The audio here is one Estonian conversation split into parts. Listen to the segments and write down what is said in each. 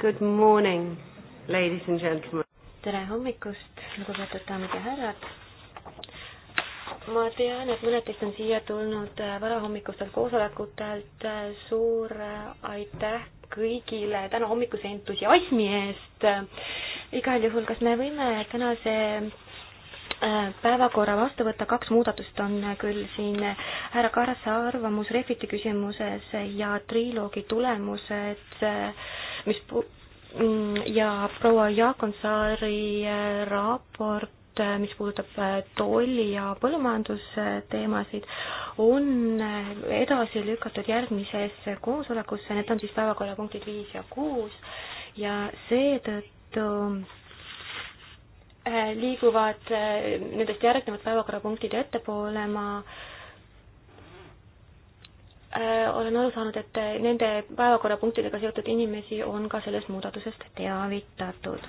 Good morning, ladies and gentlemen. tere hommikust, lugupeetud daamid ja härrad. ma tean, et mõned teist on siia tulnud äh, varahommikustelt koosolekutelt. Äh, suur äh, aitäh kõigile täna hommikuse entusiasmi eest. igal juhul, kas me võime tänase päevakorra vastu võtta, kaks muudatust on küll siin härra Karasa arvamus Refiti küsimuses ja triloogi tulemused äh, mis pu-, mm, ja proua Jaakonsaari äh, raport, äh, mis puudutab äh, tolli- ja põllumajandusteemasid, on edasi lükatud järgmisesse koosolekusse, need on siis päevakorrapunktid viis ja kuus ja seetõttu liiguvad nendest järgnevad päevakorrapunktid ettepoole, ma äh, Äh, olen aru saanud, et äh, nende päevakorrapunktidega seotud inimesi on ka sellest muudatusest teavitatud.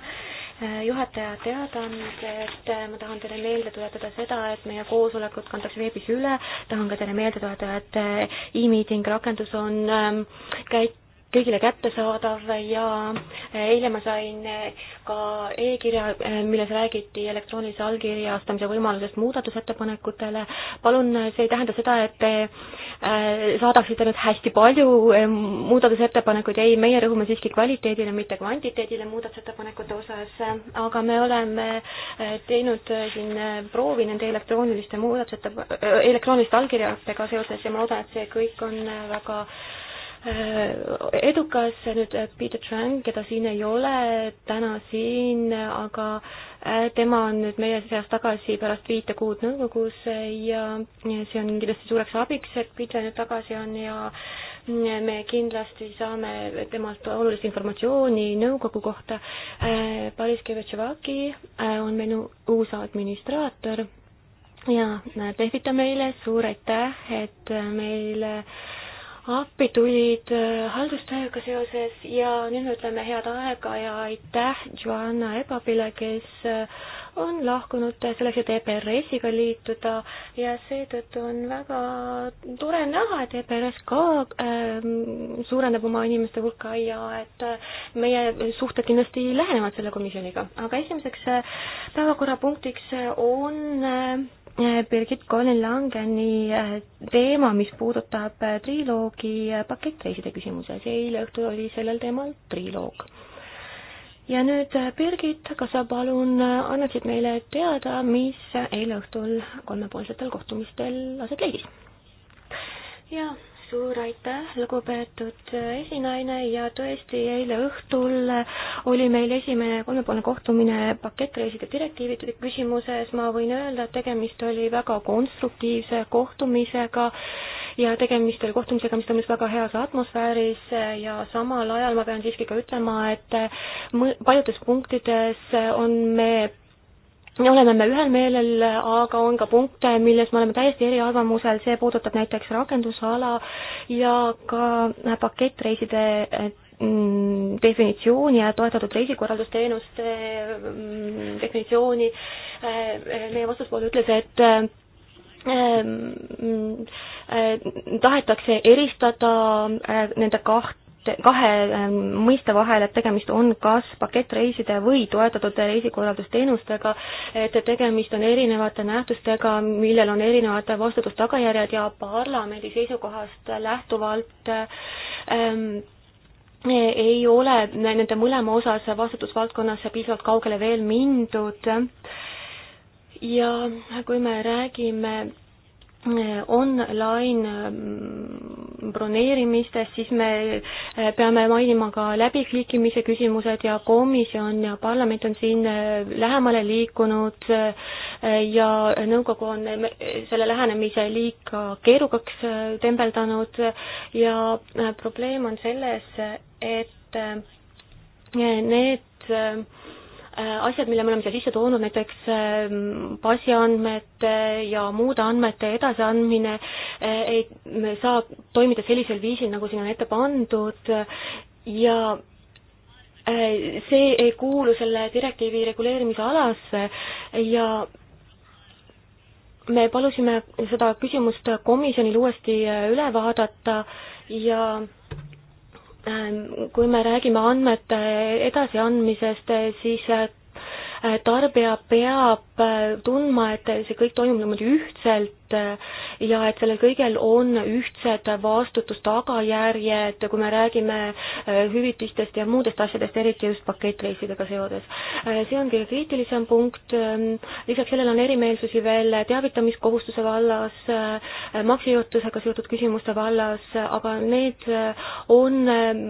Äh, juhataja teadaanded, ma tahan teile meelde tuletada seda, et meie koosolekud kantakse veebis üle, tahan ka teile meelde tuletada, et e-meeting rakendus on ähm, käit-, kõigile kättesaadav ja eile ma sain ka e-kirja, milles räägiti elektroonilise allkirjastamise võimalusest muudatusettepanekutele. palun, see ei tähenda seda, et te äh, saadaksite nüüd hästi palju äh, muudatusettepanekuid, ei, meie rõhume siiski kvaliteedile, mitte kvantiteedile muudatusettepanekute osas, aga me oleme äh, teinud siin proovi nende elektrooniliste muudatusettepa-, elektrooniliste allkirjadega seoses ja ma loodan, et see kõik on väga äh, Äh, edukas nüüd äh, Peter Trang, keda siin ei ole täna siin, aga äh, tema on nüüd meie seas tagasi pärast viite kuud nõukogus ja see on kindlasti suureks abiks, et Peter nüüd tagasi on ja me kindlasti saame temalt olulist informatsiooni nõukogu kohta. Boris Kevetševaki on meil uus administraator ja tervita meile, suur aitäh, et meile äh, appi tulid äh, haldustööga seoses ja nüüd me ütleme head aega ja aitäh Joanna Ebabile, kes äh, on lahkunud selleks, et EPRS-iga liituda ja seetõttu on väga tore näha, et EPRS ka äh, suurendab oma inimeste hulka ja et äh, meie suhted kindlasti lähenevad selle komisjoniga. aga esimeseks äh, päevakorrapunktiks äh, on äh, Birgit Konin-Langeni teema, mis puudutab triloogi pakettreiside küsimuses. eile õhtul oli sellel teemal triloog ja nüüd äh, Birgit, kas sa palun äh, annaksid meile teada, mis eile õhtul kolmepoolsetel kohtumistel aset leidis? jaa suur aitäh, lugupeetud esinaine ja tõesti, eile õhtul oli meil esimene kolmepoolne kohtumine pakettreiside direktiivi küsimuses, ma võin öelda, et tegemist oli väga konstruktiivse kohtumisega ja tegemist oli kohtumisega, mis toimus väga heas atmosfääris ja samal ajal ma pean siiski ka ütlema, et paljudes punktides on me oleme me ühel meelel, aga on ka punkte, milles me oleme täiesti eriarvamusel, see puudutab näiteks rakendusala ja ka pakettreiside eh, mm, definitsiooni ja toetatud reisikorraldusteenuste mm, definitsiooni. Eh, meie vastaspool ütles, et eh, mm, tahetakse eristada nende kaht kahe ähm, mõiste vahel, et tegemist on kas pakettreiside või toetatud reisikorraldusteenustega, et tegemist on erinevate nähtustega, millel on erinevad vastutustagajärjed ja parlamendi seisukohast lähtuvalt ähm, ei ole nende mõlema osas vastutusvaldkonnas piisavalt kaugele veel mindud ja kui me räägime online mm, broneerimistest, siis me eh, peame mainima ka läbiklikkimise küsimused ja komisjon ja parlament on siin eh, lähemale liikunud eh, ja nõukogu on selle lähenemise liiga keerukaks tembeldanud ja probleem on selles, et need Äh, asjad, mille me oleme siia sisse toonud, näiteks ähm, passiandmete ja muude andmete edasiandmine äh, ei saa toimida sellisel viisil, nagu siin on ette pandud ja äh, see ei kuulu selle direktiivi reguleerimise alasse ja me palusime seda küsimust komisjonil uuesti üle vaadata ja Ähm, kui me räägime andmete edasiandmisest, siis äh, tarbija peab äh, tundma, et see kõik toimub niimoodi ühtselt äh, ja et sellel kõigel on ühtsed vastutustagajärjed, kui me räägime äh, hüvitistest ja muudest asjadest, eriti just pakettreisidega seoses. Äh, see on kõige kriitilisem punkt, ähm, lisaks sellele on erimeelsusi veel teavitamiskohustuse vallas, äh, maksejõutusega seotud küsimuste vallas, aga need on ähm,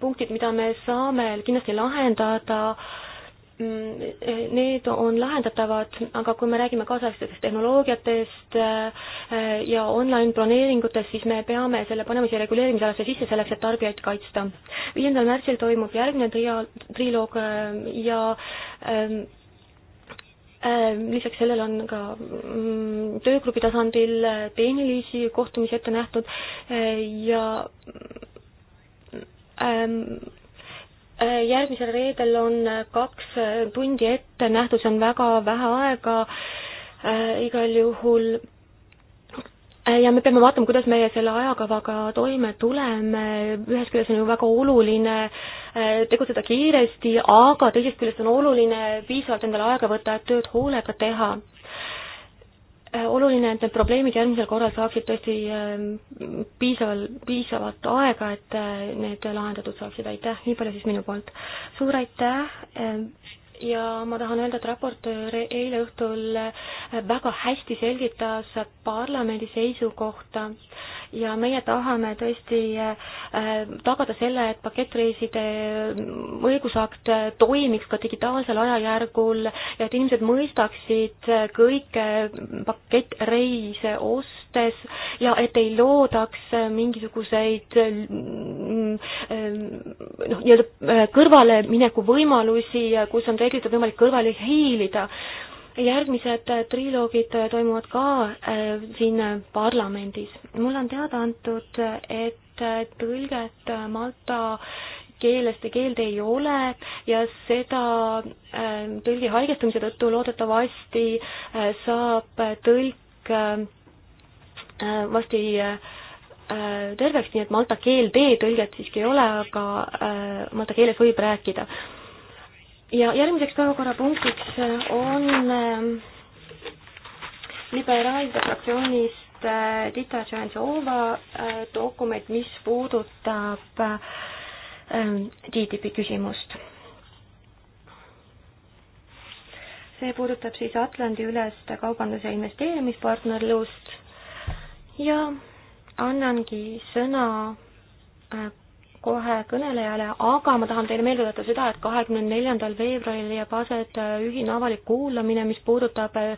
punktid, mida me saame kindlasti lahendada Mm, eh, need on lahendatavad, aga kui me räägime kaasaegsetest tehnoloogiatest eh, ja online broneeringutest, siis me peame selle panema siia reguleerimisalasse sisse, selleks et tarbijaid kaitsta. viiendal märtsil toimub järgmine tria-, triloog eh, ja ähm, lisaks sellele on ka mm, töögrupi tasandil tehnilisi kohtumisi ette nähtud ja ähm, järgmisel reedel on kaks tundi ette nähtud, see on väga vähe aega äh, igal juhul äh, ja me peame vaatama, kuidas meie selle ajakavaga toime tuleme, ühest küljest on ju väga oluline äh, tegutseda kiiresti, aga teisest küljest on oluline piisavalt endale aega võtta, et tööd hoolega teha. Äh, oluline, et need probleemid järgmisel korral saaksid tõesti ähm, piisaval, piisavat aega, et äh, need lahendatud saaksid, aitäh, nii palju siis minu poolt. suur aitäh ähm, ja ma tahan öelda, et raportöör eile õhtul väga hästi selgitas parlamendi seisukohta ja meie tahame tõesti äh, tagada selle, et pakettreiside õigusakt toimiks ka digitaalsel ajajärgul ja et inimesed mõistaksid kõike pakettreise osta suhtes ja et ei loodaks mingisuguseid noh, nii-öelda äh, kõrvalemineku võimalusi, kus on reeglitel võimalik kõrvale hiilida. järgmised äh, triloogid äh, toimuvad ka siin parlamendis. mulle on teada antud, et tõlget Malta keelest ja keelde ei ole ja seda tõlgi haigestumise tõttu loodetavasti saab tõlk Äh, varsti äh, äh, terveks, nii et malta keel D-tõlget siiski ei ole, aga malta keeles võib rääkida. ja järgmiseks päevakorrapunktiks on liberaalide fraktsioonist Dita Tšantsova dokument, mis puudutab TTIP-i küsimust. see puudutab siis Atlandi-ülest kaubanduse investeerimispartnerlust ja annangi sõna äh, kohe kõnelejale, aga ma tahan teile meelde tuletada seda, et kahekümne neljandal veebruaril jääb aset äh, ühine avalik kuulamine, mis puudutab äh,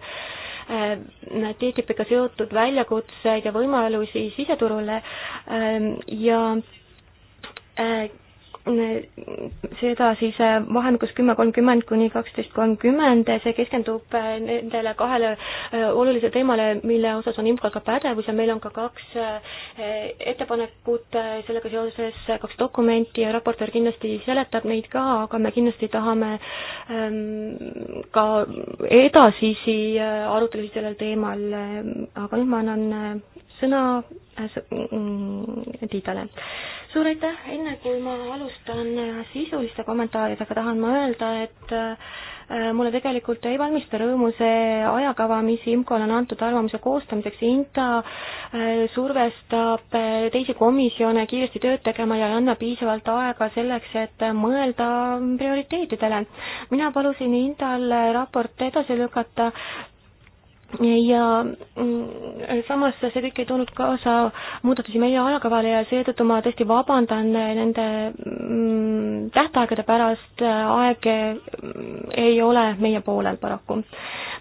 TTIP-iga seotud väljakutseid ja võimalusi siseturule ähm, ja seda siis vahemikus äh, kümme kolmkümmend kuni kaksteist kolmkümmend, see keskendub äh, nendele kahele äh, olulisele teemale, mille osas on IMCO-l ka pädevus ja meil on ka kaks ettepanekut sellega seoses, kaks dokumenti ja raportöör kindlasti seletab neid ka, aga me kindlasti tahame ähm, ka edasisi arutelusid sellel teemal, aga nüüd ma annan sõna äh, mm, Tiidale. suur aitäh, enne kui ma alustan äh, sisuliste kommentaaridega, tahan ma öelda, et äh, mulle tegelikult ei valmista rõõmu see ajakava, mis IMCO-le on antud arvamuse koostamiseks, INTA survestab teisi komisjone kiiresti tööd tegema ja ei anna piisavalt aega selleks, et mõelda prioriteetidele. mina palusin INTA-l raport edasi lükata ja mm, samas see kõik ei toonud kaasa muudatusi meie ajakavale ja seetõttu ma tõesti vabandan nende mm, tähtaegade pärast, aeg mm, ei ole meie poolel paraku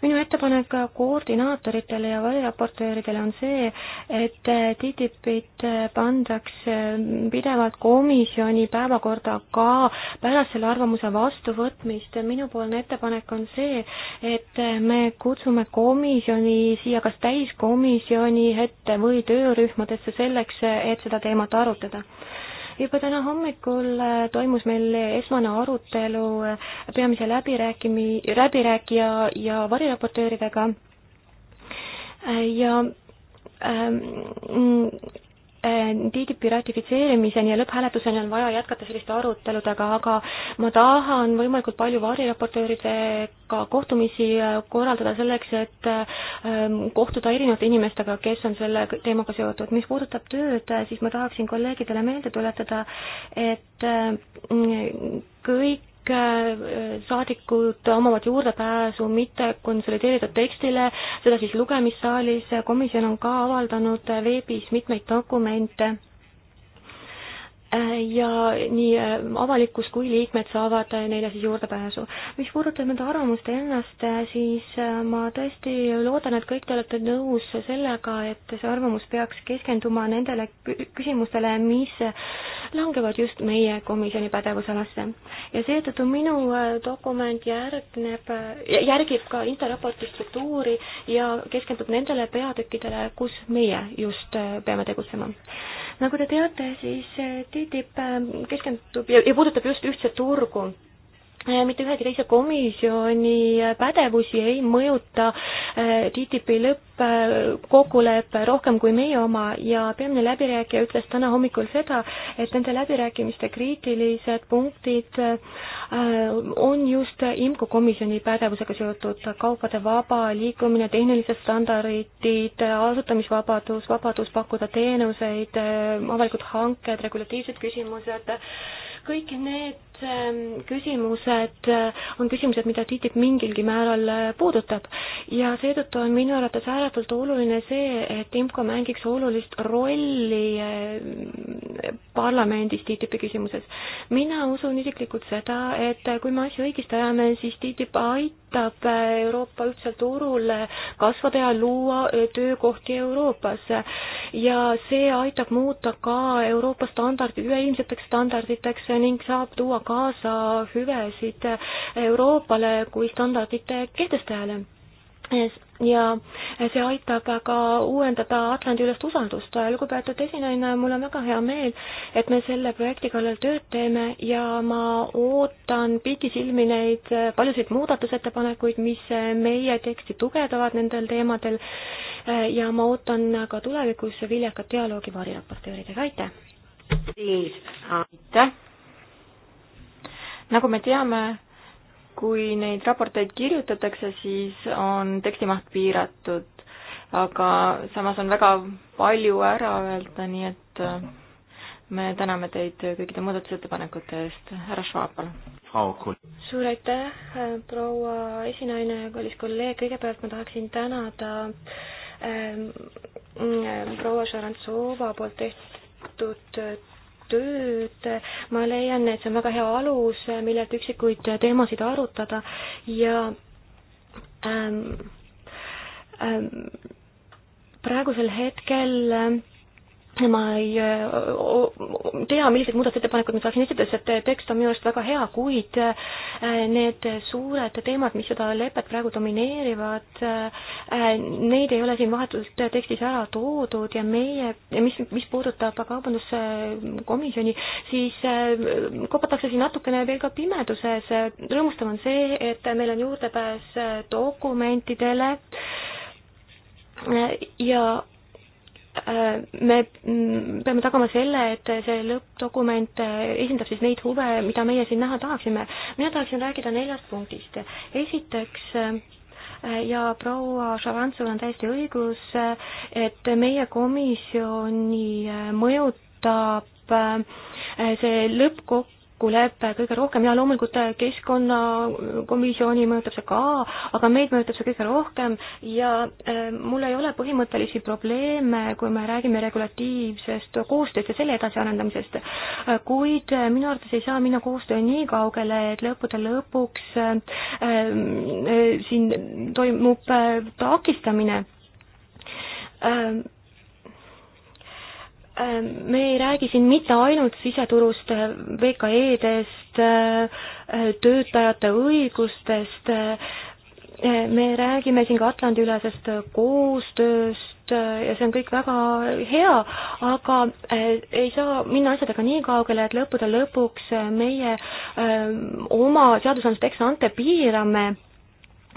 minu ettepanek koordinaatoritele ja variraportööridele on see, et TTIP-id pandaks pidevalt komisjoni päevakorda ka pärast selle arvamuse vastuvõtmist. minupoolne ettepanek on see, et me kutsume komisjoni siia kas täiskomisjoni ette või töörühmadesse selleks, et seda teemat arutada juba täna hommikul äh, toimus meil esmane arutelu äh, peamise läbirääkimi, läbirääkija ja variraportööridega äh, ja ähm, TTIP-i ratifitseerimiseni ja lõpphääletuseni on vaja jätkata selliste aruteludega, aga ma tahan võimalikult palju variraportööridega kohtumisi korraldada selleks, et Ähm, kohtuda erinevate inimestega, kes on selle teemaga seotud. mis puudutab tööd, äh, siis ma tahaksin kolleegidele meelde tuletada, et äh, kõik äh, saadikud omavad juurdepääsu mitte konsolideeritud tekstile, seda siis lugemissaalis, komisjon on ka avaldanud veebis mitmeid dokumente Äh, ja nii äh, avalikkus kui liikmed saavad äh, neile siis juurdepääsu. mis puudutab nende arvamust ennast, siis ma tõesti loodan, et kõik te olete nõus sellega, et see arvamus peaks keskenduma nendele küsimustele, mis langevad just meie komisjoni pädevusalasse. ja seetõttu minu dokument järgneb, järgib ka interraporti struktuuri ja keskendub nendele peatükkidele, kus meie just peame tegutsema nagu te teate, siis TTIP äh, keskendub ja, ja puudutab just ühtset turgu mitte ühegi teise komisjoni pädevusi ei mõjuta eh, TTIP-i lõppkokkulepe rohkem kui meie oma ja peamine läbirääkija ütles täna hommikul seda, et nende läbirääkimiste kriitilised punktid eh, on just IMCO komisjoni pädevusega seotud kaupade vaba liikumine, tehnilised standardid, asutamisvabadus, vabadus pakkuda teenuseid, eh, avalikud hanked, regulatiivsed küsimused, kõik need need ähm, küsimused äh, on küsimused, mida TTIP mingilgi määral äh, puudutab ja seetõttu on minu arvates ääretult oluline see, et IMCO mängiks olulist rolli äh, parlamendis TTIP-i küsimuses. mina usun isiklikult seda, et kui me asju õigesti ajame, siis TTIP aitab Euroopa ühtsel turul kasvada ja luua töökohti Euroopas ja see aitab muuta ka Euroopa standardid üleilmseteks standarditeks ning saab tuua kaasa hüvesid Euroopale kui standardite kehtestajale ja see aitab ka uuendada Atlandi-ülest usaldust. lugupeetud esinaine, mul on väga hea meel, et me selle projekti kallal tööd teeme ja ma ootan pikisilmi neid paljusid muudatusettepanekuid, mis meie teksti tugevdavad nendel teemadel ja ma ootan ka tulevikus viljakat dialoogi variraportööridega, aitäh! aitäh! nagu me teame, kui neid raporteid kirjutatakse, siis on tekstimaht piiratud, aga samas on väga palju ära öelda, nii et äh, me täname teid kõikide muudatusettepanekute eest. härra Schwab, palun. suur aitäh, äh, proua esinaine ja kallis kolleeg, kõigepealt ma tahaksin tänada ähm, mm, äh, proua Šarantsova poolt tehtud tööd. ma leian, et see on väga hea alus, millelt üksikuid teemasid arutada ja ähm, ähm, praegusel hetkel äh, ma ei äh, tea, millised muudatusettepanekud ma saaksin esitada, sest äh, tekst on minu arust väga hea, kuid äh, need suured teemad, mis seda lepet praegu domineerivad, neid ei ole siin vahetult tekstis ära toodud ja meie, mis, mis puudutab kaubanduskomisjoni, siis kopatakse siin natukene veel ka pimeduses. rõõmustav on see, et meil on juurdepääs dokumentidele ja Äh, me mm, peame tagama selle, et see lõppdokument äh, esindab siis neid huve, mida meie siin näha tahaksime. mina tahaksin rääkida neljast punktist. esiteks äh, ja proua Šavantsul on täiesti õigus, et meie komisjoni mõjutab see lõppkokku kokkulepe kõige rohkem ja loomulikult äh, keskkonnakomisjoni mõjutab see ka, aga meid mõjutab see kõige rohkem ja äh, mul ei ole põhimõttelisi probleeme, kui me räägime regulatiivsest koostööst ja selle edasiarendamisest. Äh, kuid minu arvates ei saa minna koostöö nii kaugele, et lõppude lõpuks äh, siin toimub takistamine äh, Äh, me ei räägi siin mitte ainult siseturust, äh, VKE-dest, äh, töötajate õigustest, me räägime siin ka Atlandi-ülesest koostööst, ja see on kõik väga hea, aga ei saa minna asjadega nii kaugele, et lõppude lõpuks meie öö, oma seadusandlust eks ante piirame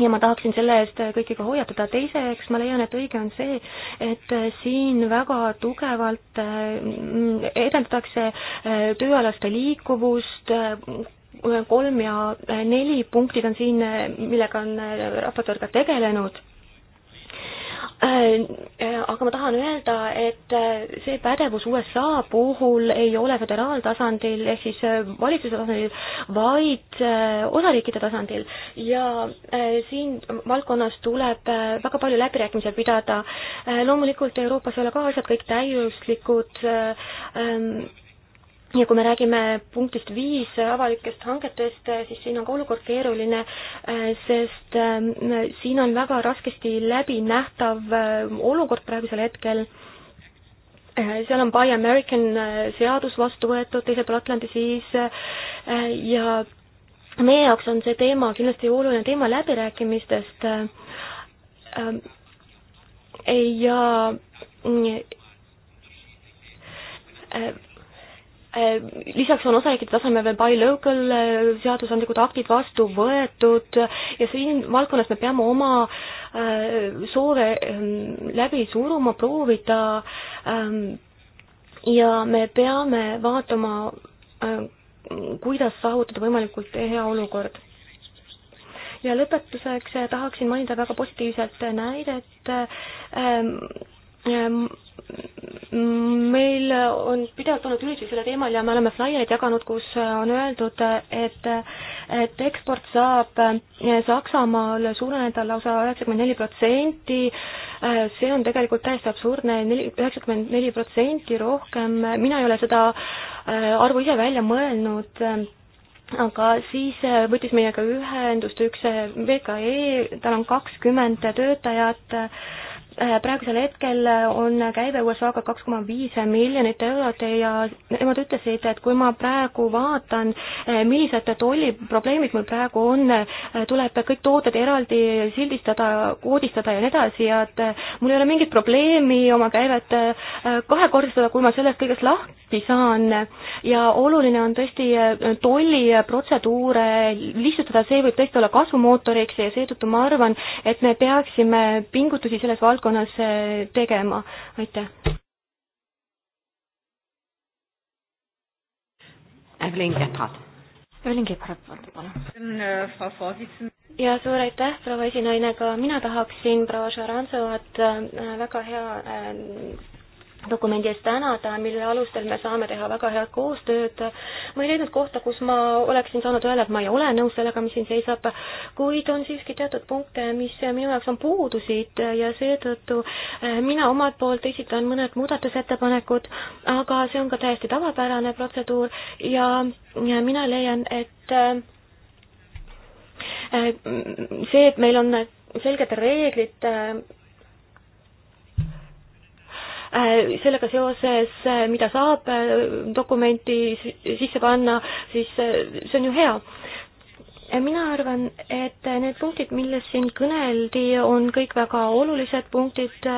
ja ma tahaksin selle eest kõiki ka hoiatada. teiseks ma leian, et õige on see, et siin väga tugevalt äh, edendatakse äh, tööalaste liikuvust, kolm ja neli punktid on siin, millega on äh, raportöör ka tegelenud Äh, aga ma tahan öelda, et äh, see pädevus USA puhul ei ole föderaaltasandil ehk siis äh, valitsuse tasandil, vaid osariikide tasandil ja siin valdkonnas tuleb väga palju läbirääkimisi pidada. loomulikult Euroopas ei ole ka asjad kõik täiuslikud ähm, ja kui me räägime punktist viis avalikest hangetest, siis siin on ka olukord keeruline, äh, sest ähm, siin on väga raskesti läbinähtav ähm, olukord praegusel hetkel. Äh, seal on Buy American äh, seadus vastu võetud teisel pool Atlandi siis ja meie jaoks on see teema kindlasti oluline teema läbirääkimistest ähm, ja mm, Äh, lisaks on osanikide tasemel veel by local äh, seadusandlikud aktid vastu võetud ja siin valdkonnas me peame oma äh, soove ähm, läbi suruma, proovida ähm, ja me peame vaatama, kuidas saavutada võimalikult hea olukord. ja lõpetuseks tahaksin mainida väga positiivset näidet Ähm, meil on pidevalt olnud üritusi selle teemal ja me oleme flaiereid jaganud, kus äh, on öeldud, et et eksport saab äh, Saksamaal suureneda lausa üheksakümmend neli protsenti, äh, see on tegelikult täiesti absurdne, neli, üheksakümmend neli protsenti rohkem, mina ei ole seda arvu ise välja mõelnud, aga siis võttis meiega ühendust üks VKE, tal on kakskümmend töötajat, Äh, praegusel hetkel äh, on käive USA-ga kaks koma viis miljonit eurot ja nemad ütlesid, et kui ma praegu vaatan, äh, millised tolliprobleemid mul praegu on, tuleb kõik tooted eraldi sildistada, koodistada ja nii edasi ja et mul ei ole mingit probleemi oma käivet kahekordistada, kui ma sellest kõigest lahti saan. ja oluline on tõesti tolliprotseduure lihtsustada, see võib tõesti olla kasvumootoriks ja seetõttu ma arvan, et me peaksime pingutusi selles valdkonnas valdkonnas eh, tegema, aitäh. Evelyn Gephardt. Evelyn Gephardt, palun äh, ja suur aitäh, proua esinaine, ka mina tahaksin proua Šarantsevat äh, väga hea äh, dokumendi eest tänada, mille alustel me saame teha väga head koostööd. ma ei leidnud kohta, kus ma oleksin saanud öelda, et ma ei ole nõus sellega, mis siin seisab, kuid on siiski teatud punkte, mis minu jaoks on puudusid ja seetõttu eh, mina omalt poolt esitan mõned muudatusettepanekud, aga see on ka täiesti tavapärane protseduur ja mina leian, et eh, eh, see, et meil on selged reeglid Äh, sellega seoses, äh, mida saab äh, dokumenti sisse panna, siis see on ju hea mina arvan, et need punktid, millest siin kõneldi, on kõik väga olulised punktid.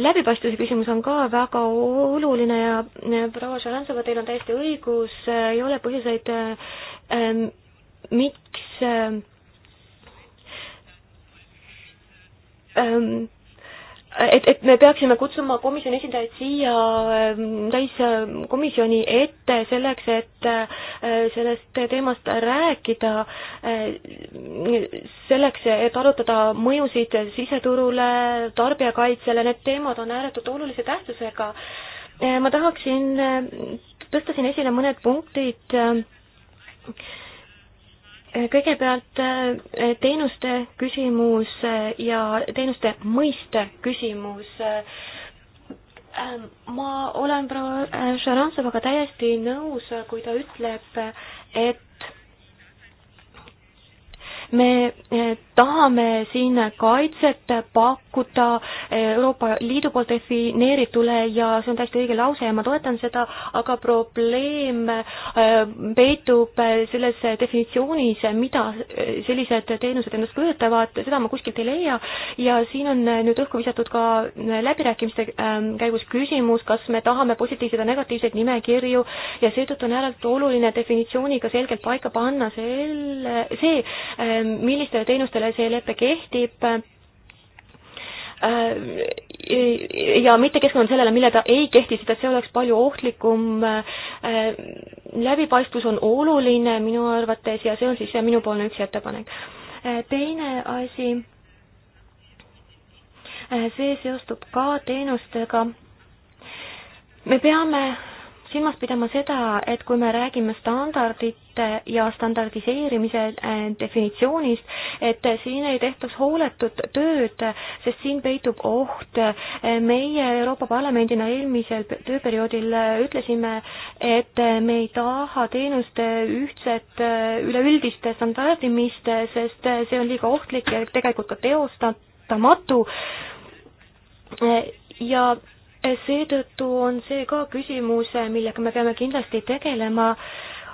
läbipaistvuse küsimus on ka väga oluline ja proua Šarantsova, teil on täiesti õigus, ei ole põhjuseid, ähm, miks ähm, et, et me peaksime kutsuma komisjoni esindajaid siia ähm, täiskomisjoni ette selleks, et äh, sellest teemast rääkida, äh, selleks, et arutada mõjusid siseturule, tarbijakaitsele, need teemad on ääretult olulise tähtsusega. Äh, ma tahaksin, tõsta siin esile mõned punktid, kõigepealt eh, teenuste küsimus eh, ja teenuste mõiste küsimus. Ehm, ma olen proua eh, Šaransovaga täiesti nõus, kui ta ütleb, et me eh, tahame siin kaitset pakkuda Euroopa Liidu poolt defineeritule ja see on täiesti õige lause ja ma toetan seda, aga probleem eh, peitub selles definitsioonis, mida sellised teenused endast kujutavad, seda ma kuskilt ei leia ja siin on nüüd õhku visatud ka läbirääkimiste ehm, käigus küsimus, kas me tahame positiivseid ja negatiivseid nimekirju ja seetõttu on ääretult oluline definitsiooniga selgelt paika panna selle, see, eh, millistele teenustele see lepe kehtib äh, ja mitte keskenduma sellele, millele ta ei kehti, sest et see oleks palju ohtlikum. Äh, läbipaistvus on oluline minu arvates ja see on siis minupoolne üks ettepanek. Äh, teine asi, see seostub ka teenustega. me peame silmas pidama seda, et kui me räägime standardite ja standardiseerimise äh, definitsioonist, et siin ei tehtaks hooletut tööd, sest siin peitub oht. meie Euroopa Parlamendina eelmisel tööperioodil ütlesime, et me ei taha teenuste ühtset äh, üleüldist standardimist, sest see on liiga ohtlik ja tegelikult ka teostamatu. ja seetõttu on see ka küsimus, millega me peame kindlasti tegelema.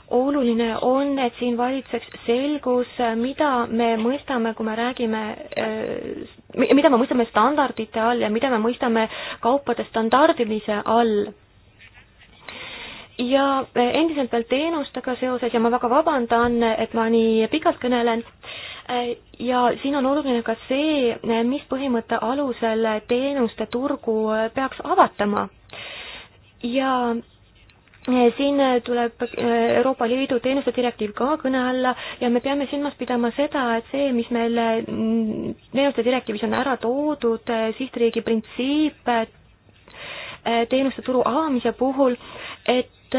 oluline on, et siin valitseks selgus, mida me mõistame, kui me räägime, eh, mida me mõistame standardite all ja mida me mõistame kaupade standardimise all ja eh, endiselt veel teenustega seoses ja ma väga vabandan, et ma nii pikalt kõnelen Äh, ja siin on oluline ka see, äh, mis põhimõtte alusel teenuste turgu äh, peaks avatama. ja siin tuleb Euroopa Liidu teenuste direktiiv ka kõne alla ja me peame silmas pidama seda, et see, mis meil teenuste direktiivis on ära toodud, sihtriigi printsiip teenuste turu avamise puhul, et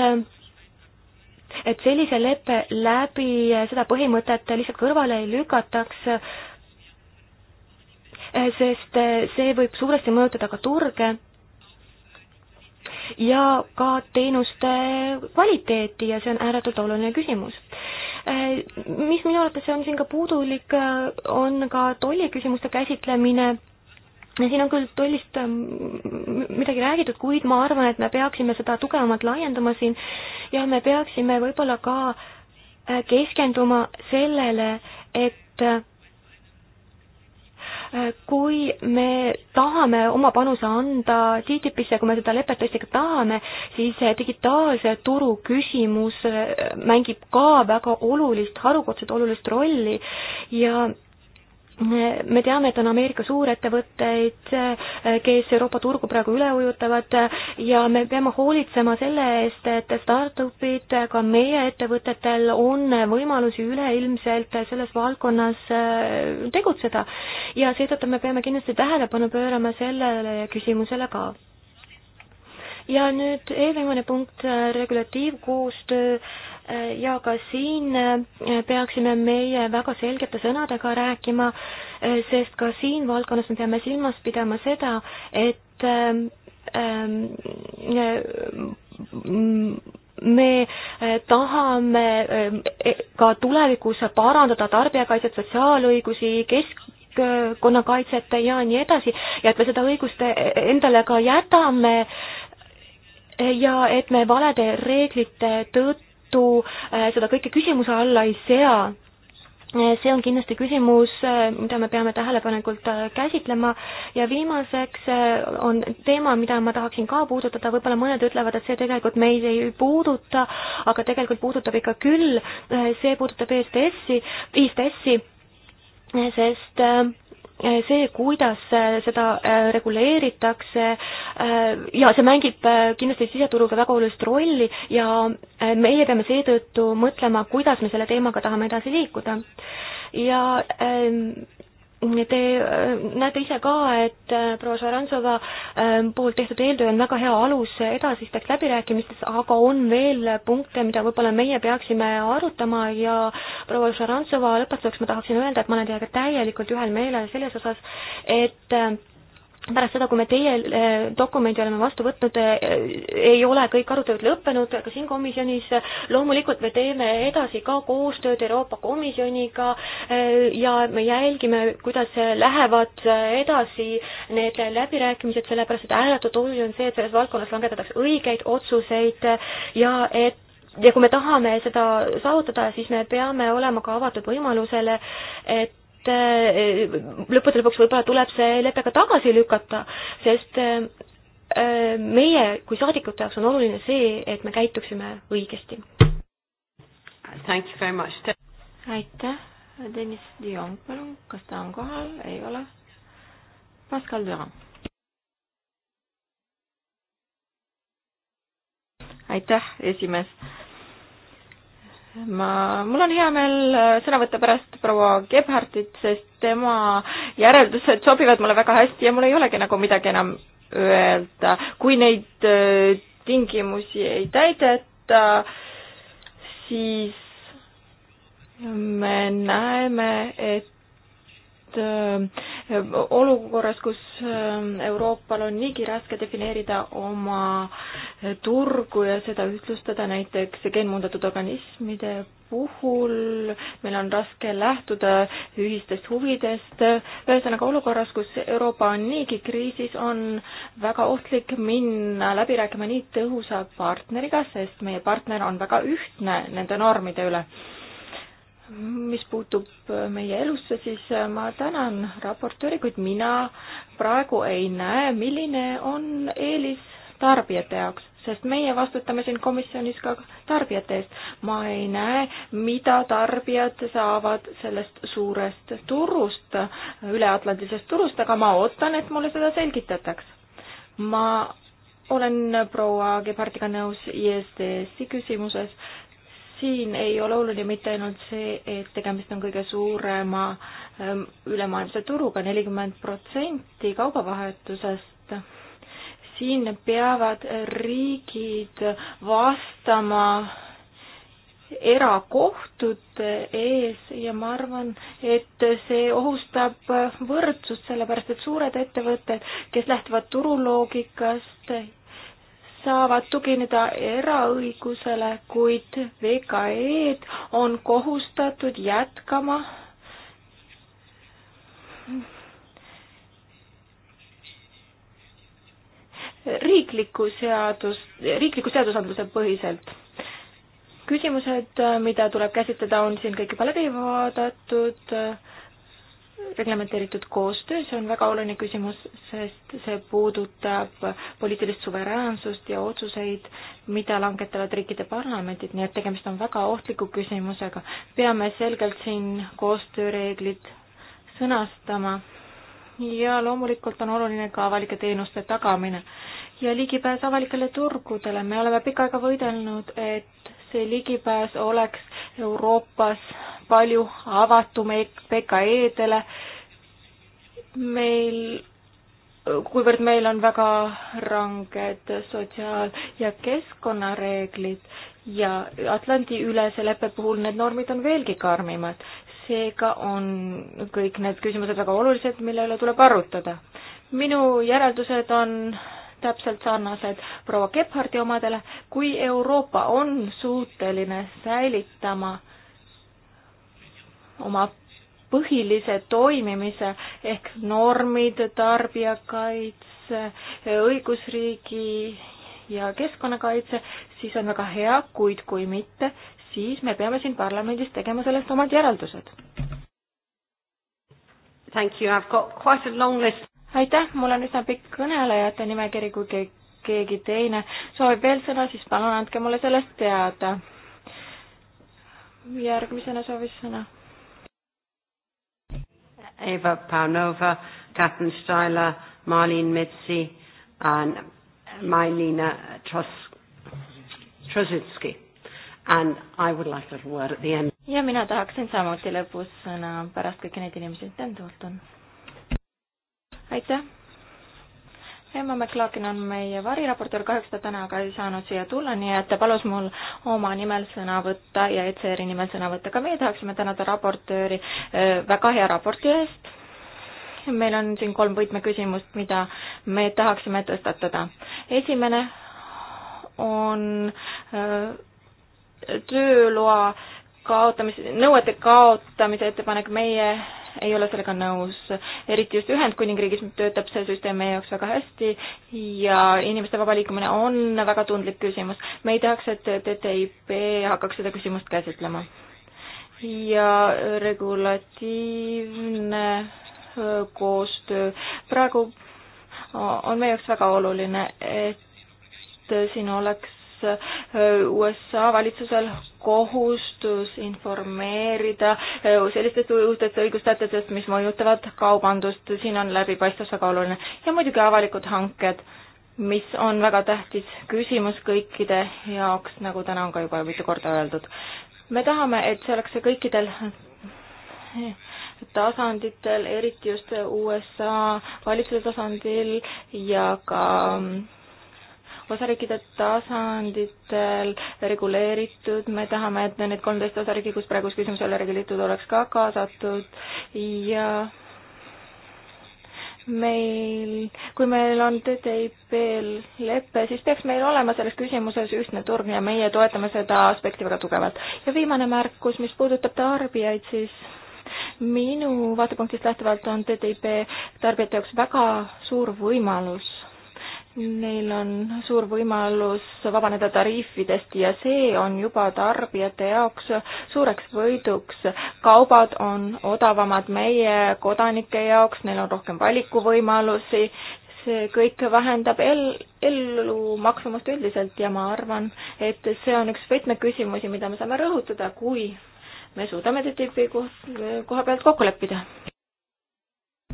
et sellise leppe läbi seda põhimõtet lihtsalt kõrvale ei lükataks, sest see võib suuresti mõjutada ka turge ja ka teenuste kvaliteeti ja see on ääretult oluline küsimus mis minu arvates on siin ka puudulik, on ka tolliküsimuste käsitlemine siin on küll tollist ähm, midagi räägitud, kuid ma arvan, et me peaksime seda tugevamalt laiendama siin ja me peaksime võib-olla ka äh, keskenduma sellele, et äh, kui me tahame oma panuse anda TTIP-isse, kui me seda lepet tõesti ka tahame, siis digitaalse turu küsimus äh, mängib ka väga olulist, harukordselt olulist rolli ja me teame, et on Ameerika suurettevõtteid, kes Euroopa turgu praegu üle ujutavad ja me peame hoolitsema selle eest, et startup'id, ka meie ettevõtetel on võimalusi üleilmselt selles valdkonnas äh, tegutseda. ja seetõttu me peame kindlasti tähelepanu pöörama sellele küsimusele ka ja nüüd eelviimane punkt, äh, regulatiivkoostöö ja ka siin äh, peaksime meie väga selgete sõnadega rääkima, äh, sest ka siin valdkonnas me peame silmas pidama seda, et ähm, ähm, me äh, tahame e-, ka tulevikus parandada tarbijakaitset, sotsiaalõigusi, keskkonnakaitset ja nii edasi ja et me seda õigust e-, endale ka jätame ja et me valede reeglite tõttu Liitu äh, seda kõike küsimuse alla ei sea äh, see on kindlasti küsimus, äh, mida me peame tähelepanelikult käsitlema ja viimaseks on teema, mida ma tahaksin ka puudutada, võib-olla mõned ütlevad, et see tegelikult meid ei puuduta, aga tegelikult puudutab ikka küll, see puudutab ESTS-i, ISTS-i, sest Eh, see, kuidas eh, seda eh, reguleeritakse ja see mängib kindlasti siseturuga väga olulist rolli ja meie peame seetõttu mõtlema, kuidas me selle teemaga tahame edasi liikuda. ja Te äh, näete ise ka, et äh, proua Šarantsova äh, poolt tehtud eeltöö on väga hea alus edasisteks läbirääkimisteks, aga on veel punkte, mida võib-olla meie peaksime arutama ja proua Šarantsova, lõpetuseks ma tahaksin öelda, et ma olen teiega täielikult ühel meelel selles osas, et pärast seda, kui me teie äh, dokumendi oleme vastu võtnud, äh, ei ole kõik arutelud lõppenud ka siin komisjonis. loomulikult me teeme edasi ka koostööd Euroopa Komisjoniga äh, ja me jälgime, kuidas lähevad edasi need läbirääkimised, sellepärast et ääretult oluline on see, et selles valdkonnas langetatakse õigeid otsuseid ja et ja kui me tahame seda saavutada, siis me peame olema ka avatud võimalusele, et Eh, lõppude lõpuks võib-olla tuleb see lepe ka tagasi lükata, sest eh, meie kui saadikute jaoks on oluline see, et me käituksime õigesti. aitäh, Deniss Dion, palun, kas ta on kohal, ei ole? Pascal Durand. aitäh, esimees ma, mul on hea meel äh, sõna võtta pärast proua Gebhardit, sest tema järeldused sobivad mulle väga hästi ja mul ei olegi nagu midagi enam öelda. kui neid äh, tingimusi ei täideta, siis me näeme, et Äh, olukorras, kus äh, Euroopal on niigi raske defineerida oma äh, turgu ja seda ühtlustada näiteks geenmuundatud organismide puhul, meil on raske lähtuda ühistest huvidest, ühesõnaga olukorras, kus Euroopa on niigi kriisis, on väga ohtlik minna läbi rääkima nii tõhusa partneriga, sest meie partner on väga ühtne nende normide üle mis puutub äh, meie elusse, siis äh, ma tänan raportööri, kuid mina praegu ei näe, milline on eelis tarbijate jaoks, sest meie vastutame siin komisjonis ka tarbijate eest. ma ei näe, mida tarbijad saavad sellest suurest turust, äh, üleatlandilisest turust, aga ma ootan, et mulle seda selgitataks. ma olen proua Gebhardiga nõus ISDS-i küsimuses, siin ei ole oluline mitte ainult see, et tegemist on kõige suurema ähm, ülemaailmse turuga, nelikümmend protsenti kaubavahetusest. siin peavad riigid vastama erakohtute ees ja ma arvan, et see ohustab võrdsust, sellepärast et suured ettevõtted, kes lähtuvad turuloogikast saavad tugineda eraõigusele, kuid VKE-d on kohustatud jätkama riikliku seadus, riikliku seadusandluse põhiselt. küsimused, mida tuleb käsitleda, on siin kõik juba läbi vaadatud reglementeeritud koostöö, see on väga oluline küsimus, sest see puudutab poliitilist suveräänsust ja otsuseid, mida langetavad riikide parlamendid, nii et tegemist on väga ohtliku küsimusega. peame selgelt siin koostööreeglid sõnastama ja loomulikult on oluline ka avalike teenuste tagamine ja ligipääs avalikele turgudele. me oleme pikka aega võidelnud, et see ligipääs oleks Euroopas palju avatum e- PKE-dele. meil, kuivõrd meil on väga ranged sotsiaal- ja keskkonnareeglid ja Atlandi-ülese leppe puhul need normid on veelgi karmimad, seega on kõik need küsimused väga olulised, mille üle tuleb arutada. minu järeldused on täpselt sarnased proua Gebhardi omadele, kui Euroopa on suuteline säilitama oma põhilise toimimise ehk normid, tarbijakaitse, õigusriigi ja keskkonnakaitse, siis on väga hea, kuid kui mitte, siis me peame siin parlamendis tegema sellest omad järeldused. Thank you, I have got quite a long list aitäh, mul on üsna pikk kõnelejate nimekiri, kui keegi keegi teine soovib veel sõna, siis palun andke mulle sellest teada. järgmisena soovis sõna. Eva Paunova, Katrin Steiler, Marlene Metsi, Mailina Tros-, Trositski and I would like a little word at the end. ja mina tahaksin samuti lõpus sõna pärast kõiki neid inimesi, et end ootan aitäh! Emma McLaughlin on meie variraportöör, kahjuks ta täna aga ei saanud siia tulla, nii et ta palus mul oma nimel sõna võtta ja ECR-i nimel sõna võtta. ka meie tahaksime tänada raportööri väga hea raporti eest. meil on siin kolm võtmeküsimust, mida me tahaksime tõstatada. esimene on tööloa äh, kaotamise, nõuete kaotamise ettepanek, meie ei ole sellega nõus. eriti just Ühendkuningriigis töötab see süsteem meie jaoks väga hästi ja inimeste vaba liikumine on väga tundlik küsimus. me ei tahaks, et TTIP hakkaks seda küsimust käsitlema. ja regulatiivne äh, koostöö praegu on meie jaoks väga oluline, et äh, siin oleks Äh, USA valitsusel kohustus informeerida äh, sellistest uutest õigustätetest, mis mõjutavad kaubandust, siin on läbipaistvus väga oluline. ja muidugi avalikud hanked, mis on väga tähtis küsimus kõikide jaoks, nagu täna on ka juba mitu korda öeldud. me tahame, et see oleks kõikidel tasanditel, eriti just USA valitsuse tasandil ja ka mm, osariikide tasanditel reguleeritud, me tahame, et need kolmteist osariiki, kus praeguse küsimuse alla reguleeritud, oleks ka kaasatud ja meil, kui meil on TTIP-l lepe, siis peaks meil olema selles küsimuses ühtne turg ja meie toetame seda aspekti väga tugevalt. ja viimane märkus, mis puudutab tarbijaid, siis minu vaatepunktist lähtuvalt on TTIP tarbijate jaoks väga suur võimalus Neil on suur võimalus vabaneda tariifidest ja see on juba tarbijate jaoks suureks võiduks. kaubad on odavamad meie kodanike jaoks, neil on rohkem valikuvõimalusi, see kõik vähendab el-, ellumaksumust üldiselt ja ma arvan, et see on üks võtmeküsimusi, mida me saame rõhutada, kui me suudame TTIP-i koha pealt kokku leppida.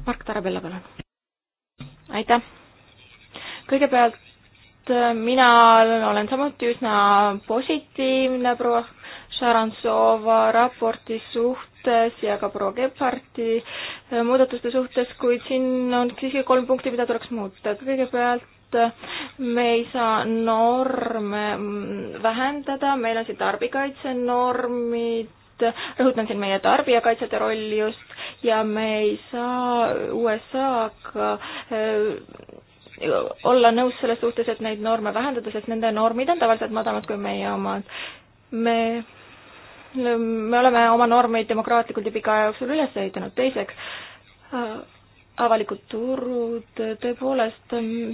Mark Tarabella, palun. aitäh kõigepealt äh, mina olen samuti üsna positiivne proua Šarantsova raporti suhtes ja ka proua Gebharti äh, muudatuste suhtes, kuid siin on siiski kolm punkti, mida tuleks muuta. kõigepealt äh, me ei saa norme mm, vähendada, meil on siin tarbikaitsenormid, rõhutan siin meie tarbijakaitsjate rolli just, ja me ei saa USA-ga olla nõus selles suhtes, et neid norme vähendada, sest nende normid on tavaliselt madalamad kui meie omad. me, me oleme oma normeid demokraatlikult ja pika aja jooksul üles ehitanud. teiseks, avalikud turud, tõepoolest,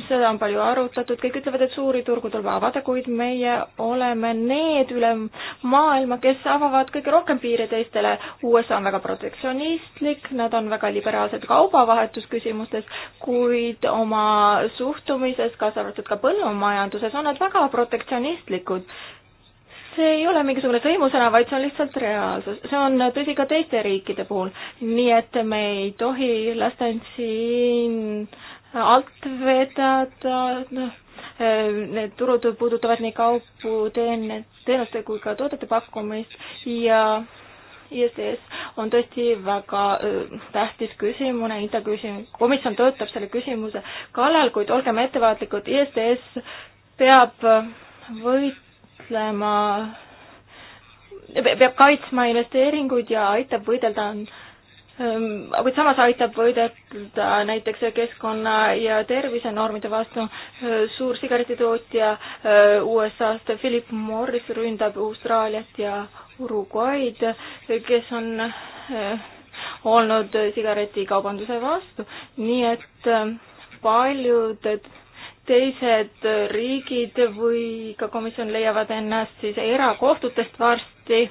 seda on palju arutatud, kõik ütlevad, et suuri turgu tuleb avada, kuid meie oleme need üle maailma, kes avavad kõige rohkem piire teistele. USA on väga protektsionistlik, nad on väga liberaalsed kaubavahetusküsimustes, kuid oma suhtumises, kaasa arvatud ka põllumajanduses, on nad väga protektsionistlikud see ei ole mingisugune sõimusõna, vaid see on lihtsalt reaalsus. see on tõsi ka teiste riikide puhul. nii et me ei tohi lasta end siin alt vedada, noh, need turud puudutavad nii kaupu, teen-, teenuste kui ka toodete pakkumist ja ISS on tõesti väga äh, tähtis küsimus, enda küsimus, komisjon töötab selle küsimuse kallal, kuid olgem ettevaatlikud, ISS peab võit-, võitlema, peab kaitsma investeeringuid ja aitab võidelda, ähm, kuid samas aitab võidelda näiteks keskkonna ja tervisenormide vastu. Äh, suur sigaretitootja äh, USA-st Philip Morris ründab Austraaliat ja Uruguay'd, kes on äh, olnud sigaretikaubanduse vastu, nii et paljud teised riigid või ka komisjon leiavad ennast siis erakohtutest varsti,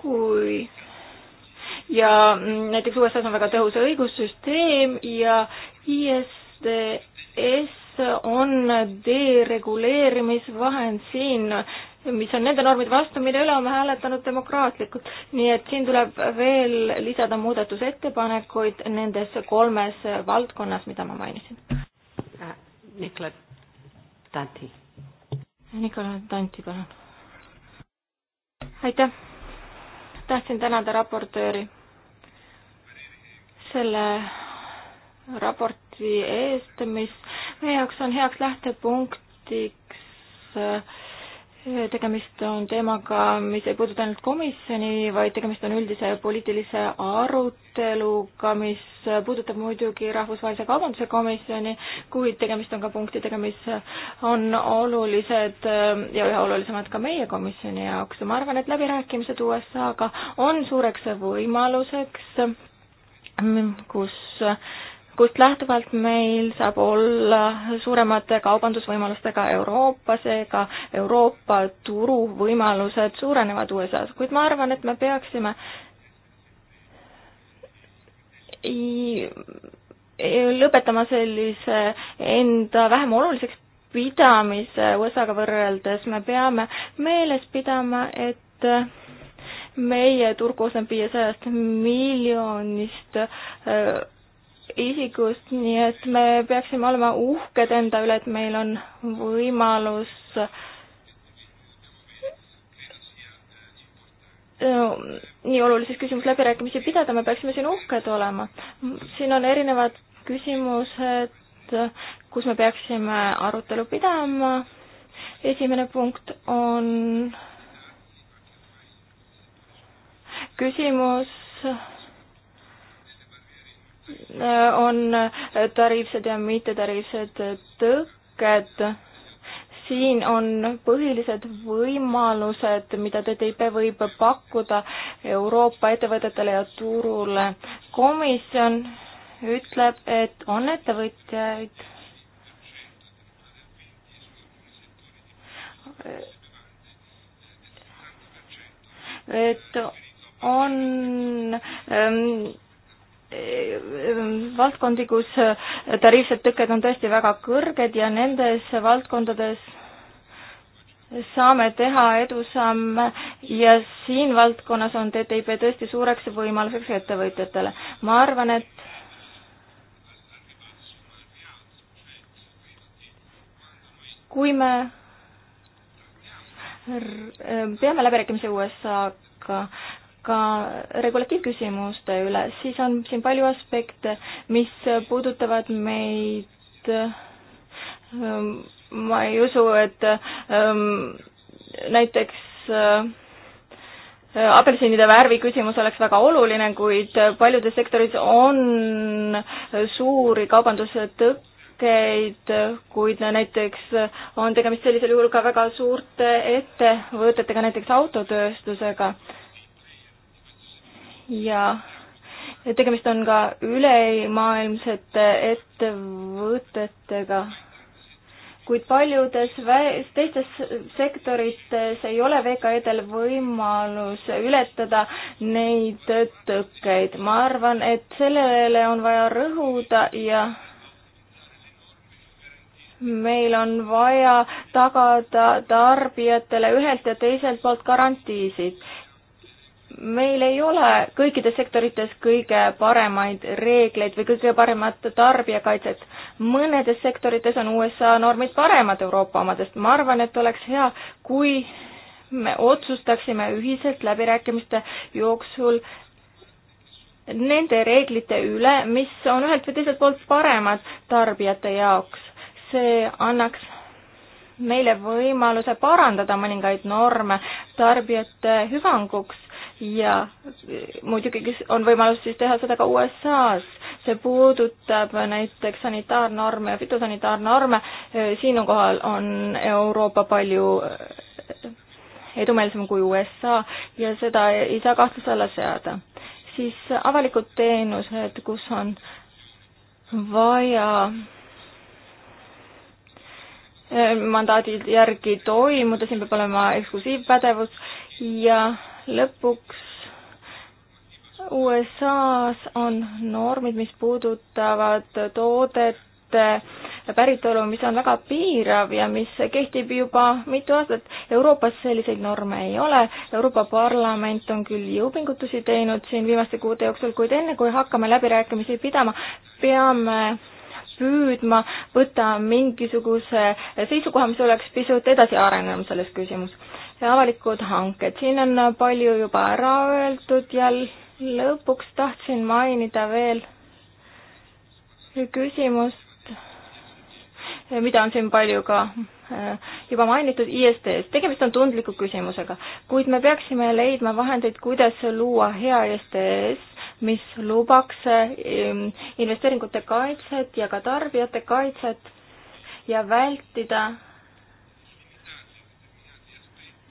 kui ja näiteks USA-s on väga tõhus õigussüsteem ja ISDS on dereguleerimisvahend siin, mis on nende normide vastu, mille üle oleme hääletanud demokraatlikult. nii et siin tuleb veel lisada muudatusettepanekuid nendes kolmes valdkonnas, mida ma mainisin. Nikola Tanti. Nikola Tanti, palun. aitäh. tahtsin tänada raportööri selle raporti eest, mis meie jaoks on heaks lähtepunktiks äh, tegemist on teemaga, mis ei puuduta ainult komisjoni, vaid tegemist on üldise poliitilise aruteluga, mis puudutab muidugi Rahvusvahelise Kaubanduse Komisjoni, kuid tegemist on ka punktidega, mis on olulised ähm, ja üha olulisemad ka meie komisjoni jaoks. ma arvan, et läbirääkimised USA-ga on suureks võimaluseks, kus tulevikust lähtuvalt meil saab olla suuremate kaubandusvõimalustega Euroopa, seega Euroopa turuvõimalused suurenevad USA-s, kuid ma arvan, et me peaksime lõpetama sellise enda vähem oluliseks pidamise USA-ga võrreldes, me peame meeles pidama, et meie turg koosneb viiesajast miljonist äh, isikust, nii et me peaksime olema uhked enda üle, et meil on võimalus äh, nii olulises küsimuses läbirääkimisi pidada, me peaksime siin uhked olema. siin on erinevad küsimused, kus me peaksime arutelu pidama. esimene punkt on küsimus Äh, on tariifsed ja mittetariifsed tõkked. siin on põhilised võimalused, mida TTIP võib pakkuda Euroopa ettevõtetele ja turule. komisjon ütleb, et on ettevõtjaid, et on ähm, valdkondi, kus äh, tariifsed tõkked on tõesti väga kõrged ja nendes valdkondades saame teha edusamme ja siin valdkonnas on TTIP tõesti suureks võimaluseks ettevõtjatele. ma arvan, et kui me äh, peame läbirääkimisi USA-ga, ka regulatiivküsimuste üle, siis on siin palju aspekte, mis puudutavad meid, ma ei usu, et ähm, näiteks äh, apelsinide värvi küsimus oleks väga oluline, kuid paljudes sektoris on suuri kaubandustõkke, tooteid, kuid näiteks on tegemist sellisel juhul ka väga suurte ettevõtetega, näiteks autotööstusega ja tegemist on ka ülemaailmsete ettevõtetega, kuid paljudes teistes sektorites ei ole VKE-del võimalus ületada neid tõkkeid. ma arvan, et sellele on vaja rõhuda ja meil on vaja tagada tarbijatele ühelt ja teiselt poolt garantiisid meil ei ole kõikides sektorites kõige paremaid reegleid või kõige paremat tarbijakaitset. mõnedes sektorites on USA normid paremad Euroopa omadest. ma arvan, et oleks hea, kui me otsustaksime ühiselt läbirääkimiste jooksul nende reeglite üle, mis on ühelt või teiselt poolt paremad tarbijate jaoks. see annaks meile võimaluse parandada mõningaid norme tarbijate hüvanguks ja e, muidugi on võimalus siis teha seda ka USA-s. see puudutab näiteks sanitaarnorme ja fütosanitaarnorme, e, siinkohal on Euroopa palju e, edumeelsem kui USA ja seda ei saa kahtluse alla seada. siis avalikud teenused, kus on vaja mandaadi järgi toimuda, siin peab olema eksklusiivpädevus ja lõpuks USA-s on normid, mis puudutavad toodete päritolu, mis on väga piirav ja mis kehtib juba mitu aastat. Euroopas selliseid norme ei ole. Euroopa Parlament on küll jõupingutusi teinud siin viimaste kuude jooksul, kuid enne kui hakkame läbirääkimisi pidama, peame püüdma võtta mingisuguse seisukoha, mis oleks pisut edasi arenenud selles küsimus avalikud hanked, siin on palju juba ära öeldud ja lõpuks tahtsin mainida veel küsimust, mida on siin palju ka äh, juba mainitud ISTS, tegemist on tundliku küsimusega, kuid me peaksime leidma vahendeid, kuidas luua hea ISTS, mis lubaks ähm, investeeringute kaitset ja ka tarbijate kaitset ja vältida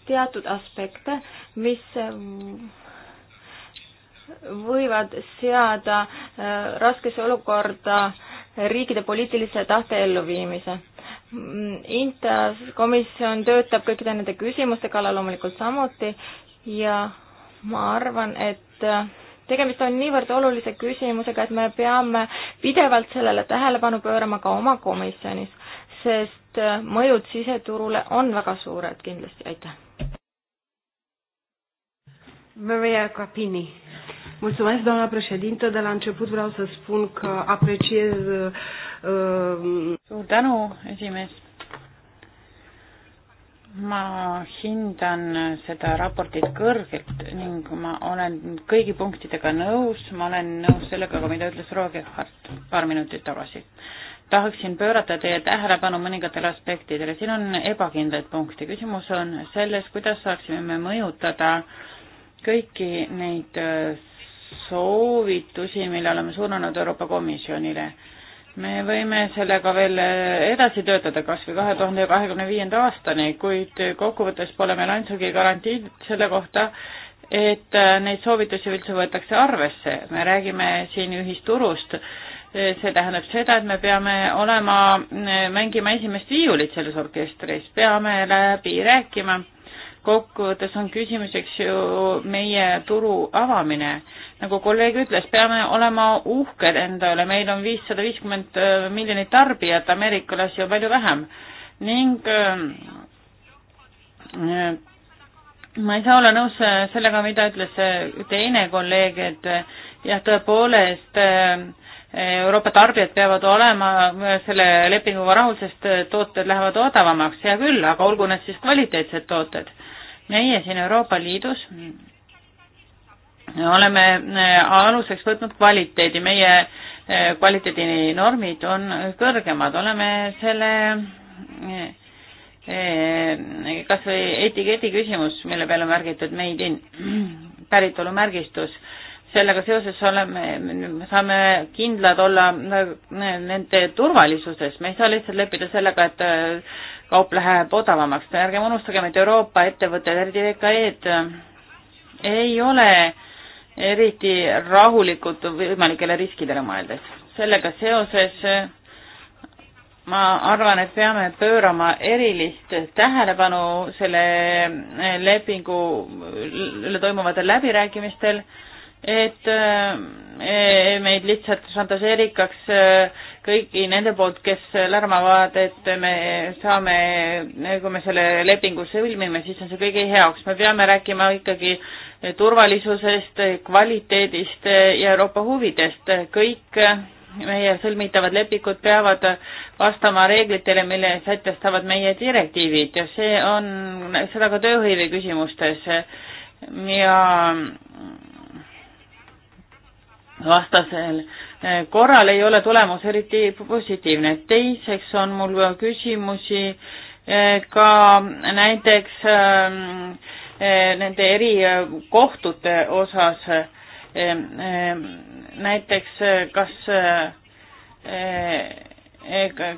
teatud aspekte, mis ähm, võivad seada äh, raskesse olukorda riikide poliitilise tahte elluviimise. Mm, Intas komisjon töötab kõikide nende küsimuste kallal loomulikult samuti ja ma arvan, et äh, tegemist on niivõrd olulise küsimusega, et me peame pidevalt sellele tähelepanu pöörama ka oma komisjonis, sest äh, mõjud siseturule on väga suured kindlasti, aitäh! Maria Capini. Mulțumesc, doamna președintă. De la început vreau să spun că apreciez... Uh, Suur tänu, esimees. ma hindan seda raportit kõrgelt ning ma olen kõigi punktidega nõus, ma olen nõus sellega, mida ütles Roger Hart paar minutit tagasi. tahaksin pöörata teie tähelepanu mõningatele aspektidele, siin on ebakindlaid punkte, küsimus on selles, kuidas saaksime me mõjutada äh, kõiki neid äh, soovitusi, mille oleme suunanud Euroopa Komisjonile. me võime sellega veel äh, edasi töötada kas või kahe tuhande kahekümne viienda aastani, kuid kokkuvõttes pole meil ainsagi garantiid selle kohta, et äh, neid soovitusi üldse võetakse arvesse, me räägime siin ühisturust, see tähendab seda, et me peame olema, mängima esimest viiulit selles orkestris, peame läbi rääkima kokkuvõttes on küsimuseks ju meie turu avamine. nagu kolleeg ütles, peame olema uhked enda üle, meil on viissada viiskümmend äh, miljonit tarbijat, ameeriklasi on palju vähem ning äh, ma ei saa olla nõus äh, sellega, mida ütles äh, teine kolleeg, et jah, tõepoolest äh, Euroopa tarbijad peavad olema selle lepinguga rahul, sest tooted lähevad odavamaks, hea küll, aga olgu need siis kvaliteetsed tooted meie siin Euroopa Liidus oleme äh, aluseks võtnud kvaliteedi, meie äh, kvaliteedinormid on kõrgemad, oleme selle äh, kas või etiketi küsimus, mille peale on märgitud made in, päritolumärgistus, sellega seoses oleme, saame kindlad olla nende turvalisuses, me ei saa lihtsalt leppida sellega, et kaup läheb odavamaks. ärgem unustagem, et Euroopa ettevõtted, eriti VKE-d, ei ole eriti rahulikud võimalikele riskidele mõeldes. sellega seoses ma arvan, et peame pöörama erilist tähelepanu selle lepingu üle toimuvatel läbirääkimistel, et eh, meid lihtsalt šantaseerikaks äh, eh, kõigi nende poolt, kes lärmavad, et me saame, kui me selle lepingu sõlmime, siis on see kõigi heaks. me peame rääkima ikkagi turvalisusest, kvaliteedist ja Euroopa huvidest. kõik meie sõlmitavad lepingud peavad vastama reeglitele, mille sätestavad meie direktiivid ja see on, seda ka tööhõive küsimustes ja vastasel korral ei ole tulemus eriti positiivne. teiseks on mul küsimusi eh, ka näiteks ähm, eh, nende erikohtute eh, osas. näiteks kas,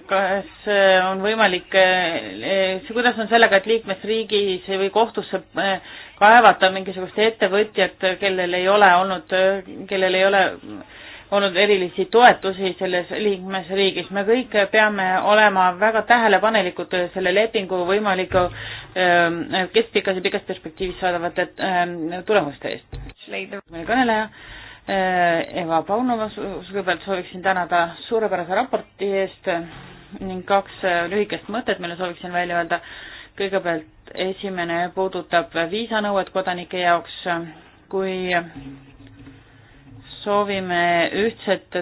kas on võimalik, kuidas on sellega, et liikmesriigis või kohtusse kaevata mingisugust ettevõtjat, kellel ei ole olnud, kellel ei ole olnud erilisi toetusi selles liikmesriigis. me kõik peame olema väga tähelepanelikud selle lepingu võimaliku ähm, keskpikas ja pikas perspektiivis saadavate ähm, tulemuste eest. meie kõneleja äh, Eva Paunova, kõigepealt sooviksin tänada suurepärase raporti eest ning kaks äh, lühikest mõtet, mille sooviksin välja öelda. kõigepealt esimene puudutab viisanõuet kodanike jaoks, kui soovime ühtset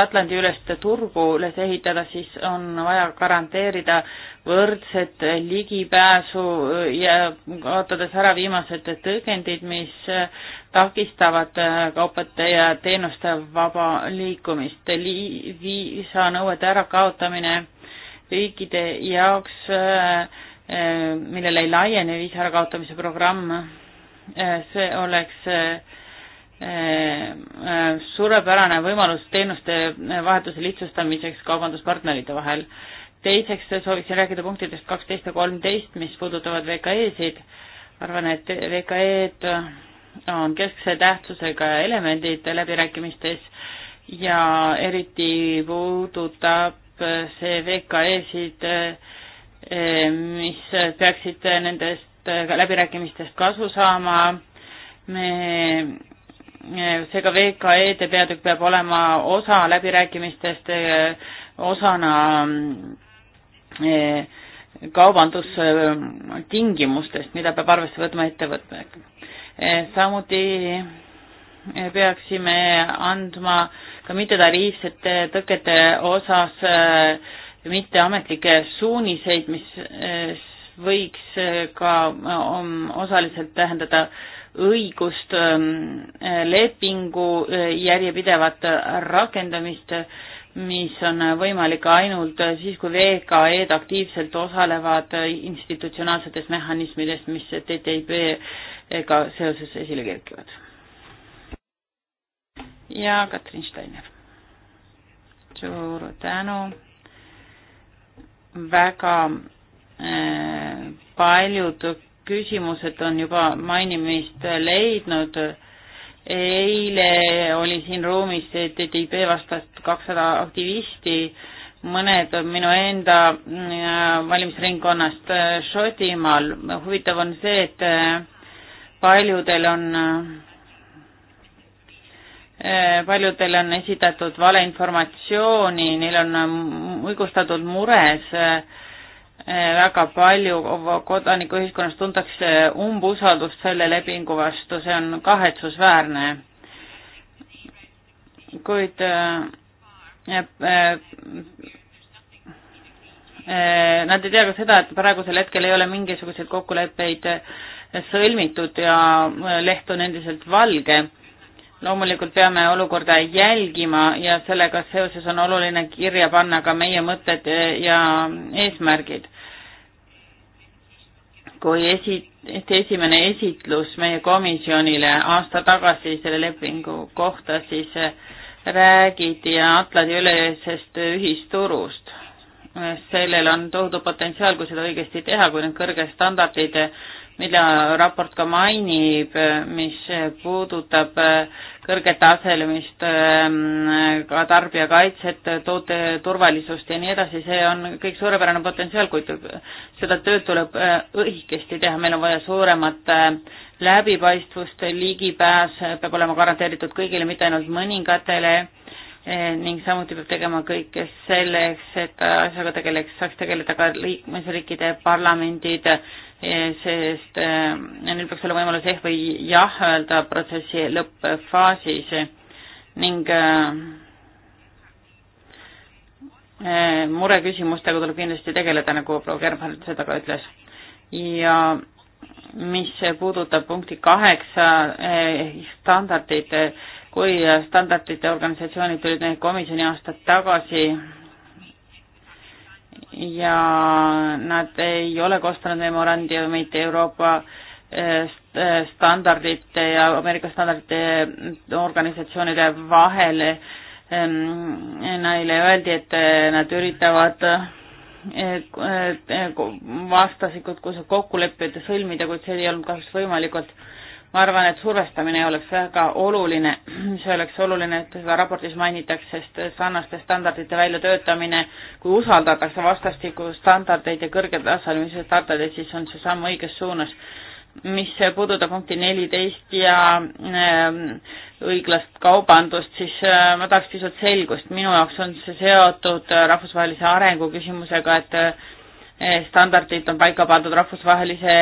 Atlandi ülest turgu üles ehitada, siis on vaja garanteerida võrdset ligipääsu ja kaotades ära viimased tõkendid, mis takistavad kaupade ja teenuste vaba liikumist Li. viisanõuete ärakaotamine riikide jaoks, millele ei laiene viisa ärakaotamise programm, see oleks Äh, äh, suurepärane võimalus teenuste vahetuse lihtsustamiseks kaubanduspartnerite vahel. teiseks sooviksin rääkida punktidest kaksteist ja kolmteist, mis puudutavad VKE-sid. arvan, et VKE-d on keskse tähtsusega elemendid läbirääkimistes ja eriti puudutab see VKE-sid, äh, mis peaksid nendest läbirääkimistest kasu saama. me seega VKE-de peatükk peab olema osa läbirääkimistest, osana eh, kaubandustingimustest, mida peab arvesse võtma ettevõtmine. Eh, samuti eh, peaksime andma ka mittetariifsete tõkete osas mitteametlikke suuniseid, mis võiks ka osaliselt tähendada äh, õigust ähm, äh, lepingu äh, järjepidevat rakendamist, mis on äh, võimalik ainult siis, kui VKE-d aktiivselt osalevad institutsionaalsetes mehhanismides, mis TTIP-ga seoses esile kerkivad. ja Katrin Steiner. suur tänu. väga paljud küsimused on juba mainimist leidnud. eile oli siin ruumis TTIP vastast kakssada aktivisti, mõned on minu enda äh, valimisringkonnast äh, Šotimaal. huvitav on see, et äh, paljudel on paljudel on esitatud valeinformatsiooni, neil on mm, õigustatud mures äh, Eh, väga palju kodanikuühiskonnas tuntakse umbusaldust selle lepingu vastu, see on kahetsusväärne. kuid eh, eh, Nad ei tea ka seda, et praegusel hetkel ei ole mingisuguseid kokkuleppeid sõlmitud ja leht on endiselt valge loomulikult peame olukorda jälgima ja sellega seoses on oluline kirja panna ka meie mõtted eh, ja eesmärgid. kui esi, esimene esitlus meie komisjonile aasta tagasi selle lepingu kohta, siis eh, räägiti Atlandi ülesest ühisturust. sellel on tohutu potentsiaal, kui seda õigesti teha, kui need kõrged standardid eh, mida raport ka mainib, mis puudutab kõrget aselemist, ähm, ka tarbijakaitset, toote turvalisust ja nii edasi, see on kõik suurepärane potentsiaal, kuid seda tööd tuleb äh, õigesti teha, meil on vaja suuremat äh, läbipaistvust, ligipääs peab olema garanteeritud kõigile, mitte ainult mõningatele äh, ning samuti peab tegema kõike selleks, et asjaga tegeleks, saaks tegeleda ka liikmesriikide parlamendid, Eh, sest eh, neil peaks olema võimalus ehk või jah öelda protsessi lõppfaasis ning eh, mureküsimustega tuleb kindlasti tegeleda, nagu proua Gerhard seda ka ütles. ja mis puudutab punkti kaheksa standardid, kui standardite organisatsioonid tulid meie komisjoni aastad tagasi ja nad ei ole koostanud memorandiumit Euroopa eh, eh, standardite ja Ameerika standardite organisatsioonide vahele. Ehm, neile öeldi, et eh, nad üritavad vastasikud kokkulepped sõlmida, kuid see ei olnud kahjuks võimalikult ma arvan, et survestamine oleks väga oluline, see oleks oluline, et seda raportis mainitakse, sest sarnaste standardite väljatöötamine, kui usaldatakse vastastikku standardeid ja kõrgetasemelisi standardeid, siis on see samm õiges suunas. mis puudutab punkti neliteist ja ähm, õiglast kaubandust, siis äh, ma tahaks pisut selgust, minu jaoks on see seotud äh, rahvusvahelise arengu küsimusega, et äh, standardid on paika pandud rahvusvahelise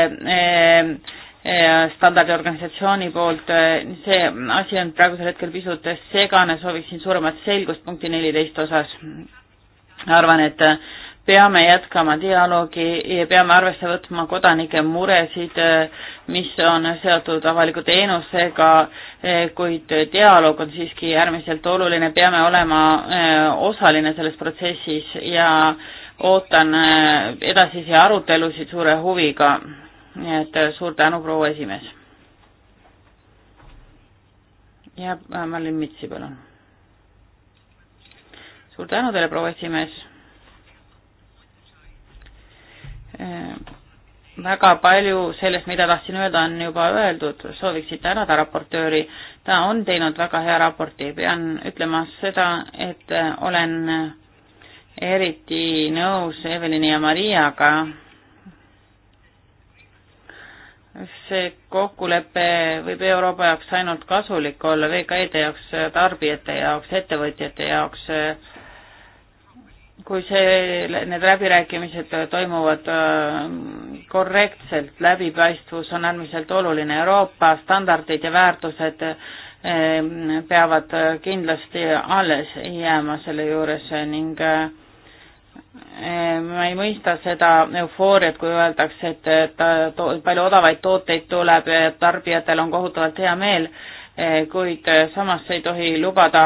standardiorganisatsiooni poolt, eh, see asi on praegusel hetkel pisut segane, sooviksin suuremat selgust punkti neliteist osas. arvan, et eh, peame jätkama dialoogi ja peame arvesse võtma kodanike muresid, eh, mis on seotud avaliku teenusega, kuid dialoog on siiski äärmiselt oluline, peame olema osaline selles protsessis ja ootan edasisi arutelusid suure huviga nii et äh, suur tänu, proua esimees. ja äh, Marlin Mitsi, palun. suur tänu teile, proua esimees. Äh, väga palju sellest, mida tahtsin öelda, on juba öeldud, sooviksin tänada raportööri, ta on teinud väga hea raporti, pean ütlema seda, et olen eriti nõus Evelini ja Mariaga see kokkulepe võib Euroopa jaoks ainult kasulik olla, VKE-de jaoks, tarbijate jaoks, ettevõtjate jaoks, kui see, need läbirääkimised toimuvad ähm, korrektselt, läbipaistvus on äärmiselt oluline, Euroopa standardid ja väärtused ähm, peavad kindlasti alles jääma selle juures ning äh, ma ei mõista seda eufooriat, kui öeldakse, et, et to, palju odavaid tooteid tuleb ja tarbijatel on kohutavalt hea meel, kuid samas ei tohi lubada,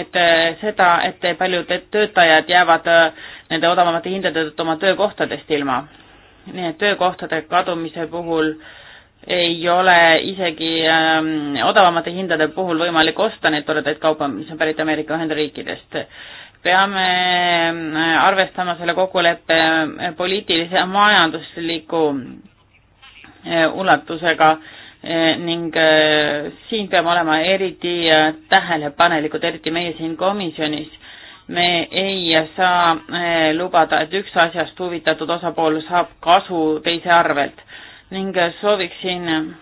et seda, et paljud töötajad jäävad nende odavamate hindade tõttu oma töökohtadest ilma. nii et töökohtade kadumise puhul ei ole isegi ähm, odavamate hindade puhul võimalik osta neid toredaid kaupa, mis on pärit Ameerika Ühendriikidest peame äh, arvestama selle kokkuleppe äh, poliitilise ja majandusliku äh, ulatusega ning siin peame olema eriti tähelepanelikud, eriti meie siin komisjonis. me ei saa lubada, et üks asjast huvitatud osapool saab kasu teise arvelt ning sooviksin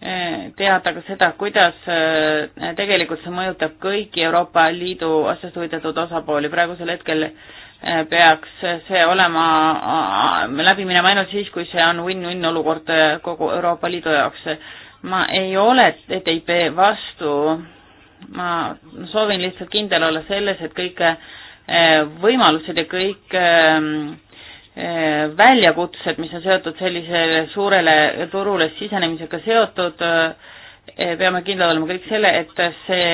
teada ka seda, kuidas äh, tegelikult see mõjutab kõiki Euroopa Liidu asjast huvitatud osapooli. praegusel hetkel äh, peaks see olema, äh, läbi minema ainult siis, kui see on win-win olukord kogu Euroopa Liidu jaoks. ma ei ole e TTIP vastu, ma soovin lihtsalt kindel olla selles, et kõik võimalused ja kõik äh, Eh, väljakutsed, mis on seotud sellisele suurele turule sisenemisega seotud, eh, peame kindlad olema kõik selle, et see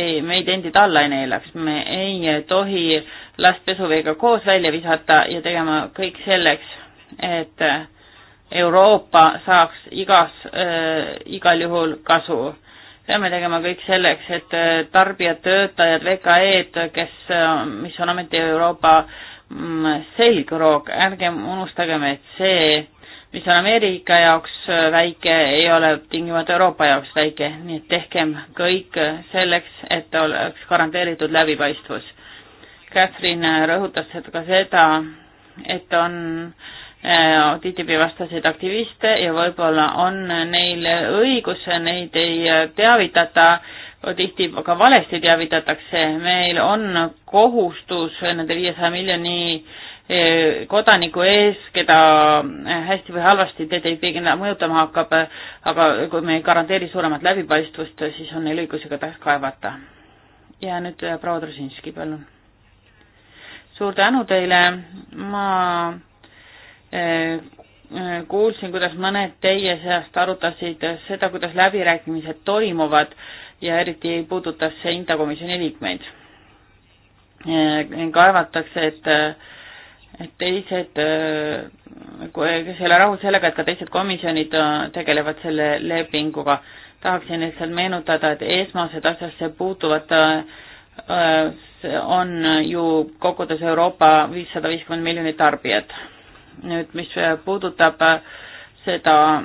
ei, meid endid alla ei neelaks, me ei tohi last pesuveega koos välja visata ja tegema kõik selleks, et Euroopa saaks igas äh,, igal juhul kasu. peame tegema kõik selleks, et tarbijad, töötajad, VKE-d, kes, mis on ometi Euroopa äh, Mm, selgroog, ärgem unustagem, et see, mis on Ameerika jaoks äh, väike, ei ole tingimata Euroopa jaoks väike, nii et tehkem kõik selleks, et oleks garanteeritud läbipaistvus. Catherine rõhutas ka seda, et on äh, TTIP-i vastaseid aktiviste ja võib-olla on neil õigus, neid ei teavitata tihti ka valesti teavitatakse, meil on kohustus nende viiesaja miljoni e, kodaniku ees, keda e, hästi või halvasti TTIP mõjutama hakkab, aga kui me ei garanteeri suuremat läbipaistvust, siis on neil õigus igatahes kaevata. ja nüüd e, proua Drusinski, palun. suur tänu teile, ma kuulsin, kuidas mõned teie seast arutasid seda, kuidas läbirääkimised toimuvad ja eriti puudutas see Inta komisjoni liikmeid. Äh, kaevatakse, et äh, teised, äh, kes ei ole rahul sellega, et ka teised komisjonid tegelevad selle lepinguga. tahaksin lihtsalt meenutada, et esmased asjasse puutuvad on ju kogudes Euroopa viissada viiskümmend miljonit tarbijat. nüüd, mis puudutab seda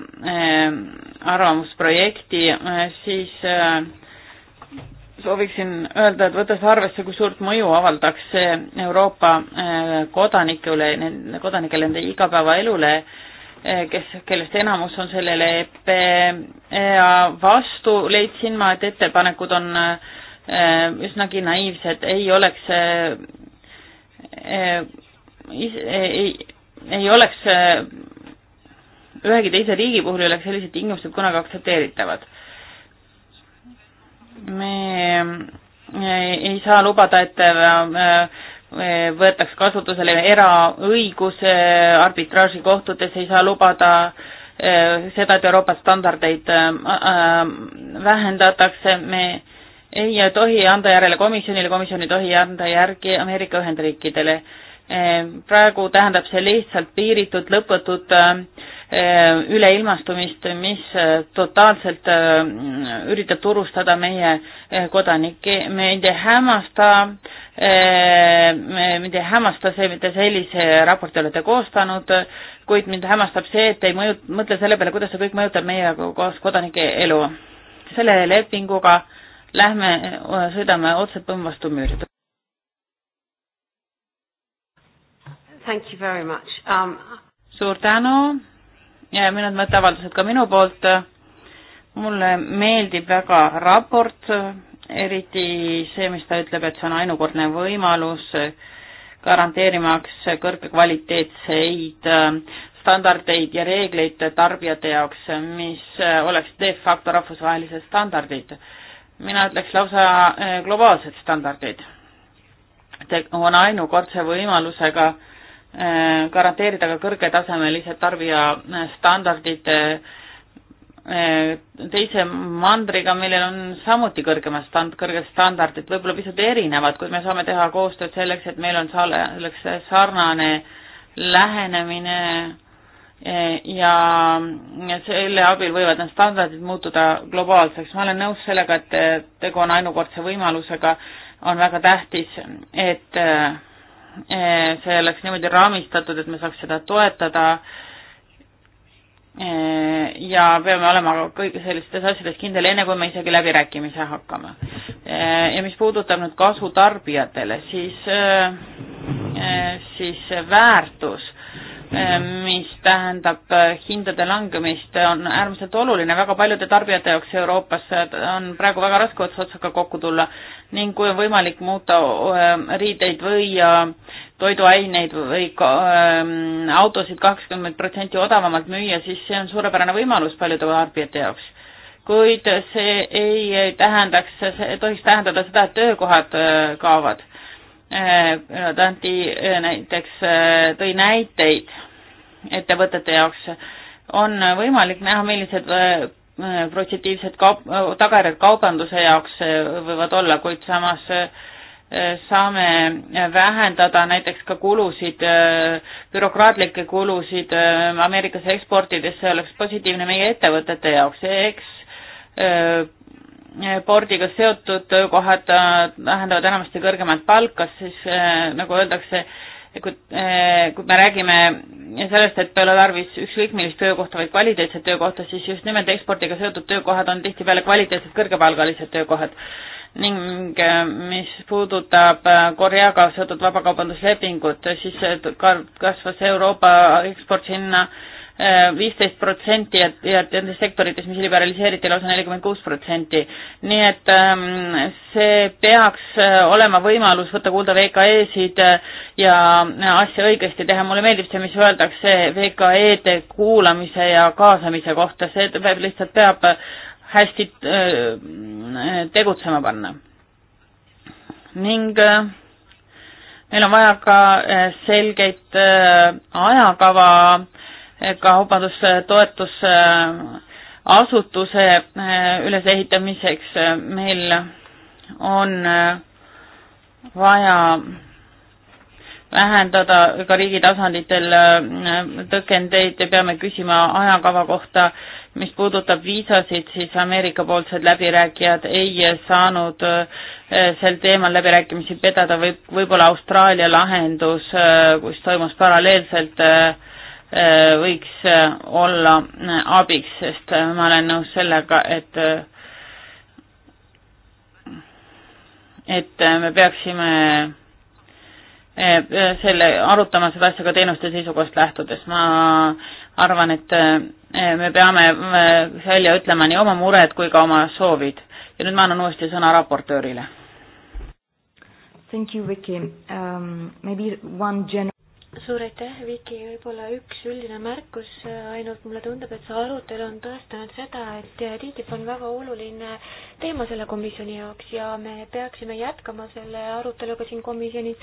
arvamusprojekti, siis sooviksin öelda, et võttes arvesse, kui suurt mõju avaldaks see Euroopa eh, kodanikule, kodanikele nende igapäevaelule, eh, kes, kellest enamus on sellele EPA e vastu, leidsin ma, et ettepanekud on eh, üsnagi naiivsed, ei oleks, ei, ei oleks ühegi teise riigi puhul ei oleks sellised tingimused kunagi aktsepteeritavad me ei saa lubada, et äh, äh, võetaks kasutusele eraõiguse äh, arbitraažikohtutes, ei saa lubada seda, et Euroopa standardeid vähendatakse, me ei tohi anda järele komisjonile, komisjon ei tohi anda järgi Ameerika Ühendriikidele Ehm, praegu tähendab see lihtsalt piiritud lõputut ehm, üleilmastumist, mis eh, totaalselt ehm, üritab turustada meie eh, kodanikke, mind ei hämmasta, mind ei hämmasta see, mida sellise raporti olete koostanud, kuid mind hämmastab see, et ei mõju, mõtle selle peale, kuidas see kõik mõjutab meie koos kodanike elu. selle lepinguga lähme, eh, sõidame otse Põmvastu müüri. Thank you very much um.... suur tänu ja mõned mõtteavaldused ka minu poolt. mulle meeldib väga raport, eriti see, mis ta ütleb, et see on ainukordne võimalus garanteerimaks kõrgekvaliteetseid ähm, standardeid ja reegleid tarbijate jaoks, mis äh, oleks de facto rahvusvahelised standardid. mina ütleks lausa äh, globaalsed standardid. on ainukordse võimalusega äh, Äh, garanteerida ka kõrgetasemelised tarbijastandardid äh, äh, teise mandriga, millel on samuti kõrgemad stand-, kõrged standardid, võib-olla pisut erinevad, kuid me saame teha koostööd selleks, et meil on selleks sarnane lähenemine ja selle abil võivad need standardid muutuda globaalseks. ma olen nõus sellega, et tegu on ainukordse võimalusega, on väga tähtis, et äh, Eh, see oleks niimoodi raamistatud, et me saaks seda toetada eh, ja peame olema kõigis sellistes asjades kindel, enne kui me isegi läbirääkimise hakkame. Eh, ja mis puudutab nüüd kasu tarbijatele, siis, siis väärtus Ehm, mis tähendab äh, hindade langemist, on äärmiselt oluline väga paljude tarbijate jaoks Euroopas, on praegu väga raske ots otsaga kokku tulla ning kui on võimalik muuta ähm, riideid või äh, toiduaineid või ähm, autosid kakskümmend protsenti odavamalt müüa, siis see on suurepärane võimalus paljude tarbijate jaoks kuid see ei tähendaks, see ei tohiks tähendada seda, et töökohad äh, kaovad Tanti näiteks tõi näiteid ettevõtete jaoks, on võimalik näha, millised äh, äh, positiivsed kaup-, äh, tagajärjed kaubanduse jaoks võivad olla, kuid samas saame vähendada näiteks ka kulusid, bürokraatlikke kulusid Ameerikasse eksportides, see oleks positiivne meie ettevõtete jaoks, ekspordiga seotud töökohad tähendavad enamasti kõrgemat palka, siis nagu öeldakse, kui, äh, kui me räägime sellest, et pole tarvis ükskõik millist töökohta, vaid kvaliteetset töökohta, siis just nimelt ekspordiga seotud töökohad on tihtipeale kvaliteetsed kõrgepalgalised töökohad. ning äh, mis puudutab äh, Koreaga seotud vabakaubanduslepingut, siis kasvas Euroopa eksport sinna viisteist protsenti ja, ja nendes sektorites, mis liberaliseeriti lausa nelikümmend kuus protsenti. nii et ähm, see peaks äh, olema võimalus võtta kuulda VKE-sid äh, ja äh, asja õigesti teha, mulle meeldib see, mis öeldakse VKE-de kuulamise ja kaasamise kohta, see peab, lihtsalt peab hästi tegutsema panna. ning meil on vaja ka selgeid ajakava äh, kaubandustoetusasutuse äh, äh, ülesehitamiseks meil on äh, vaja vähendada ka riigi tasanditel tõkendeid ja peame küsima ajakava kohta, mis puudutab viisasid, siis Ameerika-poolsed läbirääkijad ei saanud sel teemal läbirääkimisi pidada, võib, võib-olla Austraalia lahendus, kus toimus paralleelselt äh, Äh, võiks äh, olla äh, abiks, sest ma olen nõus sellega, et et me peaksime selle, arutama seda asja ka teenuste seisukohast lähtudes, ma arvan, et me peame välja ütlema nii oma mured kui ka oma soovid. ja nüüd ma annan uuesti sõna raportöörile. Thank you, Vicky um,. Maybe one gen- suur aitäh, Viki, võib-olla üks üldine märkus, ainult mulle tundub, et see arutelu on tõestanud seda, et TTIP on väga oluline teema selle komisjoni jaoks ja me peaksime jätkama selle aruteluga siin komisjonis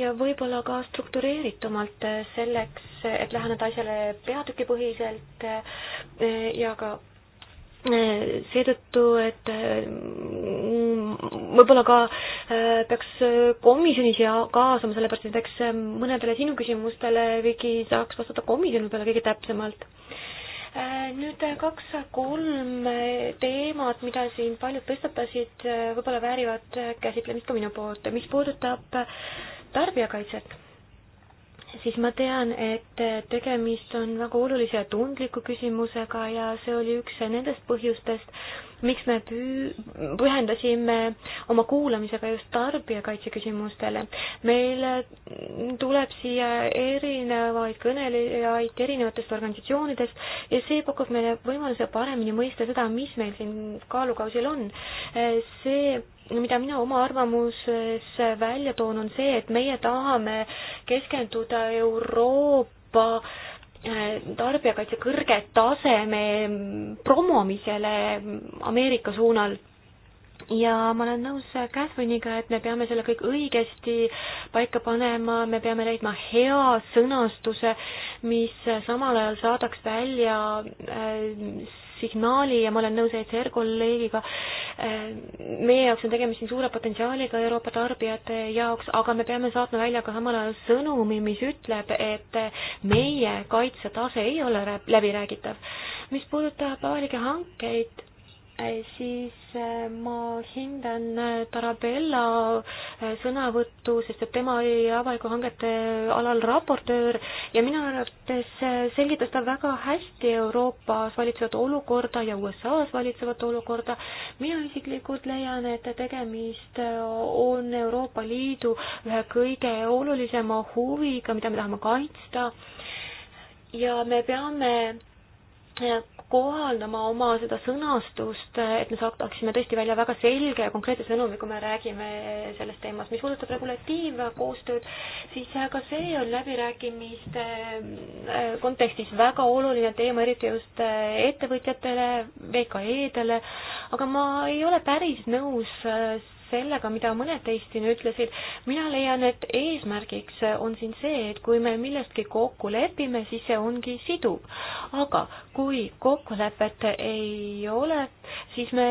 ja võib-olla ka struktureeritumalt selleks, et läheneda asjale peatükipõhiselt ja ka seetõttu, et mm, võib-olla ka äh, peaks komisjoni siia kaasama, sellepärast et eks mõnedele sinu küsimustele, Viki, saaks vastata komisjoni võib-olla kõige täpsemalt. Äh, nüüd kaks-kolm teemat, mida siin paljud tõstatasid, äh, võib-olla väärivad käsitlemist ka minu poolt, mis puudutab tarbijakaitset siis ma tean, et tegemist on väga olulise ja tundliku küsimusega ja see oli üks nendest põhjustest, miks me püü-, pühendasime oma kuulamisega just tarbijakaitse küsimustele. meil tuleb siia erinevaid kõnelejaid erinevatest organisatsioonidest ja see pakub meile võimaluse paremini mõista seda, mis meil siin kaalukausil on. see mida mina oma arvamuses välja toon, on see, et meie tahame keskenduda Euroopa eh, tarbijakaitse kõrge taseme promomisele Ameerika suunal ja ma olen nõus Catherine'iga, et me peame selle kõik õigesti paika panema, me peame leidma hea sõnastuse, mis samal ajal saadaks välja eh, signaali ja ma olen nõus ECR kolleegiga, meie jaoks on tegemist siin suure potentsiaaliga Euroopa tarbijate jaoks, aga me peame saatma välja ka samal ajal sõnumi, mis ütleb, et meie kaitsetase ei ole läbiräägitav. mis puudutab avalikke hankeid, Äh, siis äh, ma hindan äh, Tarabella sõnavõttu, sest et tema oli avaliku hangete alal raportöör ja minu arvates selgitas ta väga hästi Euroopas valitsevat olukorda ja USA-s valitsevat olukorda. mina isiklikult leian, et tegemist on Euroopa Liidu ühe kõige olulisema huviga, mida me tahame kaitsta ja me peame kohandama oma seda sõnastust, et me saaksime tõesti välja väga selge ja konkreetse sõnumi, kui me räägime sellest teemast. mis puudutab regulatiivkoostööd, siis ka see on läbirääkimiste äh, kontekstis väga oluline teema, eriti just äh, ettevõtjatele, VKE-dele, aga ma ei ole päris nõus äh, sellega, mida mõned teist siin ütlesid. mina leian, et eesmärgiks on siin see, et kui me millestki kokku lepime, siis see ongi siduv. aga kui kokkulepet ei ole, siis me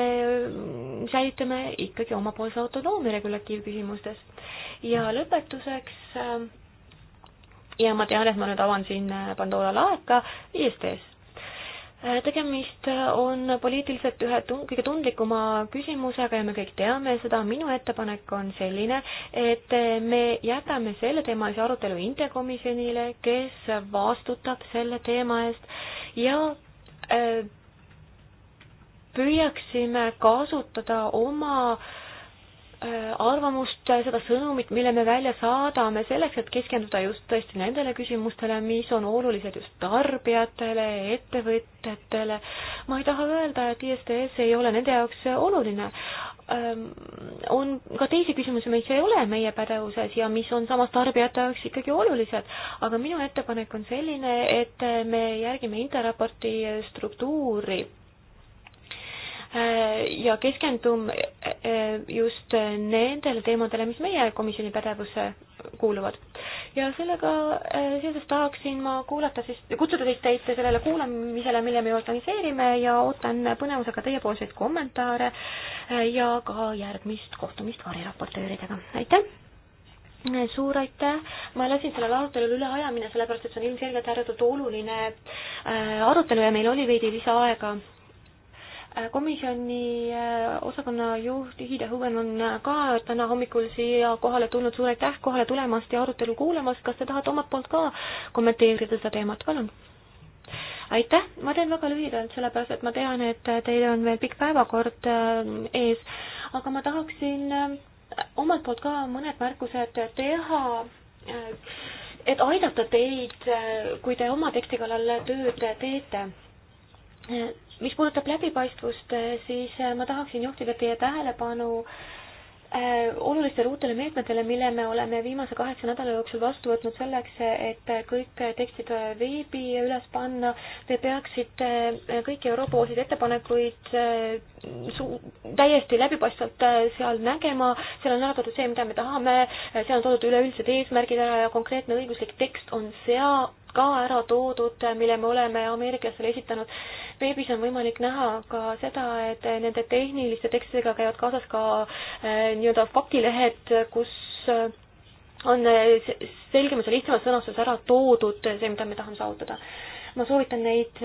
säilitame ikkagi omapoolse autonoomia regulatiivküsimustes. ja lõpetuseks ja ma tean, et ma nüüd avan siin Pandora laeka IST-s tegemist on poliitiliselt ühe tun-, kõige tundlikuma küsimusega ja me kõik teame seda, minu ettepanek on selline, et me jätame selleteemalise arutelu Intekomisjonile, kes vastutab selle teema eest ja äh, püüaksime kasutada oma äh, Äh, arvamust, äh, seda sõnumit, mille me välja saadame, selleks, et keskenduda just tõesti nendele küsimustele, mis on olulised just tarbijatele, ettevõtjatele. ma ei taha öelda, et ISDS ei ole nende jaoks oluline. Ähm, on ka teisi küsimusi, mis ei ole meie pädevuses ja mis on samas tarbijate jaoks ikkagi olulised. aga minu ettepanek on selline, et me järgime interraporti struktuuri Äh, ja keskendume äh, äh, just nendele teemadele, mis meie komisjoni pädevusse kuuluvad. ja sellega seoses tahaksin ma kuulata siis, kutsuda siis teid sellele kuulamisele, mille me organiseerime ja ootan põnevusega teiepoolseid kommentaare ja ka järgmist kohtumist variraportööridega, aitäh! suur aitäh, ma lasin sellel arutelul üle aja minna, sellepärast et see on ilmselgelt ääretult oluline arutelu ja meil oli veidi lisaaega komisjoni eh, osakonna juht Hida Hõven on eh, ka täna hommikul siia kohale tulnud, suur aitäh kohale tulemast ja arutelu kuulamast, kas sa tahad omalt poolt ka kommenteerida seda teemat, palun? aitäh, ma teen väga lühidalt, sellepärast et ma tean, et teil on veel pikk päevakord eh, ees, aga ma tahaksin omalt poolt ka mõned märkused teha et aidata teid, kui te oma teksti kallal tööd teete mis puudutab läbipaistvust, eh, siis eh, ma tahaksin juhtida teie tähelepanu eh, olulistele uutele meetmetele, mille me oleme viimase kaheksa nädala jooksul vastu võtnud selleks, et kõik tekstid veebi üles panna. Te peaksite kõiki Euroopa osid ettepanekuid täiesti läbipaistvalt seal nägema, seal on ära toodud see, mida me tahame, seal on toodud üleüldised eesmärgid ära ja konkreetne õiguslik tekst on sea-, ka ära toodud, mille me oleme Ameerikasele esitanud. veebis on võimalik näha ka seda, et nende tehniliste tekstidega käivad kaasas ka äh, nii-öelda faktilehed, kus äh, on eh, selgemas ja lihtsamas sõnastuses ära toodud see, mida me tahame saavutada ma soovitan neid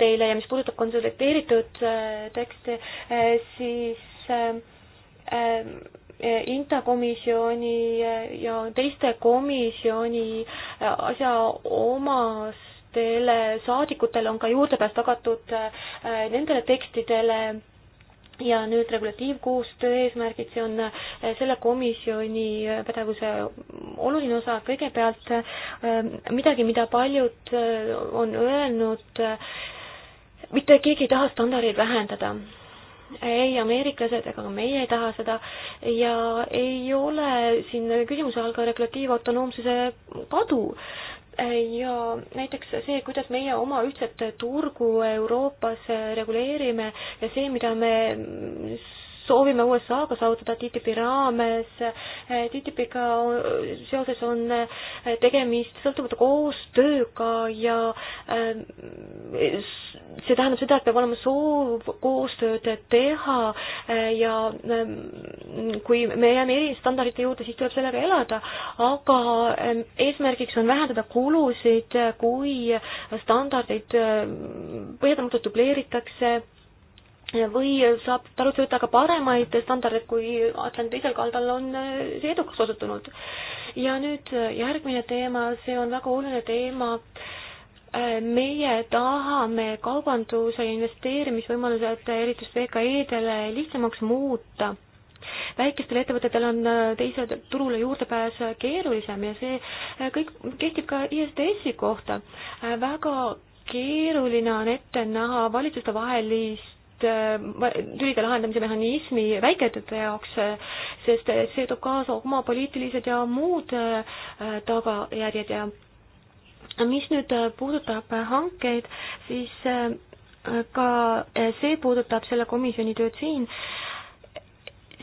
teile ja mis puudutab konsolideeritud tekste, siis INTA komisjoni ja teiste komisjoni asjaomastele saadikutele on ka juurdepääs tagatud äh, nendele tekstidele ja nüüd regulatiivkoostöö eesmärgid, see on äh, selle komisjoni äh, pädevuse oluline osa, kõigepealt midagi, mida paljud on öelnud, mitte keegi ei taha standardeid vähendada ei ameeriklased ega ka meie ei taha seda ja ei ole siin küsimuse all ka regulatiivautonoomsuse kadu. ja näiteks see, kuidas meie oma ühtset turgu Euroopas reguleerime ja see, mida me soovime USA-ga saavutada TTIP-i raames. TTIP-iga seoses on äh, tegemist sõltumatu koostööga ja äh, see tähendab seda, et peab olema soov koostööd teha äh, ja kui me jääme eristandardite juurde, siis tuleb sellega elada, aga eesmärgiks on vähendada kulusid, kui standardeid põhjendamatult dubleeritakse või saab talutöötajaga paremaid standardeid, kui Atlandi teisel kaldal on see edukaks osutunud. ja nüüd järgmine teema, see on väga oluline teema. meie tahame kaubanduse ja investeerimisvõimalused, eriti just VKE-dele, lihtsamaks muuta väikestel ettevõtetel on teise turule juurdepääs keerulisem ja see kõik kehtib ka ISDS-i kohta. väga keeruline on ette näha valitsuste vahelist tülide äh, lahendamise mehhanismi väikeettevõtete jaoks, äh, sest äh, see toob kaasa oma poliitilised ja muud tagajärjed ja mis nüüd puudutab hankeid, siis ka see puudutab selle komisjoni tööd siin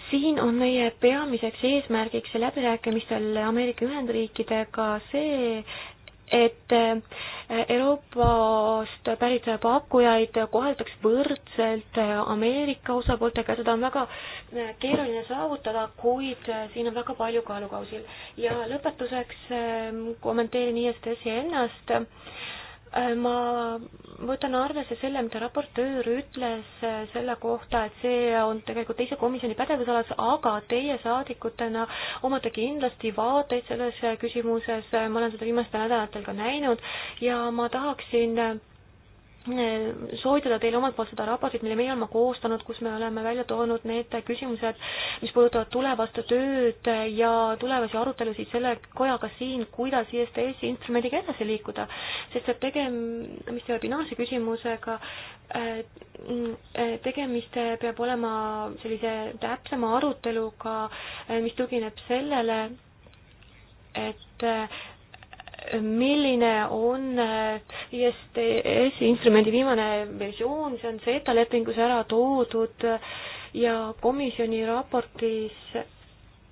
siin on meie peamiseks eesmärgiks läbirääkimistel Ameerika Ühendriikidega see, et äh, Euroopast pärit pakkujaid koheldakse võrdselt äh, Ameerika osapooltega, seda on väga äh, keeruline saavutada, kuid siin on väga palju kaalukausil. ja lõpetuseks kommenteerin ISDS-i ennast Äh, ma võtan arvesse selle, mida raportöör ütles äh, selle kohta, et see on tegelikult teise komisjoni pädevusalas, aga teie saadikutena omate kindlasti vaateid selles äh, küsimuses, ma olen seda viimastel nädalatel ka näinud ja ma tahaksin soovitada teile omalt poolt seda raportit, mille meie oleme koostanud, kus me oleme välja toonud need küsimused, mis puudutavad tulevast tööd ja tulevasi arutelusid selle kojaga siin, kuidas ISTS-i instrumendiga edasi liikuda, sest et tegemist ei ole binaarse küsimusega, tegemist peab olema sellise täpsema aruteluga, mis tugineb sellele, et milline on äh, ISTS-i instrumendi viimane versioon, see on Zeta lepingus ära toodud ja komisjoni raportis,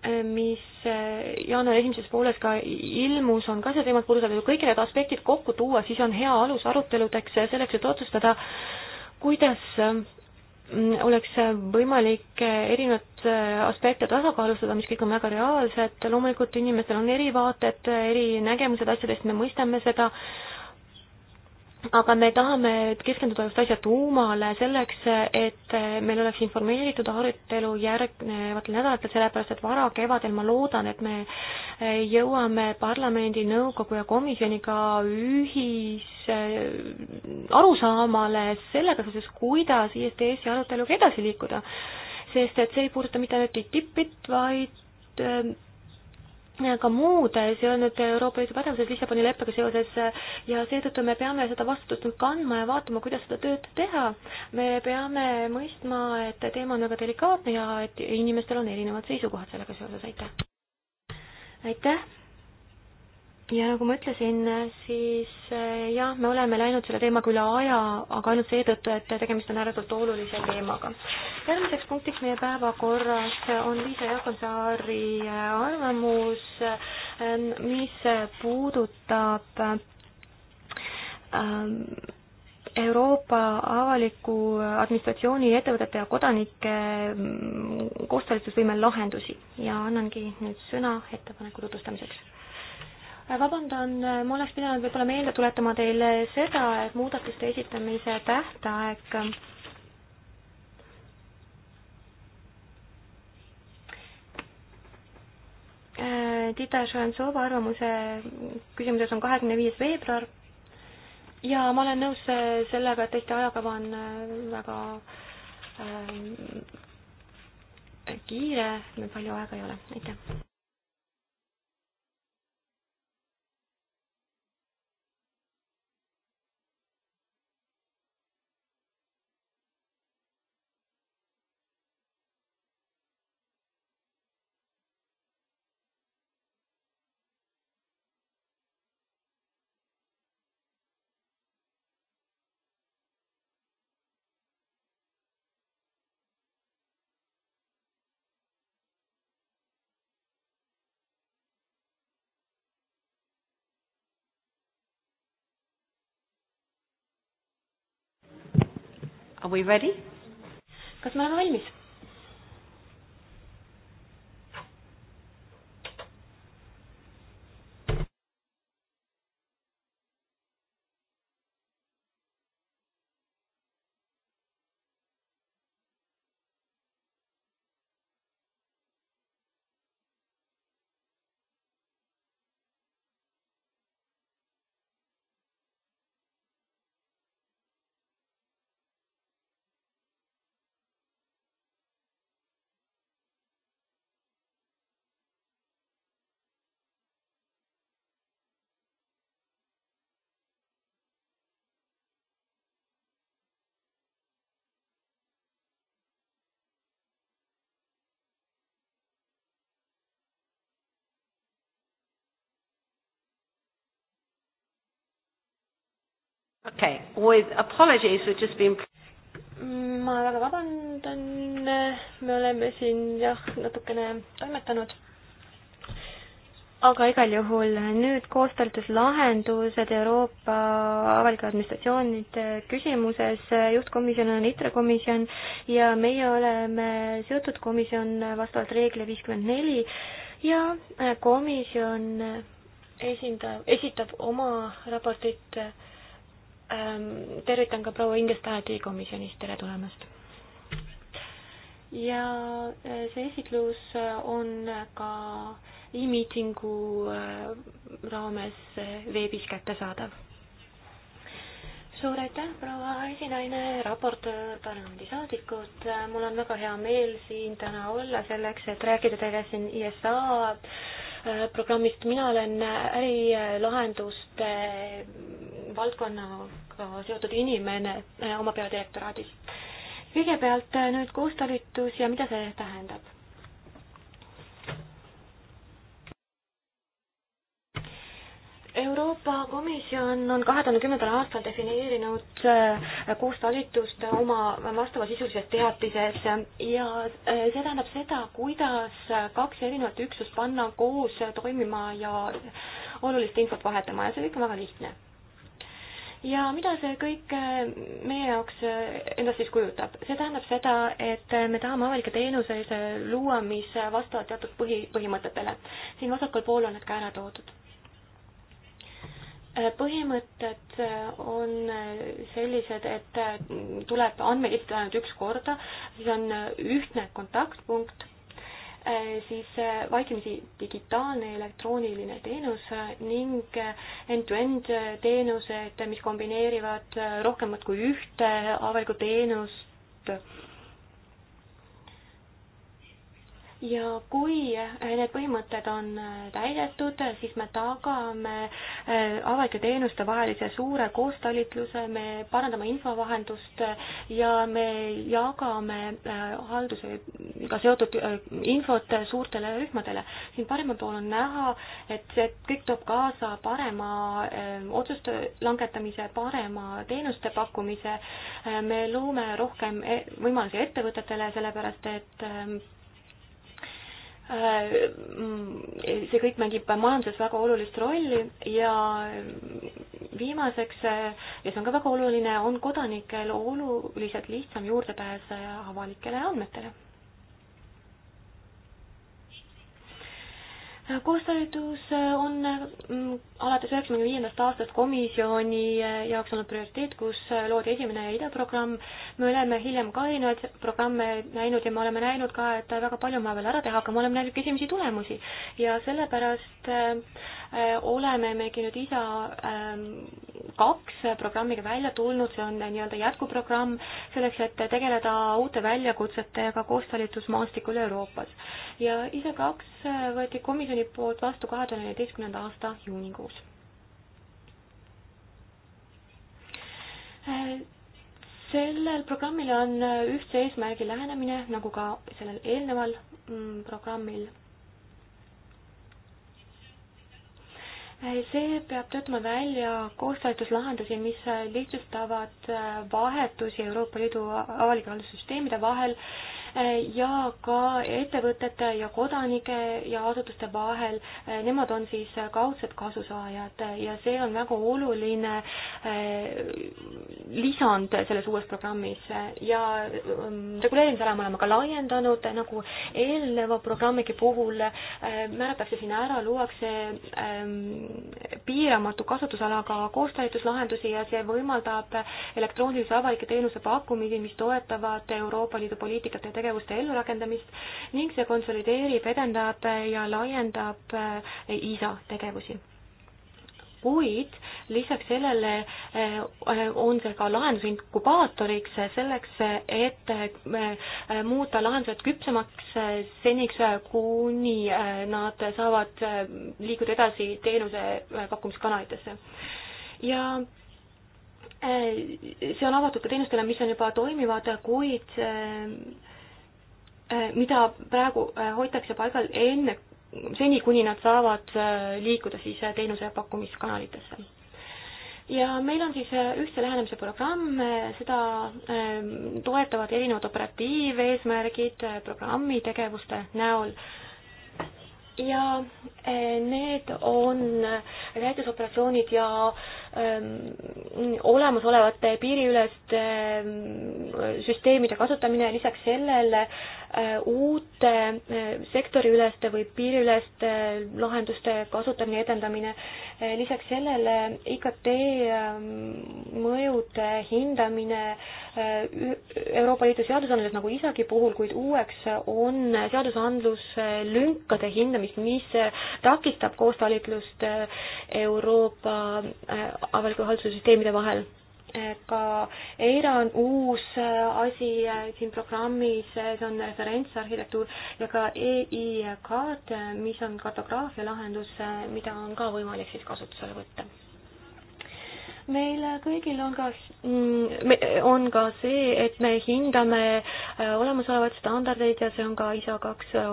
äh, mis äh, jaanuari esimeses pooles ka ilmus, on ka see teemat puudutatud, kui kõiki need aspektid kokku tuua, siis on hea alus aruteludeks selleks, et otsustada, kuidas Mm, oleks võimalik äh, erinevaid äh, aspekte tasakaalustada, mis kõik on väga reaalsed, loomulikult inimestel on erivaated, äh, erinägemused asjadest, me mõistame seda, aga me tahame keskenduda just asja tuumale selleks, et meil oleks informeeritud arutelu järgnevatel nädalatel, sellepärast et varakevadel ma loodan, et me jõuame parlamendi, nõukogu ja komisjoniga ühis äh, arusaamale sellega seoses, kuidas ISTS-i aruteluga edasi liikuda. sest et see ei puuduta mitte ainult TTIP-it, vaid äh, ka muud, see on nüüd Euroopa Liidu pädevused Lissaboni leppega seoses ja seetõttu me peame seda vastutust nüüd kandma ja vaatama, kuidas seda tööd teha. me peame mõistma, et teema on väga delikaatne ja et inimestel on erinevad seisukohad sellega seoses, aitäh! aitäh! ja nagu ma ütlesin, siis eh, jah, me oleme läinud selle teemaga üle aja, aga ainult seetõttu, et tegemist on ääretult olulise teemaga. järgmiseks punktiks meie päevakorras on Liisa Jaakonsaari eh, arvamus, eh, mis puudutab ehm, Euroopa avaliku administratsiooni ettevõtete ja kodanike mm, koostalitusvõime lahendusi ja annangi nüüd sõna ettepaneku tutvustamiseks Äh, vabandan, äh, ma oleks pidanud võib-olla meelde tuletama teile seda, et muudatuste esitamise tähtaeg äh, Tita Švansova arvamuse küsimuses on kahekümne viies veebruar ja ma olen nõus sellega, et tõesti ajakava on väga äh, kiire, meil palju aega ei ole, aitäh. Are we ready? kas me oleme valmis? okei okay., with apologies we just been ma väga vabandan, me oleme siin jah, natukene toimetanud. aga igal juhul nüüd koostalitus lahendused Euroopa avalike administratsioonide küsimuses, juhtkomisjon on ITRE komisjon ja meie oleme seotud komisjon vastavalt reeglile viiskümmend neli ja komisjon esindab, esitab oma raportit äh, Ähm, tervitan ka proua Ingestaadi komisjonist, tere tulemast! ja äh, see esitlus äh, on ka e-miitingu äh, raames veebis kättesaadav. suur aitäh, proua esinaine, raportöör, parlamendisaadikud, mul on väga hea meel siin täna olla selleks, et rääkida teile siin ISA e programmist. mina olen ärilahenduste valdkonnaga seotud inimene oma peadirektoraadis. kõigepealt nüüd koostalitus ja mida see tähendab? Euroopa Komisjon on kahe tuhande kümnendal aastal defineerinud äh, kuus talitust oma vastavasisulises teatises ja äh, see tähendab seda, kuidas kaks erinevat üksust panna koos toimima ja olulist infot vahetama ja see kõik on väga lihtne. ja mida see kõik äh, meie jaoks endast siis kujutab? see tähendab seda, et me tahame avalikke teenuseid luua, mis vastavad teatud põhi, põhimõtetele. siin vasakul pool on need ka ära toodud põhimõtted on sellised, et tuleb andmeid esitada ainult üks korda, siis on ühtne kontaktpunkt, siis vaikimisi digitaalne elektrooniline teenus ning end-to-end -end teenused, mis kombineerivad rohkemat kui ühte avalikku teenust ja kui äh, need põhimõtted on äh, täidetud, siis me tagame äh, avalike teenuste vahelise suure koostalitluse, me parandame infovahendust ja me jagame haldusega seotud infot suurtele rühmadele. siin paremal pool on näha, et see kõik toob kaasa parema otsuste langetamise, parema teenuste pakkumise, me loome rohkem e, võimalusi ettevõtetele, sellepärast et Äh, see kõik mängib majanduses väga olulist rolli ja viimaseks, ja see on ka väga oluline, on kodanikel oluliselt lihtsam juurdepääs avalikele andmetele koostööharidus äh, on äh, mm, alates üheksakümne viiendast aastast komisjoni äh, jaoks olnud prioriteet, kus loodi esimene idaprogramm. me oleme hiljem ka erinevaid programme näinud ja me oleme näinud ka, et väga palju on vaja veel ära teha, aga me oleme näinud ka esimesi tulemusi ja sellepärast oleme megi nüüd ISA ähm, kaks programmiga välja tulnud, see on nii-öelda jätkuprogramm selleks, et tegeleda uute väljakutsetega koostalitusmaastikul Euroopas. ja ISA kaks võeti komisjoni komisjoni poolt vastu kahe tuhande neljateistkümnenda aasta juunikuus. Äh, sellel programmil on ühtse eesmärgi lähenemine, nagu ka sellel eelneval mm, programmil. Äh, see peab töötama välja koostöötuslahendusi, mis lihtsustavad äh, vahetusi Euroopa Liidu avalike haldussüsteemide vahel ja ka ettevõtete ja kodanike ja asutuste vahel, nemad on siis kaudsed kasusaajad ja see on väga oluline eh, lisand selles uues programmis ja mm, reguleerimisala me oleme ka laiendanud, nagu eelneva programmigi puhul eh, määratakse sinna ära, luuakse eh, piiramatu kasutusalaga koostööõiguslahendusi ja see võimaldab elektroonilise avalike teenuse pakkumisi, mis toetavad Euroopa Liidu poliitikat ja tegevust tegevuste ellurakendamist ning see konsolideerib, edendab ja laiendab eh, ISA tegevusi kuid lisaks sellele eh, on see ka lahenduse inkubaatoriks selleks, et eh, muuta lahendused küpsemaks seniks, kuni nad saavad liikuda edasi teenuse pakkumiskanalitesse. ja see on avatud ka teenustele, mis on juba toimivad, kuid Äh, mida praegu äh, hoitakse paigal enne, seni kuni nad saavad äh, liikuda siis teenuse pakkumiskanalitesse. ja meil on siis ühtse lähenemise programm, seda ähm, toetavad erinevad operatiiveesmärgid programmi tegevuste näol ja need on näitusoperatsioonid ja öö, ähm, olemasolevate piiriüleste öö, ähm, süsteemide kasutamine, lisaks sellele Äh, uute äh, sektoriüleste või piiriüleste äh, lahenduste kasutamine, edendamine. lisaks sellele IKT ähm, mõjude hindamine Euroopa Liidu seadusandluses nagu isagi puhul, kuid uueks on seadusandluslünkade hindamist, mis takistab koostalitlust Euroopa avaliku haldussüsteemide vahel ka EIRA on uus äh, asi äh, siin programmis, äh, see on referentsarhitektuur ja ka EICAD, mis on kartograafia lahendus, mida on ka võimalik siis kasutusele võtta meil kõigil on ka, mm, on ka see, et me hindame äh, olemasolevaid standardeid ja see on ka ISO kaks äh,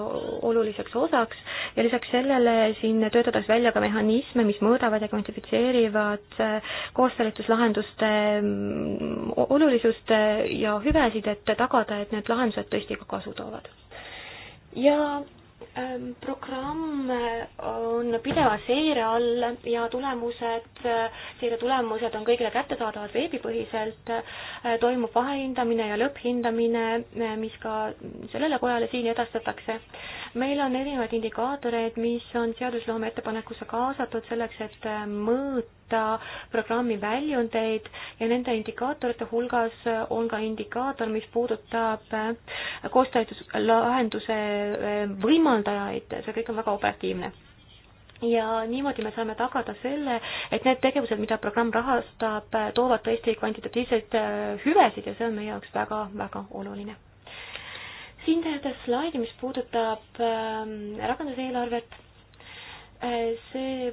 oluliseks osaks ja lisaks sellele siin töötatakse välja ka mehhanisme, mis mõõdavad ja kvantifitseerivad äh, koostööletuslahenduste mm, olulisust ja hüvesid, et tagada, et need lahendused tõesti ka kasu toovad. ja Ähm, programm äh, on pideva seire all ja tulemused, äh, seire tulemused on kõigile kättesaadavad veebipõhiselt, äh, toimub vahehindamine ja lõpphindamine, mis ka sellele kojale siin edastatakse. meil on erinevaid indikaatoreid, mis on seadusloome ettepanekusse kaasatud selleks, et mõõta hinnata programmi väljundeid ja nende indikaatorite hulgas on ka indikaator, mis puudutab koostöölahenduse eh, võimaldajaid, see kõik on väga operatiivne ja niimoodi me saame tagada selle, et need tegevused, mida programm rahastab, toovad tõesti kvantitatiivseid eh, hüvesid ja see on meie jaoks väga-väga oluline. siin teete slaidi, mis puudutab eh, rakenduseelarvet see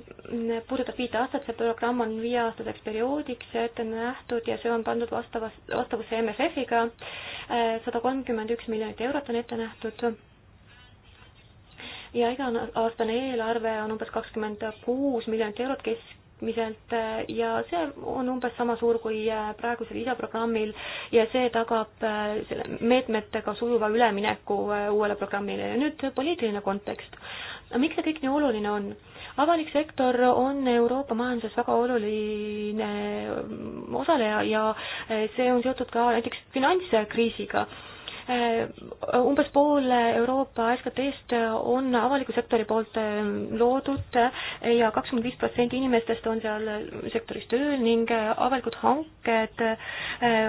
puudutab viit aastat, see programm on viieaastaseks perioodiks ette nähtud ja see on pandud vastavas, vastavusse MFF-iga. sada kolmkümmend üks miljonit eurot on ette nähtud. ja iga-aastane eelarve on umbes kakskümmend kuus miljonit eurot keskmiselt ja see on umbes sama suur kui praegusel lisaprogrammil ja see tagab selle meetmetega sujuva ülemineku uuele programmile ja nüüd poliitiline kontekst miks see kõik nii oluline on? avalik sektor on Euroopa majanduses väga oluline mm, osaleja ja eh, see on seotud ka näiteks finantskriisiga. Eh, umbes pool Euroopa SKT-st on avaliku sektori poolt eh, loodud ja kakskümmend viis protsenti inimestest on seal sektoris tööl ning avalikud hanked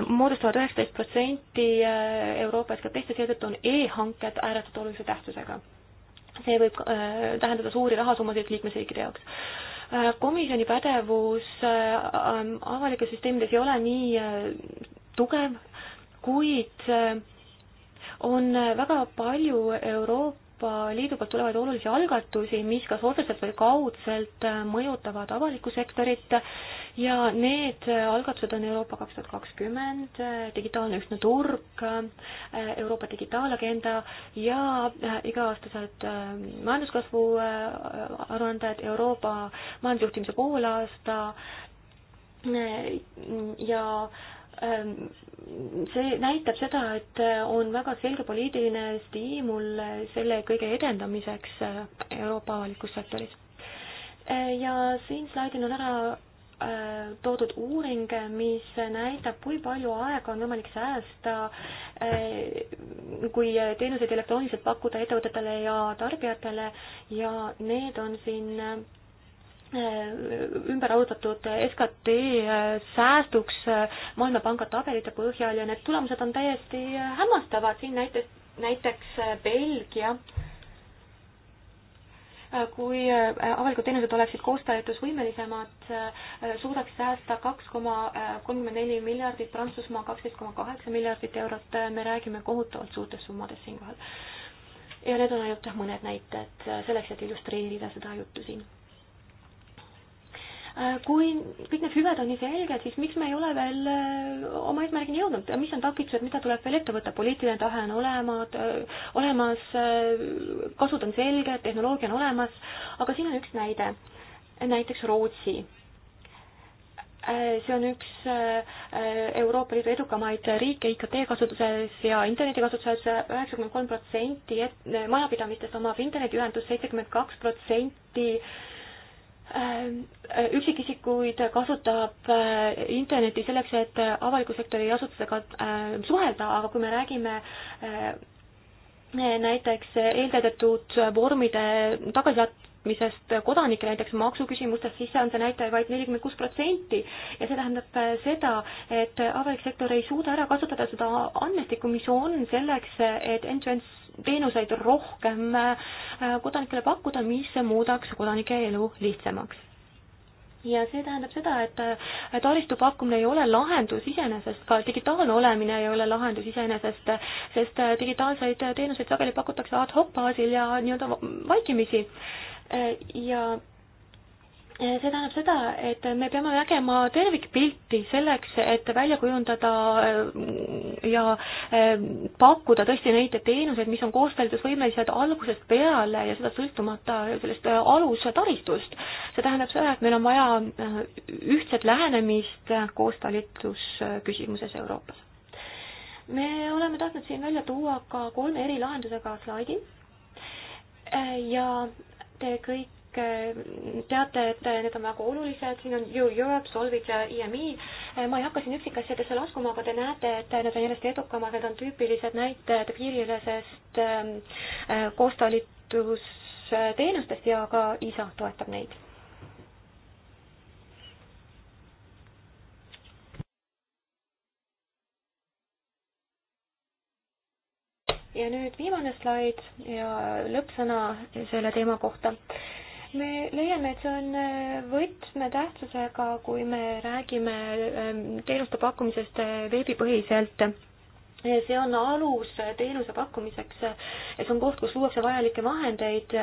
moodustavad üheksateist protsenti Euroopa SKT-st ja seetõttu on e-hanked ääretult olulise tähtsusega see võib äh, tähendada suuri rahasummasid liikmesriikide jaoks. Äh, komisjoni pädevus äh, avalikes süsteemides ei ole nii tugev, kuid on väga palju Euroopa Euroopa Liidu poolt tulevaid olulisi algatusi, mis kas otseselt või kaudselt mõjutavad avalikku sektorit ja need äh, algatused on Euroopa kaks tuhat kakskümmend, äh, digitaalne ühtne turg, äh, Euroopa digitaalagenda ja iga-aastased ähm, majanduskasvu aruanded, Euroopa majandusjuhtimise poolaasta ja ähm, see näitab seda, et on väga selge poliitiline stiimul selle kõige edendamiseks Euroopa avalikus sektoris. ja siin slaidil on ära Äh, toodud uuring, mis näitab, kui palju aega on võimalik säästa, äh, kui teenuseid elektrooniliselt pakkuda ettevõtetele ja tarbijatele ja need on siin äh, ümber arvutatud SKT säästuks Maailmapanga tabelite põhjal ja need tulemused on täiesti hämmastavad, siin näiteks, näiteks Belgia äh, kui äh, avalikud teenused oleksid koostöötusvõimelisemad, äh, suudaks säästa kaks koma äh, kolmkümmend neli miljardit, Prantsusmaa kaksteist koma kaheksa miljardit eurot, me räägime kohutavalt suurtest summadest siinkohal. ja need on ainult mõned näited selleks, et illustreerida seda juttu siin Äh, kui kõik need hüved on nii selged, siis miks me ei ole veel äh, oma eesmärgini jõudnud, mis on takistused, mida tuleb veel ette võtta, poliitiline tahe on äh, olemas, olemas, kasud on selged, tehnoloogia on olemas, aga siin on üks näide, näiteks Rootsi. see on üks Euroopa Liidu edukamaid riike IKT kasutuses ja interneti kasutuses, üheksakümmend kolm protsenti majapidamistest omab internetiühendust, seitsekümmend kaks protsenti Äh, üksikisikuid kasutab äh, Internetti selleks, et äh, avaliku sektori asutusega suhelda, aga kui me räägime näiteks eeltäidetud vormide tagasisaat-, misest kodanike näiteks maksuküsimustes, siis see on see näitaja vaid nelikümmend kuus protsenti ja see tähendab seda, et avalik sektor ei suuda ära kasutada seda andmestikku, mis on selleks, et end-to-end teenuseid rohkem äh, kodanikele pakkuda, mis muudaks kodanike elu lihtsamaks ja see tähendab seda, et äh, taristu pakkumine ei ole lahendus iseenesest, ka digitaalne olemine ei ole lahendus iseenesest, sest äh, digitaalseid teenuseid sageli pakutakse ad hoc baasil ja nii-öelda vaikimisi ja see tähendab seda, et me peame nägema tervikpilti selleks, et välja kujundada mm, ja ähm, pakkuda tõesti neid teenuseid, mis on koostöövõimelised algusest peale ja seda sõltumata sellest äh, alustaristust. see tähendab seda, et meil on vaja äh, ühtset lähenemist koostalitlusküsimuses Euroopas. me oleme tahtnud siin välja tuua ka kolme eri lahendusega slaidi äh, ja Te kõik äh, teate, et äh, need on väga olulised, siin on ju Europe, Solvit ja IMI. E e. äh, ma ei hakka siin üksikasjadesse laskuma, aga te näete, et need on järjest edukamad, need on tüüpilised näitajad piiriülesest ähm, koostalitusteenustest ja ka ISA toetab neid ja nüüd viimane slaid ja lõppsõna selle teema kohta. me leiame, et see on äh, võtmetähtsusega, kui me räägime ähm, teenuste pakkumisest äh, veebipõhiselt see on alus teenuse pakkumiseks, see on koht, kus luuakse vajalikke vahendeid,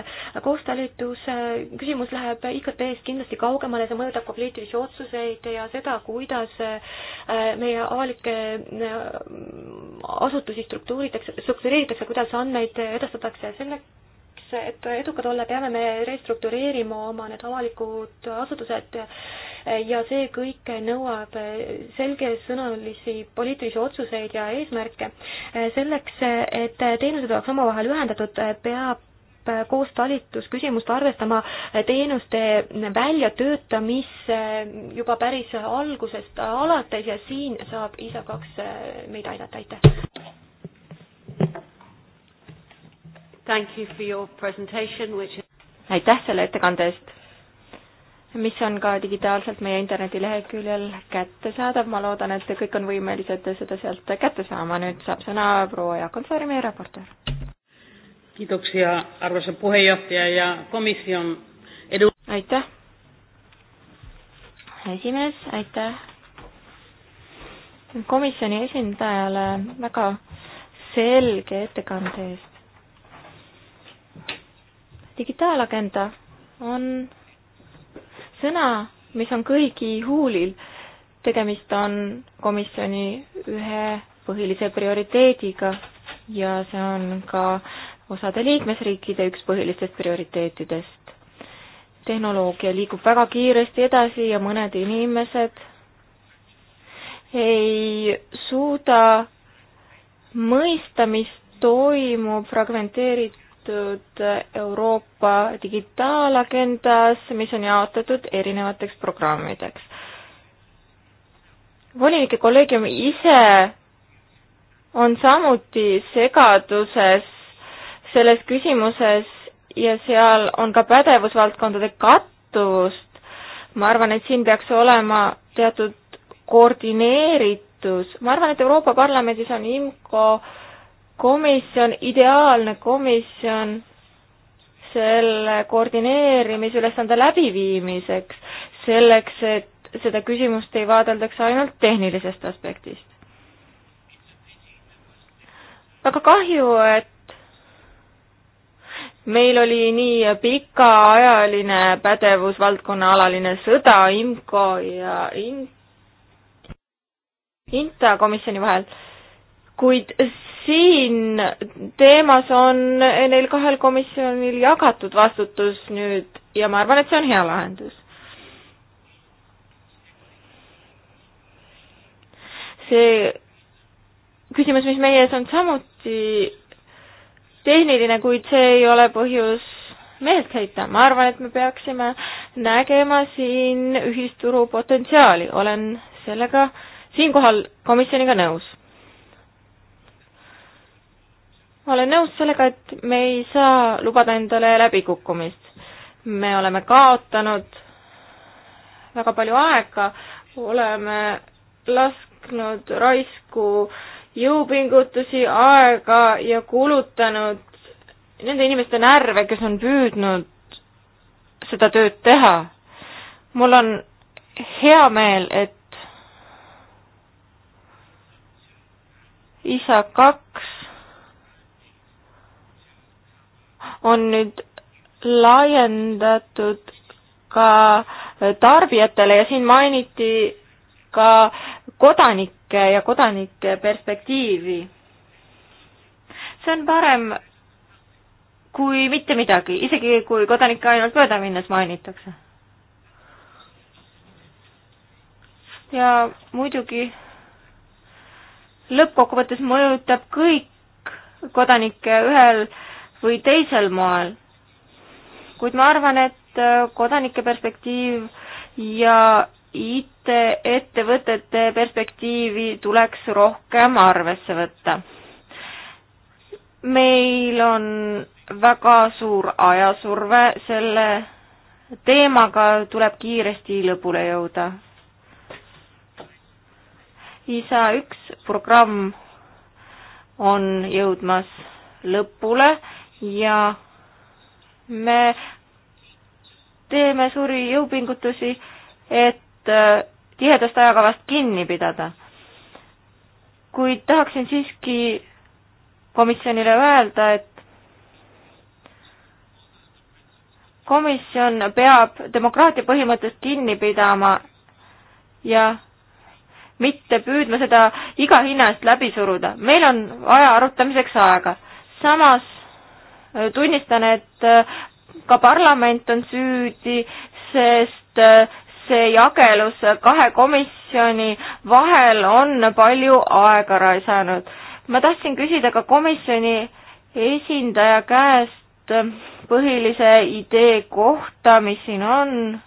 koostalituse küsimus läheb IKT-st kindlasti kaugemale, see mõjutab ka poliitilisi otsuseid ja seda, kuidas meie avalikke äh, asutusi struktuuritakse, struktureeritakse, kuidas andmeid edastatakse, selleks et edukad olla, peame me restruktureerima oma need avalikud asutused ja see kõik nõuab selgesõnalisi poliitilisi otsuseid ja eesmärke. selleks, et teenused oleks omavahel ühendatud, peab koos talitusküsimust arvestama teenuste väljatöötamisse juba päris algusest alates ja siin saab ISA kaks meid aidata, aitäh! Thank you for your presentation, which is aitäh selle ettekande eest mis on ka digitaalselt meie internetileheküljel kättesaadav, ma loodan, et kõik on võimelised seda sealt kätte saama, nüüd saab sõna proua Jaakonsaari, meie raportöör. kiitoksia, arvamuse puhejuhataja ja komisjon edu. aitäh, esimees, aitäh komisjoni esindajale väga selge ettekande eest. digitaalagenda on sõna, mis on kõigi huulil. tegemist on komisjoni ühe põhilise prioriteediga ja see on ka osade liikmesriikide üks põhilistest prioriteetidest. tehnoloogia liigub väga kiiresti edasi ja mõned inimesed ei suuda mõista, mis toimub fragmenteeritud võetud Euroopa digitaalagendas, mis on jaotatud erinevateks programmideks. volinike kolleegium ise on samuti segaduses selles küsimuses ja seal on ka pädevusvaldkondade kattuvust. ma arvan, et siin peaks olema teatud koordineeritus, ma arvan, et Euroopa Parlamendis on IMCO komisjon, ideaalne komisjon selle koordineerimisülesande läbiviimiseks, selleks, et seda küsimust ei vaadeldaks ainult tehnilisest aspektist. väga kahju, et meil oli nii pikaajaline pädevusvaldkonnaaalaline sõda IMCO ja IN-, INTA komisjoni vahel, kuid siin teemas on neil kahel komisjonil jagatud vastutus nüüd ja ma arvan, et see on hea lahendus. see küsimus, mis meie ees on samuti tehniline, kuid see ei ole põhjus meelt heita, ma arvan, et me peaksime nägema siin ühisturu potentsiaali, olen sellega siinkohal komisjoniga nõus ma olen nõus sellega, et me ei saa lubada endale läbikukkumist. me oleme kaotanud väga palju aega, oleme lasknud raisku jõupingutusi, aega ja kulutanud nende inimeste närve, kes on püüdnud seda tööd teha. mul on hea meel, et ISA kaks on nüüd laiendatud ka tarbijatele ja siin mainiti ka kodanikke ja kodanike perspektiivi. see on parem kui mitte midagi, isegi kui kodanikke ainult mööda minnes mainitakse. ja muidugi lõppkokkuvõttes mõjutab kõik kodanikke ühel äh, või teisel moel. kuid ma arvan, et äh, kodanike perspektiiv ja IT-ettevõtete perspektiivi tuleks rohkem arvesse võtta. meil on väga suur ajasurve, selle teemaga tuleb kiiresti lõpule jõuda. ISA üks programm on jõudmas lõpule ja me teeme suuri jõupingutusi, et äh, tihedast ajakavast kinni pidada. kuid tahaksin siiski komisjonile öelda, et komisjon peab demokraatia põhimõttest kinni pidama ja mitte püüdma seda iga hinna eest läbi suruda. meil on vaja arutamiseks aega. samas tunnistan, et äh, ka parlament on süüdi, sest äh, see jagelus kahe komisjoni vahel on palju aega raisanud. ma tahtsin küsida ka komisjoni esindaja käest äh, põhilise idee kohta, mis siin on.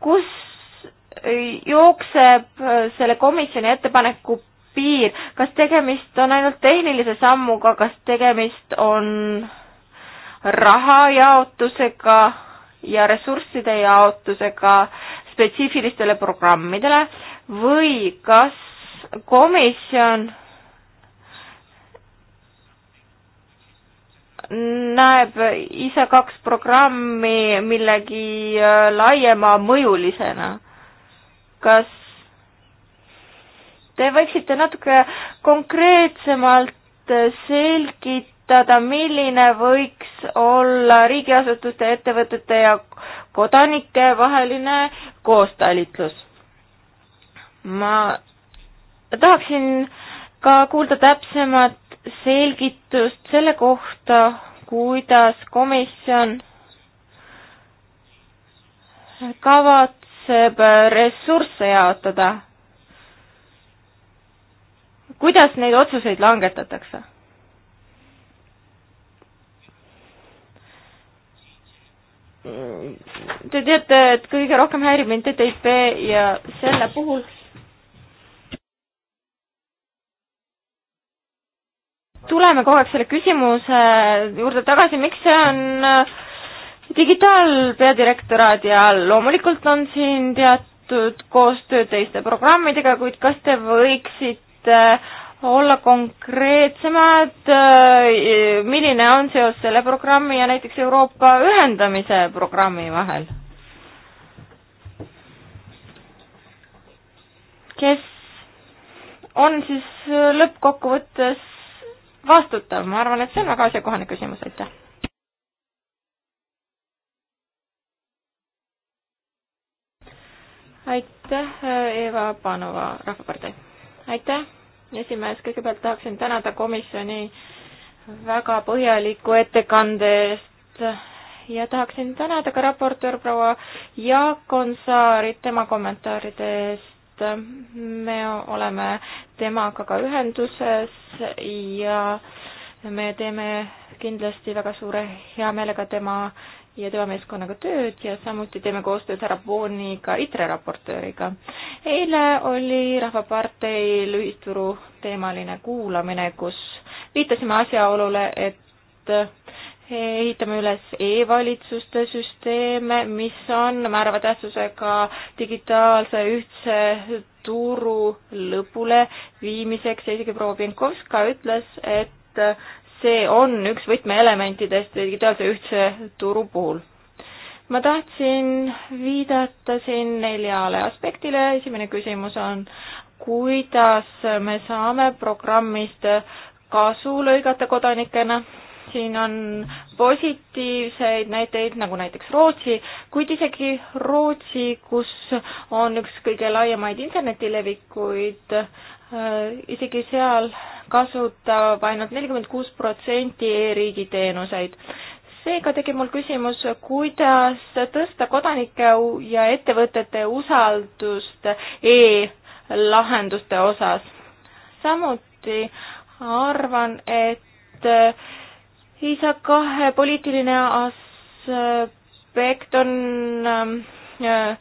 kus jookseb selle komisjoni ettepaneku piir, kas tegemist on ainult tehnilise sammuga, kas tegemist on rahajaotusega ja ressursside jaotusega spetsiifilistele programmidele või kas komisjon näeb ISA kaks programmi millegi äh, laiema mõjulisena. kas te võiksite natuke konkreetsemalt äh, selgitada, milline võiks olla riigiasutuste, ettevõtete ja kodanike vaheline koostalitlus? ma tahaksin ka kuulda täpsemat selgitust selle kohta, kuidas komisjon kavatseb ressursse jaotada kuidas neid otsuseid langetatakse? Te teate, et kõige rohkem häirib mind TTIP ja selle puhul tuleme kogu aeg selle küsimuse juurde tagasi, miks see on äh, digitaalpeadirektoraadi all, loomulikult on siin teatud koostöö teiste programmidega, kuid kas te võiksite Äh, olla konkreetsemad, äh, milline on seos selle programmi ja näiteks Euroopa ühendamise programmi vahel? kes on siis lõppkokkuvõttes vastutav, ma arvan, et see on väga asjakohane küsimus, aitäh. aitäh, Eva Panova, Rahvapartei aitäh, esimees, kõigepealt tahaksin tänada komisjoni väga põhjaliku ettekande eest ja tahaksin tänada ka raportöör proua Jaakon Saarit tema kommentaaride eest. me oleme temaga ka ühenduses ja me teeme kindlasti väga suure heameelega tema ja tema meeskonnaga tööd ja samuti teeme koostööd härra Booniga, ITRE raportööriga. eile oli Rahvaparteil ühisturu teemaline kuulamine, kus viitasime asjaolule, et ehitame üles e-valitsuste süsteeme, mis on määrava tähtsusega digitaalse ühtse turu lõpule viimiseks ja isegi proua Pinkovska ütles, et see on üks võtmeelementidest digitaalse ühtse turu puhul. ma tahtsin viidata siin neljale aspektile, esimene küsimus on, kuidas me saame programmist kasu lõigata kodanikena, siin on positiivseid näiteid, nagu näiteks Rootsi, kuid isegi Rootsi, kus on üks kõige laiemaid interneti levikuid, Äh, isegi seal kasutab ainult nelikümmend kuus protsenti e-riigi teenuseid. seega tekib mul küsimus, kuidas tõsta kodanike ja ettevõtete usaldust e-lahenduste osas. samuti arvan, et äh, ISA kahe poliitiline aspekt on ähm, äh,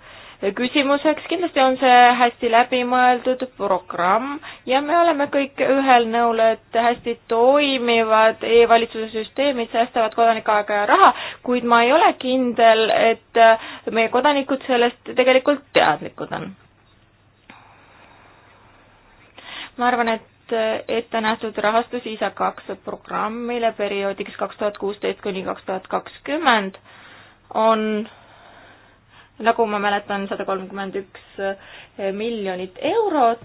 küsimuseks. kindlasti on see hästi läbimõeldud programm ja me oleme kõik ühel nõul, et hästi toimivad e-valitsuse süsteemid säästavad kodanike aega ja raha, kuid ma ei ole kindel, et meie kodanikud sellest tegelikult teadlikud on. ma arvan, et ette nähtud rahastus ISA kaks programmile perioodiks kaks tuhat kuusteist kuni kaks tuhat kakskümmend on nagu ma mäletan, sada kolmkümmend üks eh, miljonit eurot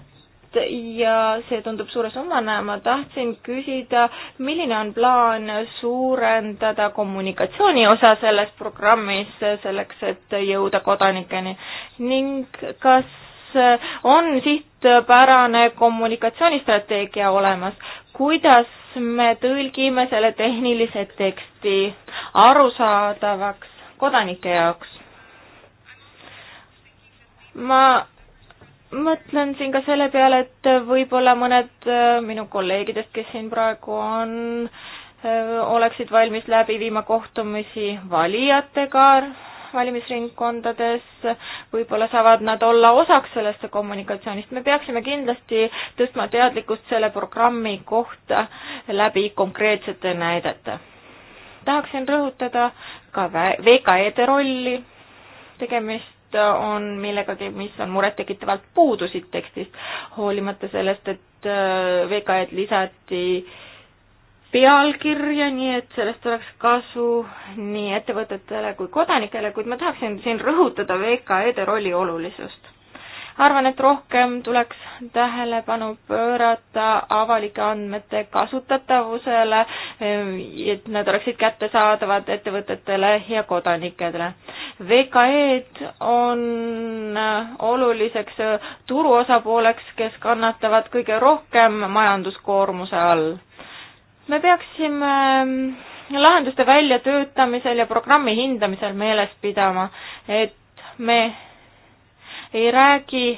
ja see tundub suure summana, ma tahtsin küsida, milline on plaan suurendada kommunikatsiooni osa selles programmis selleks, et jõuda kodanikeni ning kas on sihtpärane kommunikatsioonistrateegia olemas, kuidas me tõlgime selle tehnilise teksti arusaadavaks kodanike jaoks? ma mõtlen siin ka selle peale, et võib-olla mõned äh, minu kolleegidest, kes siin praegu on, äh, oleksid valmis läbi viima kohtumisi valijatega valimisringkondades, võib-olla saavad nad olla osaks sellest kommunikatsioonist. me peaksime kindlasti tõstma teadlikkust selle programmi kohta läbi konkreetsete näidete. tahaksin rõhutada ka VKE-de rolli, tegemist on millegagi, mis on murettekitavalt puudu siit tekstist, hoolimata sellest, et äh, VKE-d lisati pealkirja, nii et sellest oleks kasu nii ettevõtetele kui kodanikele, kuid ma tahaksin siin rõhutada VKE-de rolli olulisust arvan, et rohkem tuleks tähelepanu pöörata avalike andmete kasutatavusele, et nad oleksid kättesaadavad ettevõtetele ja kodanikele. VKE-d on oluliseks turuosapooleks, kes kannatavad kõige rohkem majanduskoormuse all. me peaksime lahenduste väljatöötamisel ja programmi hindamisel meeles pidama, et me ei räägi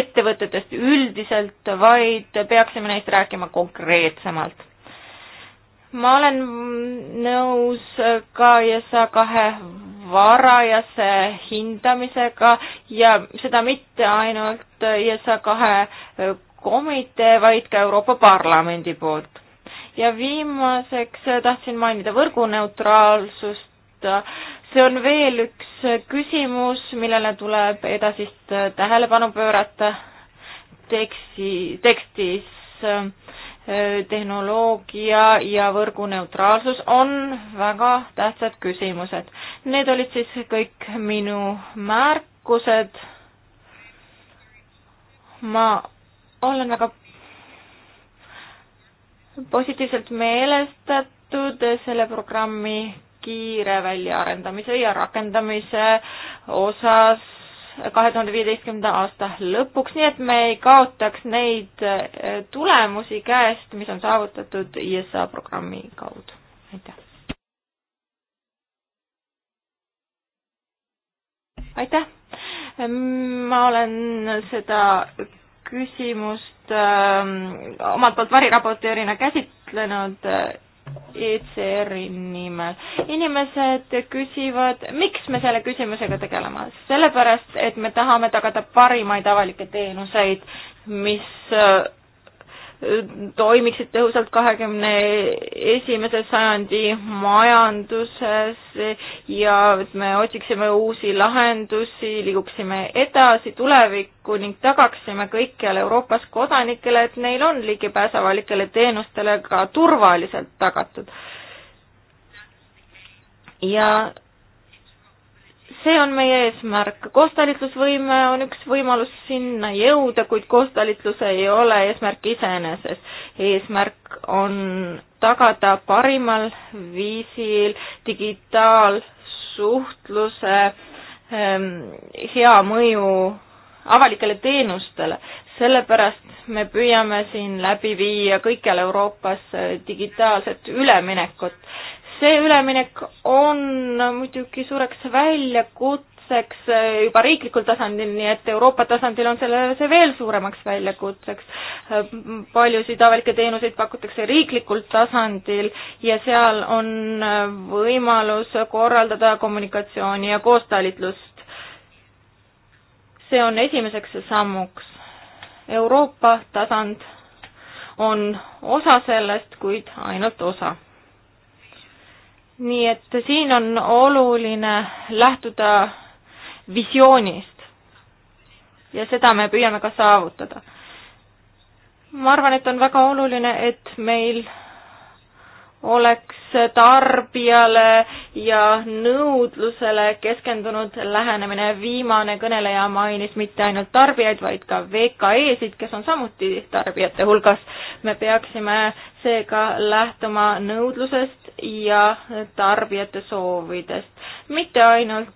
ettevõtetest üldiselt, vaid peaksime neist rääkima konkreetsemalt. ma olen nõus ka ESA kahe varajase hindamisega ja seda mitte ainult ESA kahe komitee, vaid ka Euroopa Parlamendi poolt. ja viimaseks tahtsin mainida võrguneutraalsust, see on veel üks küsimus, millele tuleb edasist tähelepanu pöörata teksti, tekstis äh, tehnoloogia ja võrgu neutraalsus on väga tähtsad küsimused. Need olid siis kõik minu märkused. ma olen väga positiivselt meelestatud selle programmi kiire väljaarendamise ja rakendamise osas kahe tuhande viieteistkümnenda aasta lõpuks, nii et me ei kaotaks neid eh, tulemusi käest, mis on saavutatud ISA programmi kaudu. aitäh! aitäh! ma olen seda küsimust äh, omalt poolt variraportöörina käsitlenud äh, ECR-i nimel. inimesed küsivad, miks me selle küsimusega tegeleme? sellepärast, et me tahame tagada parimaid avalikke teenuseid, mis toimiksid tõhusalt kahekümne esimese sajandi majanduses ja et me otsiksime uusi lahendusi, liiguksime edasi tulevikku ning tagaksime kõikjal Euroopas kodanikele, et neil on ligipääs avalikele teenustele ka turvaliselt tagatud. ja see on meie eesmärk. koostalitlusvõime on üks võimalus sinna jõuda, kuid koostalitlus ei ole eesmärk iseeneses. eesmärk on tagada parimal viisil digitaalsuhtluse ehm, hea mõju avalikele teenustele. sellepärast me püüame siin läbi viia kõikjal Euroopas eh, digitaalset üleminekut see üleminek on muidugi suureks väljakutseks juba riiklikul tasandil, nii et Euroopa tasandil on selle, see veel suuremaks väljakutseks. paljusid avalikke teenuseid pakutakse riiklikul tasandil ja seal on võimalus korraldada kommunikatsiooni ja koostalitlust. see on esimeseks sammuks. Euroopa tasand on osa sellest, kuid ainult osa nii et siin on oluline lähtuda visioonist ja seda me püüame ka saavutada. ma arvan, et on väga oluline, et meil oleks tarbijale ja nõudlusele keskendunud lähenemine. viimane kõneleja mainis mitte ainult tarbijaid, vaid ka VKE-sid, kes on samuti tarbijate hulgas. me peaksime seega lähtuma nõudlusest ja tarbijate soovidest, mitte ainult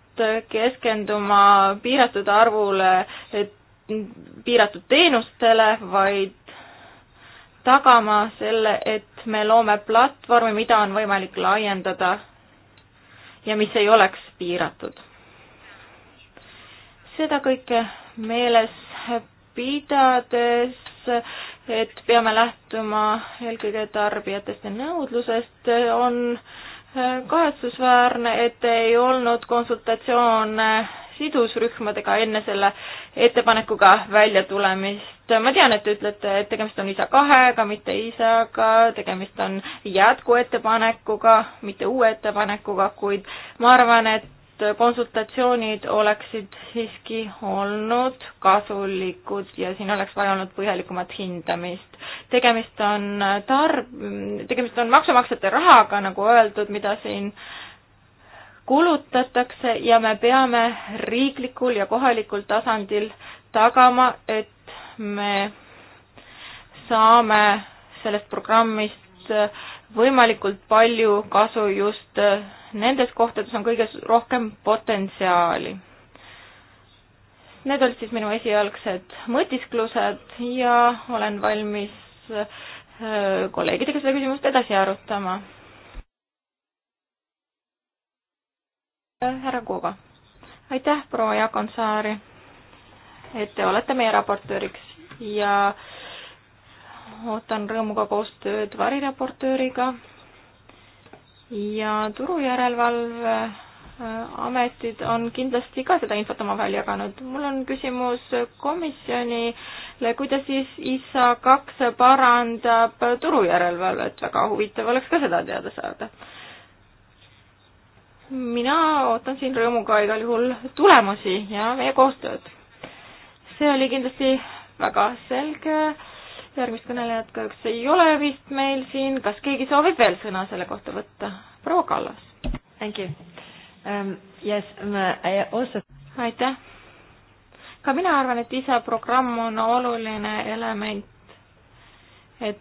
keskenduma piiratud arvule piiratud teenustele, vaid tagama selle, et me loome platvormi, mida on võimalik laiendada ja mis ei oleks piiratud. seda kõike meeles pidades, et peame lähtuma eelkõige tarbijatest ja nõudlusest, on kahetsusväärne, et ei olnud konsultatsioone sidusrühmadega enne selle ettepanekuga välja tulemist. ma tean, et te ütlete, et tegemist on isa kahega, mitte isaga, tegemist on jätkuettepanekuga, mitte uue ettepanekuga, kuid ma arvan, et konsultatsioonid oleksid siiski olnud kasulikud ja siin oleks vaja olnud põhjalikumat hindamist. tegemist on tarb-, tegemist on maksumaksjate rahaga, nagu öeldud, mida siin äh, kulutatakse ja me peame riiklikul ja kohalikul tasandil tagama, et me saame sellest programmist võimalikult palju kasu just nendes kohtades on kõige rohkem potentsiaali. Need olid siis minu esialgsed mõtisklused ja olen valmis äh, kolleegidega seda küsimust edasi arutama Äh, härra Kuuga. aitäh, proua Jaakonsaari, et te olete meie raportööriks ja ootan rõõmuga koostööd variraportööriga ja turujärelevalve äh, ametid on kindlasti ka seda infot omavahel jaganud. mul on küsimus komisjonile, kuidas siis ISA kaks parandab turujärelevalvet, väga huvitav oleks ka seda teada saada mina ootan siin rõõmuga igal juhul tulemusi ja meie koostööd. see oli kindlasti väga selge, järgmist kõnelejat kahjuks ei ole vist meil siin, kas keegi soovib veel sõna selle kohta võtta? proua Kallas. Thank you um,. Yes um,, I also. aitäh. ka mina arvan, et ISA programm on oluline element, et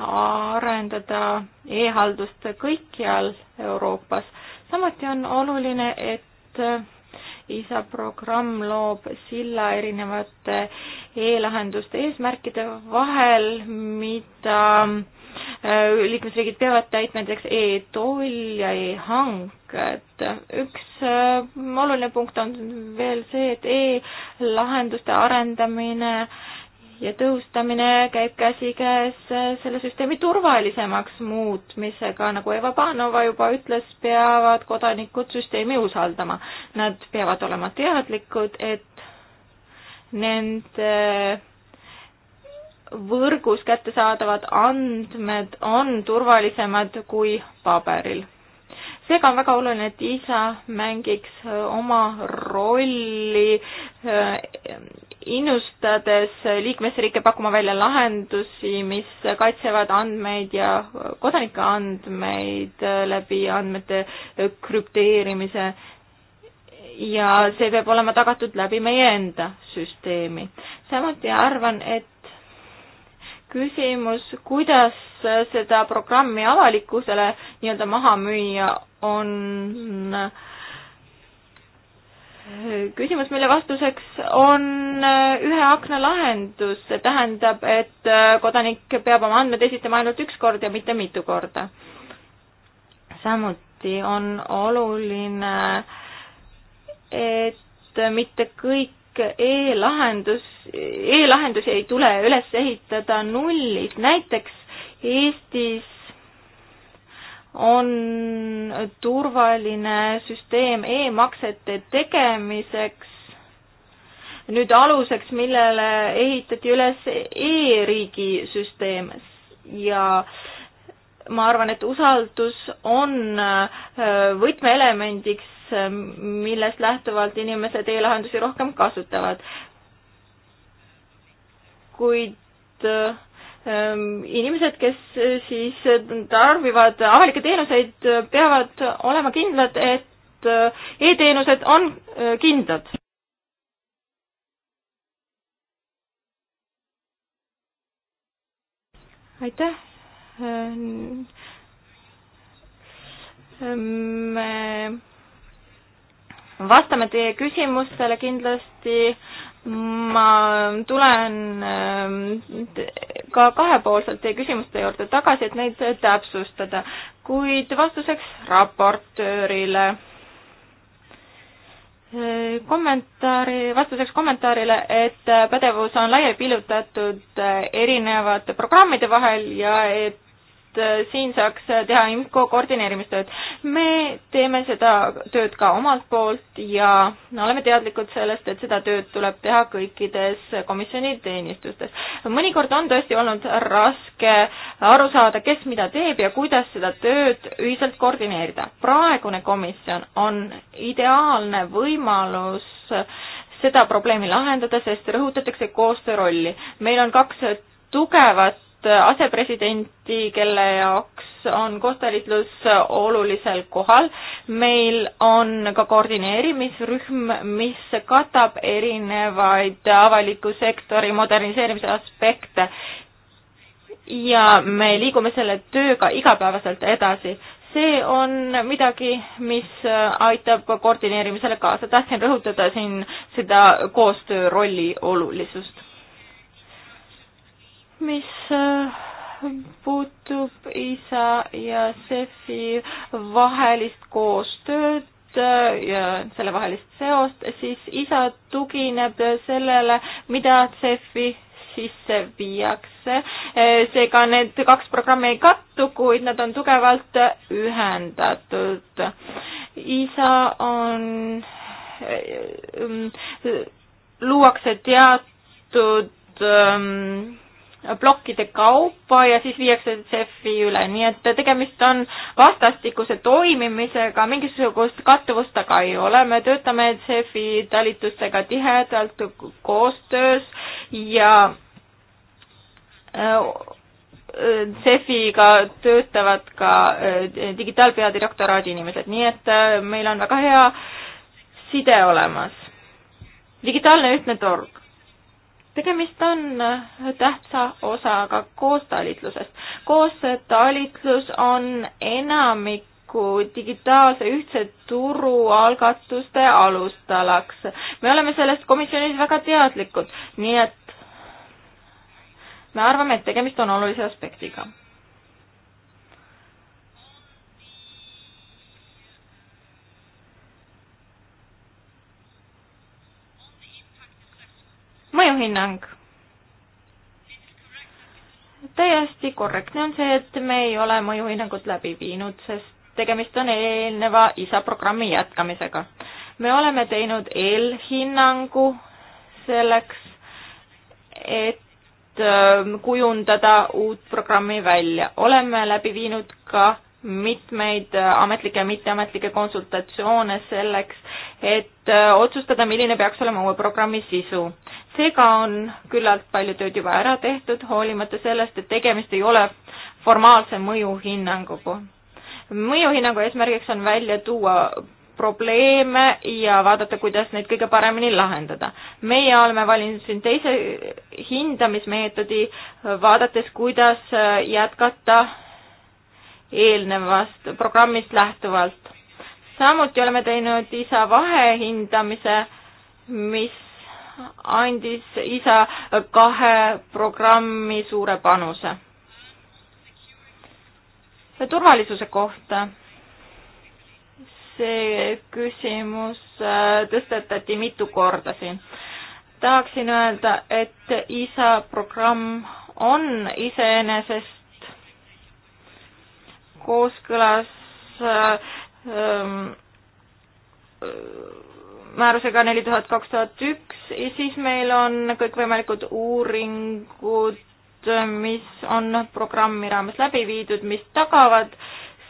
arendada e-haldust kõikjal Euroopas samuti on oluline, et äh, ISA programm loob silla erinevate e-lahenduste eesmärkide vahel, mida äh, liikmesriigid peavad täitma näiteks e-toll ja e-hanked. üks äh, oluline punkt on veel see, et e-lahenduste arendamine äh, ja tõhustamine käib käsikäes selle süsteemi turvalisemaks muutmisega, nagu Eva Panova juba ütles, peavad kodanikud süsteemi usaldama. Nad peavad olema teadlikud, et nende võrgus kättesaadavad andmed on turvalisemad kui paberil seega on väga oluline, et isa mängiks äh, oma rolli, äh, innustades liikmesriike pakkuma välja lahendusi, mis kaitsevad andmeid ja äh, kodanike andmeid läbi andmete krüpteerimise. ja see peab olema tagatud läbi meie enda süsteemi. samuti arvan, et küsimus, kuidas seda programmi avalikkusele nii-öelda maha müüa, on äh, küsimus, mille vastuseks on äh, ühe akna lahendus, see tähendab, et äh, kodanik peab oma andmed esitama ainult üks kord ja mitte mitu korda. samuti on oluline, et mitte kõik e-lahendus e, e-lahendusi ei tule üles ehitada nullist, näiteks Eestis on turvaline süsteem e-maksete tegemiseks. nüüd aluseks, millele ehitati üles e-riigi süsteem ja ma arvan, et usaldus on äh, võtmeelemendiks, äh, millest lähtuvalt inimesed e-lahendusi rohkem kasutavad. kuid äh, Ehm, inimesed, kes eh, siis eh, tarbivad avalikke teenuseid, eh, peavad olema kindlad, et e-teenused on kindlad. aitäh. Ehm, ehm, me vastame teie küsimustele kindlasti ma tulen ähm, ka kahepoolselt teie küsimuste juurde tagasi, et neid täpsustada, kuid vastuseks raportöörile äh, kommentaari, vastuseks kommentaarile, et pädevus on laiali pillutatud äh, erinevate programmide vahel ja et Äh, siin saaks äh, teha IMCO koordineerimistööd. me teeme seda tööd ka omalt poolt ja oleme teadlikud sellest, et seda tööd tuleb teha kõikides komisjoni teenistustes. mõnikord on tõesti olnud raske aru saada, kes mida teeb ja kuidas seda tööd ühiselt koordineerida. praegune komisjon on ideaalne võimalus seda probleemi lahendada, sest rõhutatakse koostöö rolli. meil on kaks tugevat asepresidenti, kelle jaoks on kohtalitlus olulisel kohal. meil on ka koordineerimisrühm, mis katab erinevaid avaliku sektori moderniseerimise aspekte. ja me liigume selle tööga igapäevaselt edasi see on midagi, mis aitab koordineerimisele kaasa. tahtsin rõhutada siin seda koostöö rolli olulisust mis äh, puutub isa ja Sefi vahelist koostööd äh, ja sellevahelist seost, siis isa tugineb sellele, mida Sefi sisse viiakse. Äh, seega need kaks programmi ei kattu, kuid nad on tugevalt ühendatud. isa on, mm, luuakse teatud ähm, plokkide kaupa ja siis viiakse CEF-i üle, nii et tegemist on vastastikuse toimimisega, mingisugust kattuvust taga ei ole, me töötame CEF-i talitustega tihedalt koostöös ja CEF-iga äh, töötavad ka äh, digitaalpeadirektoraadi inimesed, nii et äh, meil on väga hea side olemas. digitaalne ühtne turg tegemist on äh, tähtsa osaga koostalitlusest. koostalitlus on enamik tuleviku digitaalse ühtse turu algatuste alustalaks. me oleme sellest komisjonis väga teadlikud, nii et me arvame, et tegemist on olulise aspektiga. mõjuhinnang. täiesti korrektne on see, et me ei ole mõjuhinnangut läbi viinud, sest tegemist on eelneva ISA programmi jätkamisega. me oleme teinud eelhinnangu selleks, et äh, kujundada uut programmi välja. oleme läbi viinud ka mitmeid äh, ametlikke ja mitteametlikke konsultatsioone selleks, et äh, otsustada, milline peaks olema uue programmi sisu. seega on küllalt palju tööd juba ära tehtud, hoolimata sellest, et tegemist ei ole formaalse mõjuhinnanguga. mõjuhinnangu eesmärgiks on välja tuua probleeme ja vaadata, kuidas neid kõige paremini lahendada. meie oleme valinud siin teise hindamismeetodi, vaadates, kuidas äh, jätkata eelnevast programmist lähtuvalt. samuti oleme teinud isa vahehindamise, mis andis isa kahe programmi suure panuse. turvalisuse kohta. see küsimus äh, tõstetati mitu korda siin. tahaksin öelda, et isa programm on iseenesest kooskõlas ähm, äh, määrusega neli tuhat kaks tuhat üks ja siis meil on kõikvõimalikud uuringud, mis on programmi raames läbi viidud, mis tagavad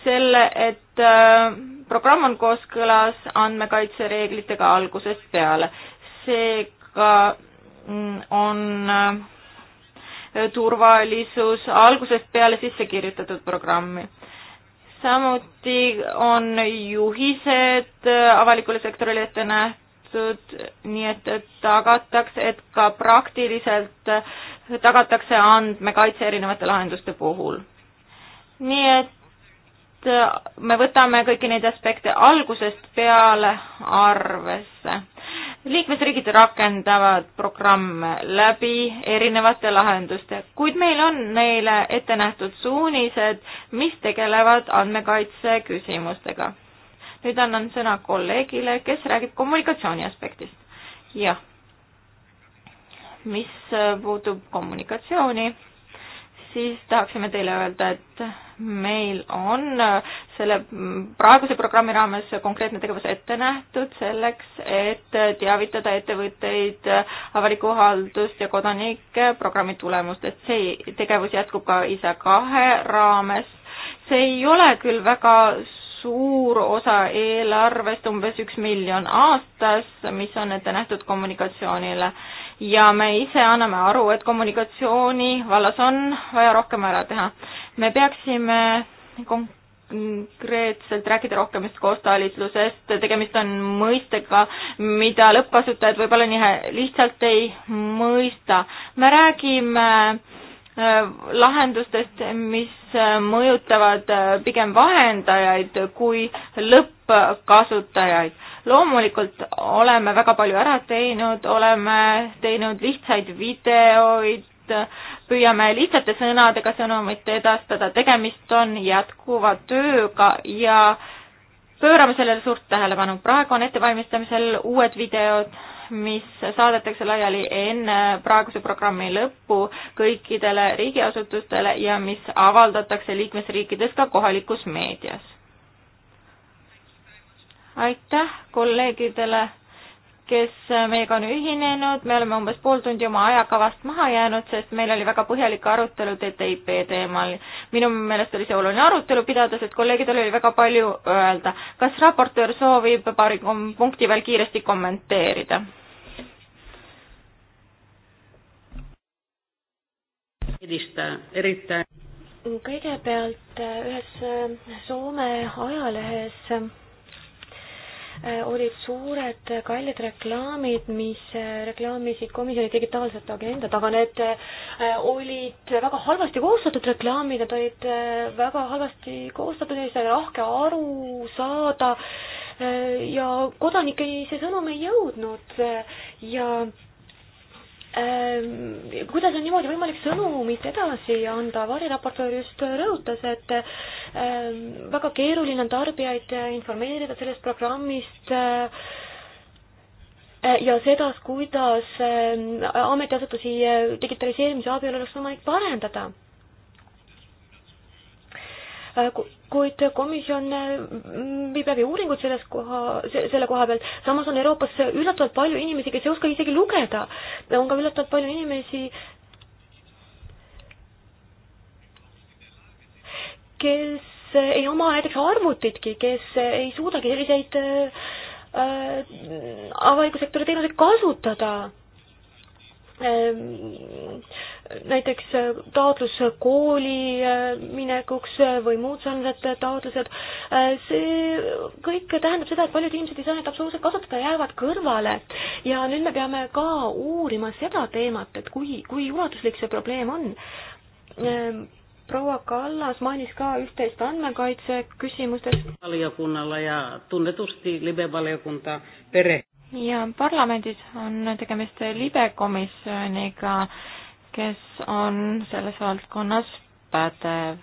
selle, et äh, programm on kooskõlas andmekaitsereeglitega algusest peale. seega mm, on äh, turvalisus algusest peale sisse kirjutatud programmi samuti on juhised avalikule sektorile ette nähtud, nii et tagatakse, et ka praktiliselt tagatakse andmekaitse erinevate lahenduste puhul. nii et me võtame kõiki neid aspekte algusest peale arvesse liikmesriigid rakendavad programme läbi erinevate lahenduste, kuid meil on neile ette nähtud suunised, mis tegelevad andmekaitse küsimustega. nüüd annan sõna kolleegile, kes räägib kommunikatsiooni aspektist. jah, mis puutub kommunikatsiooni, siis tahaksime teile öelda, et meil on äh, selle mm, praeguse programmi raames konkreetne tegevus ette nähtud selleks, et teavitada ettevõtteid, äh, avalikku haldust ja kodanikke programmi tulemustest. see tegevus jätkub ka ISA kahe raames. see ei ole küll väga suur osa eelarvest, umbes üks miljon aastas, mis on ette nähtud kommunikatsioonile ja me ise anname aru, et kommunikatsiooni vallas on vaja rohkem ära teha. me peaksime konkreetselt rääkida rohkem just koostalitlusest, tegemist on mõistega, mida lõppkasutajad võib-olla nii lihtsalt ei mõista. me räägime äh, lahendustest, mis äh, mõjutavad äh, pigem vahendajaid kui lõppkasutajaid loomulikult oleme väga palju ära teinud, oleme teinud lihtsaid videoid, püüame lihtsate sõnadega sõnumit edastada, tegemist on jätkuva tööga ja pöörame sellele suurt tähelepanu. praegu on ettevalmistamisel uued videod, mis saadetakse laiali enne praeguse programmi lõppu kõikidele riigiasutustele ja mis avaldatakse liikmesriikides ka kohalikus meedias aitäh kolleegidele, kes meiega on ühinenud, me oleme umbes pool tundi oma ajakavast maha jäänud, sest meil oli väga põhjalik arutelu TTIP teemal. minu meelest oli see oluline arutelu pidades, et kolleegidel oli väga palju öelda. kas raportöör soovib paari punkti veel kiiresti kommenteerida? kõigepealt ühes Soome ajalehes Äh, olid suured kallid reklaamid, mis äh, reklaamisid komisjoni digitaalset agendat, aga need äh, olid väga halvasti koostatud reklaamid, need olid väga halvasti koostatud ja neist oli raske aru saada ja kodanikeni see sõnum ei jõudnud ja Ähm, kuidas on niimoodi võimalik sõnumit edasi anda, variraportöör just rõhutas, et ähm, väga keeruline on tarbijaid informeerida sellest programmist äh, ja seda, kuidas ähm, ametiasutusi digitaliseerimise abil oleks võimalik parendada Äh, kuid komisjon äh, viib läbi uuringuid selles koha, selle koha pealt, samas on Euroopas üllatavalt palju inimesi, kes ei oska isegi lugeda, on ka üllatavalt palju inimesi, kes ei oma näiteks arvutitki, kes ei suudagi selliseid äh, avaliku sektori teenuseid kasutada ähm, näiteks äh, taotlus kooli äh, minekuks äh, või muud sarnased taotlused, see kõik tähendab seda, et paljud inimesed ei saa neid absoluutselt kasutada, jäävad kõrvale ja nüüd me peame ka uurima seda teemat, et kui, kui ulatuslik see probleem on ähm, proua Kallas mainis ka üht-teist andmekaitse küsimustes. valiokunnale ja tunnetusti libevaliokunta pere. ja parlamendis on tegemist libekomisjoniga kes on selles valdkonnas pädev.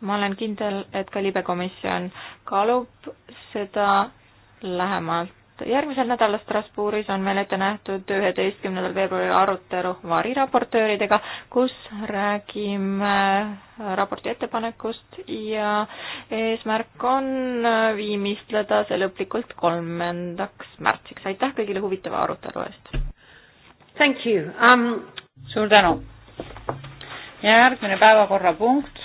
ma olen kindel, et ka libekomisjon kaalub seda lähemalt. järgmisel nädalal Strasbourgis on meil ette nähtud üheteistkümnendal veebruaril arutelu variraportööridega, kus räägime raporti ettepanekust ja eesmärk on viimistleda see lõplikult kolmandaks märtsiks. aitäh kõigile huvitava arutelu eest! Thank you um.... suur tänu. ja järgmine päevakorrapunkt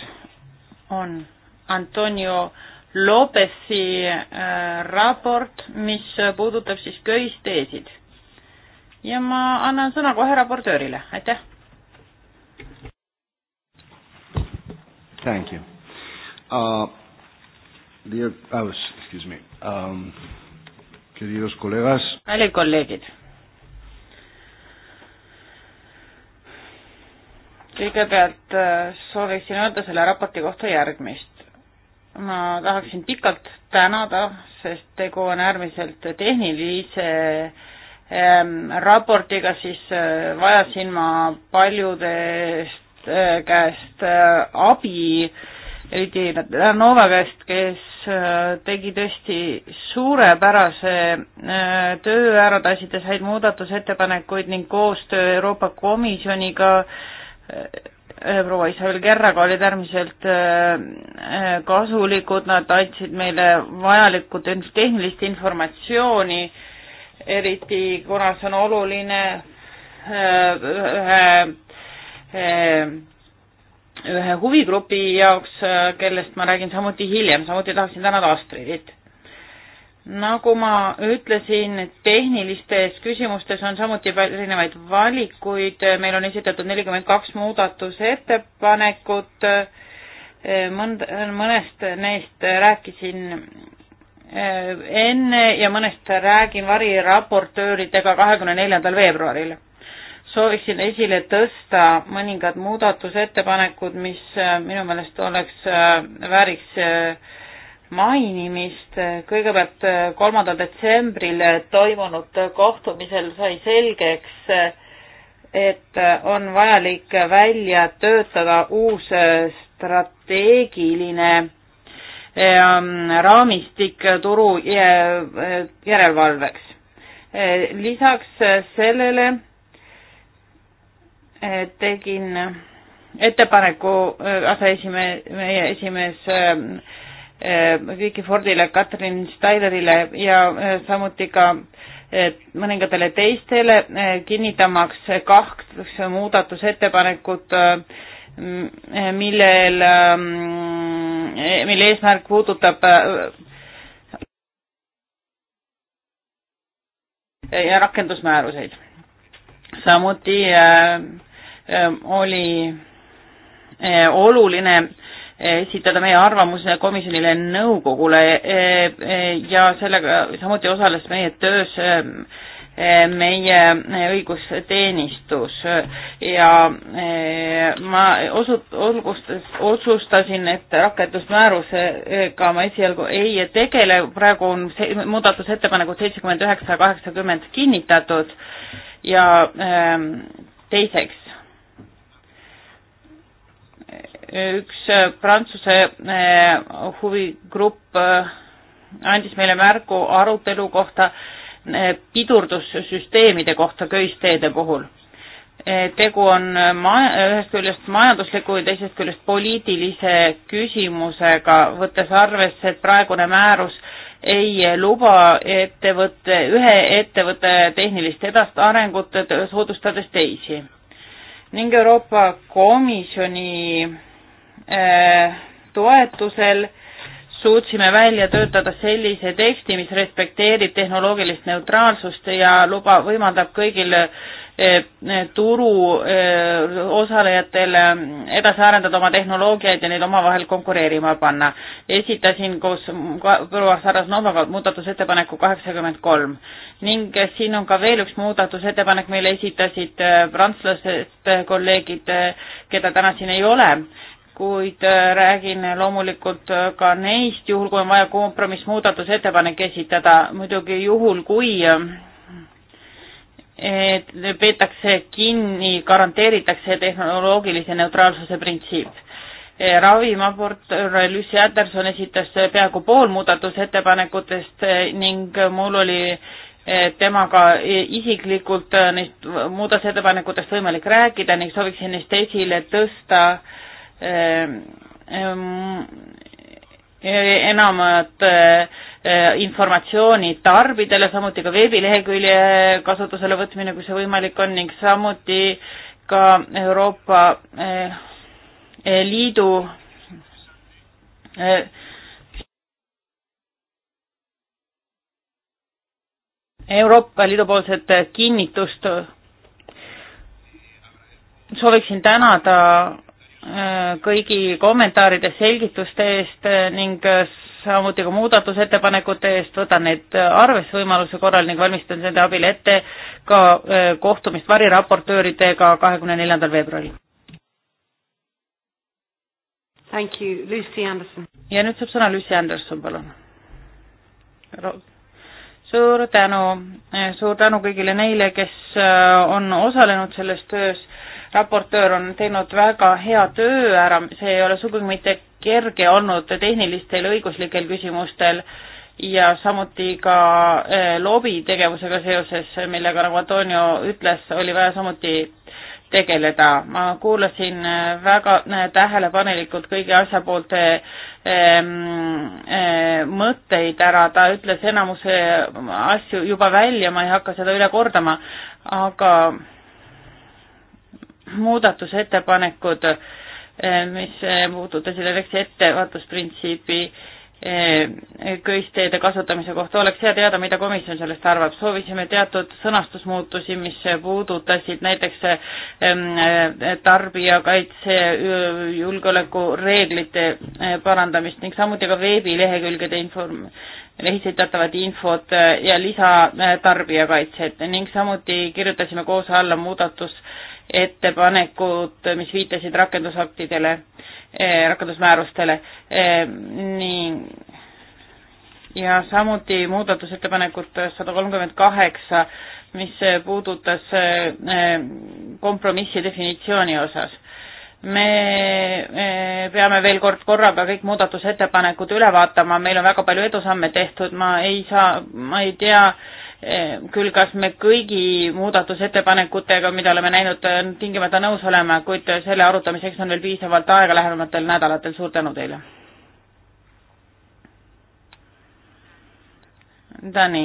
on Antonio Lopesi äh, raport, mis puudutab siis köisteesid. ja ma annan sõna kohe raportöörile, aitäh. Thank you uh,. Dear, excuse me um,, queridos colegas. kallid kolleegid kõigepealt äh, sooviksin öelda selle raporti kohta järgmist. ma tahaksin pikalt tänada, sest tegu on äärmiselt tehnilise ähm, raportiga, siis äh, vajasin ma paljudest äh, käest abi, eriti Nova käest, kes tegi tõesti suurepärase töö ära, ta esitas häid muudatusettepanekuid ning koostöö Euroopa Komisjoniga äh, Äh, proua Isabel Kerraga olid äärmiselt äh, äh, kasulikud, nad andsid meile vajalikku tehnilist informatsiooni, eriti kuna see on oluline ühe, ühe huvigrupi jaoks, kellest ma räägin samuti hiljem, samuti tahaksin tänada Astridit nagu ma ütlesin, tehnilistes küsimustes on samuti erinevaid valikuid, meil on esitatud nelikümmend kaks muudatusettepanekut, mõnd-, mõnest neist rääkisin äh, enne ja mõnest räägin variraportööridega kahekümne neljandal veebruaril. sooviksin esile tõsta mõningad muudatusettepanekud, mis äh, minu meelest oleks, äh, vääriks mainimist. kõigepealt äh, kolmandal detsembril äh, toimunud kohtumisel sai selgeks, äh, et on vajalik välja töötada uus strateegiline ähm, raamistik turu järelevalveks. lisaks sellele tegin ettepaneku aseesimees, meie esimees ähm, Eh, Vicky Fordile, Katrin Steilerile ja eh, samuti ka eh, mõningatele teistele, kinnitamaks kaks muudatusettepanekut, millel, mille eesmärk puudutab ja rakendusmääruseid. samuti oli oluline äh, Eh, esitada meie arvamuse komisjonile nõukogule eh, eh, ja sellega samuti osales meie töös meie õigusteenistus ja ma osut-, olgustas, otsustasin, et rakendusmäärusega ma esialgu ei tegele, praegu on see muudatusettepanekud seitsekümmend üheksa ja kaheksakümmend kinnitatud ja ehm, teiseks, üks äh, Prantsuse äh, huvigrupp äh, andis meile märgu arutelu kohta pidurdussüsteemide kohta köisteede puhul. tegu on ma-, ühest küljest majandusliku ja teisest küljest poliitilise küsimusega, võttes arvesse, et praegune määrus ei luba ettevõtte, ühe ettevõtte tehnilist edast arengut, soodustades teisi. ning Euroopa Komisjoni Äh, toetusel suutsime välja töötada sellise teksti, mis respekteerib tehnoloogilist neutraalsust ja luba, võimaldab kõigil äh, turu äh, osalejatel edasi arendada oma tehnoloogiaid ja neid omavahel konkureerima panna. esitasin koos proua Sarasnovaga muudatusettepaneku kaheksakümmend kolm ning siin on ka veel üks muudatusettepanek, mille esitasid prantslased kolleegid, keda täna siin ei ole kuid äh, räägin loomulikult äh, ka neist, juhul kui on vaja kompromissmuudatusettepanek esitada, muidugi juhul, kui äh, et peetakse kinni, garanteeritakse tehnoloogilise neutraalsuse printsiip. ravimaport Lucy Anderson esitas peaaegu pool muudatusettepanekutest ning mul oli temaga isiklikult neist muudatusettepanekutest võimalik rääkida ning sooviksin neist esile tõsta äh, enamat eh, eh, informatsiooni tarbidele, samuti ka veebilehekülje kasutusele võtmine, kui see võimalik on ning samuti ka Euroopa eh, Liidu Euroopa Liidu poolset kinnitust sooviksin tänada Äh, kõigi kommentaaride, selgituste eest äh, ning äh, samuti ka muudatusettepanekute eest, võtan need arvesse võimaluse korral ning valmistan nende abil ette ka kohtumist variraportööridega kahekümne neljandal veebruaril. Thank you, Lucy Anderson. ja nüüd saab sõna Lucy Anderson, palun. suur tänu, suur tänu kõigile neile, kes on osalenud selles töös raportöör on teinud väga hea töö ära, see ei ole sugugi mitte kerge olnud tehnilistel õiguslikel küsimustel ja samuti ka eh, lobitegevusega seoses, millega, nagu Antonio ütles, oli vaja samuti tegeleda. ma kuulasin eh, väga eh, tähelepanelikult kõigi asjapoolte ehm, mõtteid ära, ta ütles enamuse asju juba välja, ma ei hakka seda üle kordama, aga muudatusettepanekud, eh, mis eh, puudutasid näiteks ettevaatusprintsiibi eh, köisteede kasutamise kohta, oleks hea teada, mida komisjon sellest arvab. soovisime teatud sõnastusmuutusi, mis puudutasid näiteks tarbijakaitse julgeolekureeglite parandamist ning samuti ka veebilehekülgede inform-, esitatavat infot ja lisatarbijakaitset ning samuti kirjutasime koos alla muudatus äh, ettepanekud, mis viitasid rakendusaktidele, eh, rakendusmäärustele eh, ning ja samuti muudatusettepanekut sada kolmkümmend kaheksa, mis puudutas eh, kompromissi definitsiooni osas. me peame veel kord korraga kõik muudatusettepanekud üle vaatama, meil on väga palju edusamme tehtud, ma ei saa, ma ei tea, Ehm, küll kas me kõigi muudatusettepanekutega, mida oleme näinud, tingimata nõus olema, kuid selle arutamiseks on veel piisavalt aega lähematel nädalatel, suur tänu teile. Dani,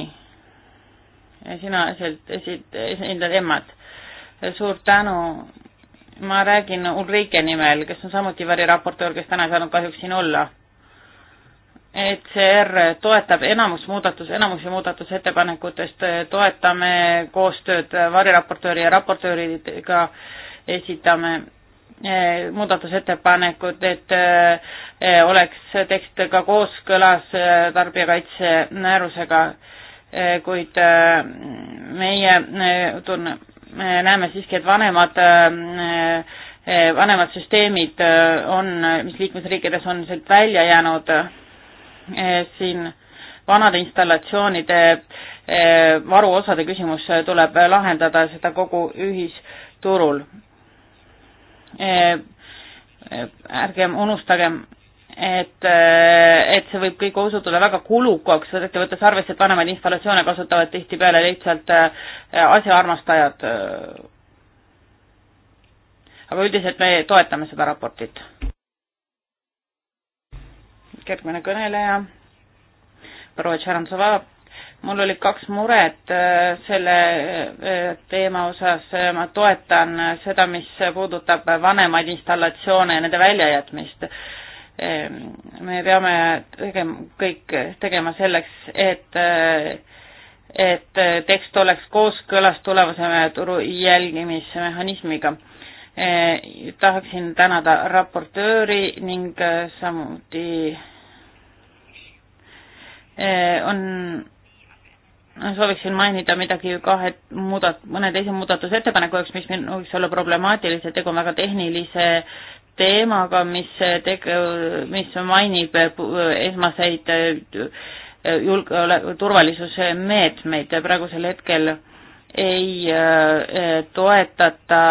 sina esid-, esindad EMA-t, suur tänu, ma räägin Ulrike nimel, kes on samuti variraportöör, kes täna ei saanud kahjuks siin olla ECR toetab enamus muudatus, enamusi muudatusettepanekutest, äh, toetame koostööd variraportööri ja raportööridega, esitame äh, muudatusettepanekud, et äh, oleks tekst ka kooskõlas tarbijakaitse määrusega, kuid meie tunne, näeme siiski, et vanemad vanemad süsteemid on, mis liikmesriikides on sealt välja jäänud Eh, siin vanade installatsioonide eh, varuosade küsimus eh, tuleb lahendada, seda kogu ühisturul. ärgem unustagem, et, et see võib kõik osutuda väga kulukaks, eriti võttes arvesse, et vanemaid installatsioone kasutavad tihtipeale lihtsalt asjaarmastajad. aga üldiselt me toetame seda raportit järgmine kõneleja, proua Tšarantsova, mul oli kaks muret äh, selle äh, teema osas, ma toetan äh, seda, mis puudutab vanemaid installatsioone ja nende väljajätmist. Ähm, me peame tegema, kõik tegema selleks, et et tekst oleks kooskõlas tulevase turu jälgimismehhanismiga tahaksin tänada raportööri ning samuti Eh, on, sooviksin mainida midagi kahe muudat-, mõne teise muudatusettepaneku jaoks, mis võiks olla problemaatilised, tegu on väga tehnilise teemaga, mis tege-, mis mainib eh, esmaseid eh, julgeole-, turvalisuse meetmeid praegusel hetkel ei toetata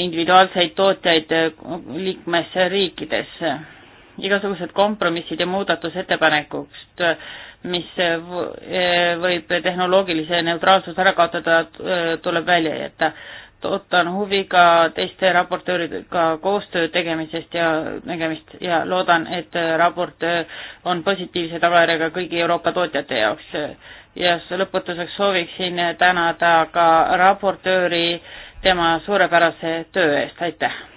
individuaalseid tootjaid liikmesriikides igasugused kompromissid ja muudatusettepanekud, mis võib tehnoloogilise neutraalsuse ära kaotada, tuleb välja jätta. ootan huviga teiste raportööridega koostöö tegemisest ja nägemist ja loodan, et raport on positiivse tagajärjega kõigi Euroopa tootjate jaoks. ja lõpetuseks sooviksin tänada ka raportööri tema suurepärase töö eest, aitäh!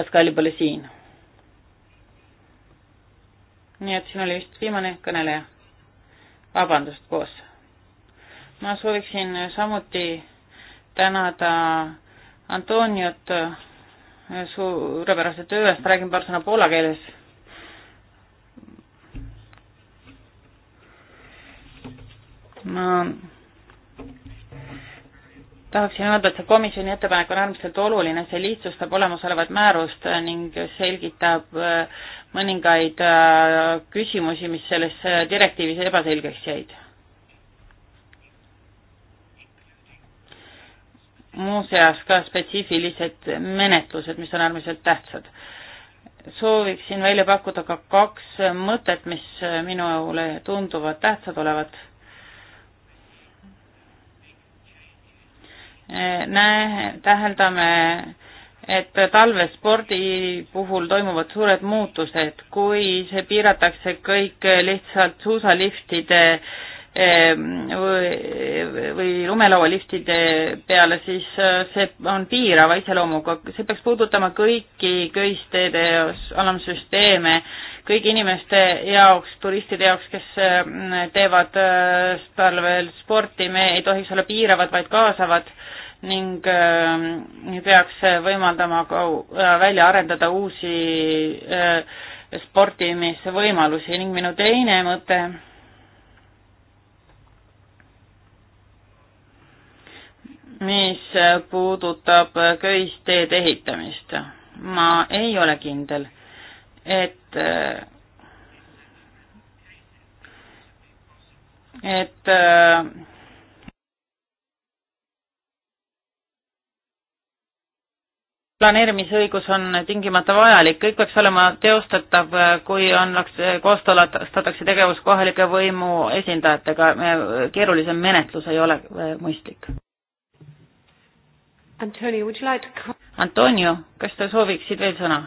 Pascali pole siin. nii et siin oli vist viimane kõneleja. vabandust, koos. ma sooviksin samuti tänada Antoniot suurepärase töö eest, räägin paar sõna poola keeles. ma tahaksin öelda, et see komisjoni ettepanek on äärmiselt oluline, see lihtsustab olemasolevat määrust ning selgitab äh, mõningaid äh, küsimusi, mis selles äh, direktiivis ebaselgeks jäid. muuseas ka spetsiifilised menetlused, mis on äärmiselt tähtsad. sooviksin välja pakkuda ka kaks mõtet, mis minule tunduvad tähtsad olevat Eh, näe, täheldame, et talvespordi puhul toimuvad suured muutused, kui see piiratakse kõik lihtsalt suusaliftide ehm, või, või lumelaualiftide peale, siis eh, see on piirava iseloomuga, see peaks puudutama kõiki köisteede alamsüsteeme, kõigi inimeste jaoks, turistide jaoks, kes ehm, teevad eh, talvel sporti, me ei tohiks olla piiravad, vaid kaasavad ning ähm, peaks võimaldama ka äh, välja arendada uusi äh, sportimisvõimalusi ning minu teine mõte mis puudutab köisteede ehitamist. ma ei ole kindel, et, et äh, planeerimisõigus on tingimata vajalik, kõik peaks olema teostatav, äh, kui on, koostatakse tegevus kohalike võimu esindajatega, äh, keerulisem menetlus ei ole äh, mõistlik. Antonio, would you like to Antonio, kas te sooviksid veel sõna?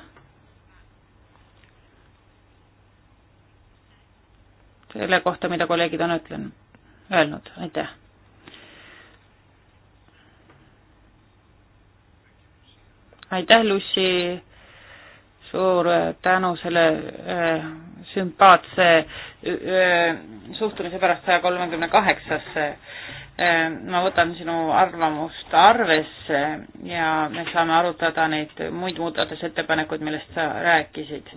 selle kohta, mida kolleegid on ütlen, öelnud, aitäh aitäh, Lucy, suur äh, tänu selle äh, sümpaatse äh, suhtumise pärast saja kolmekümne kaheksasse äh,. ma võtan sinu arvamust arvesse ja me saame arutada neid muid muudatusettepanekuid, millest sa rääkisid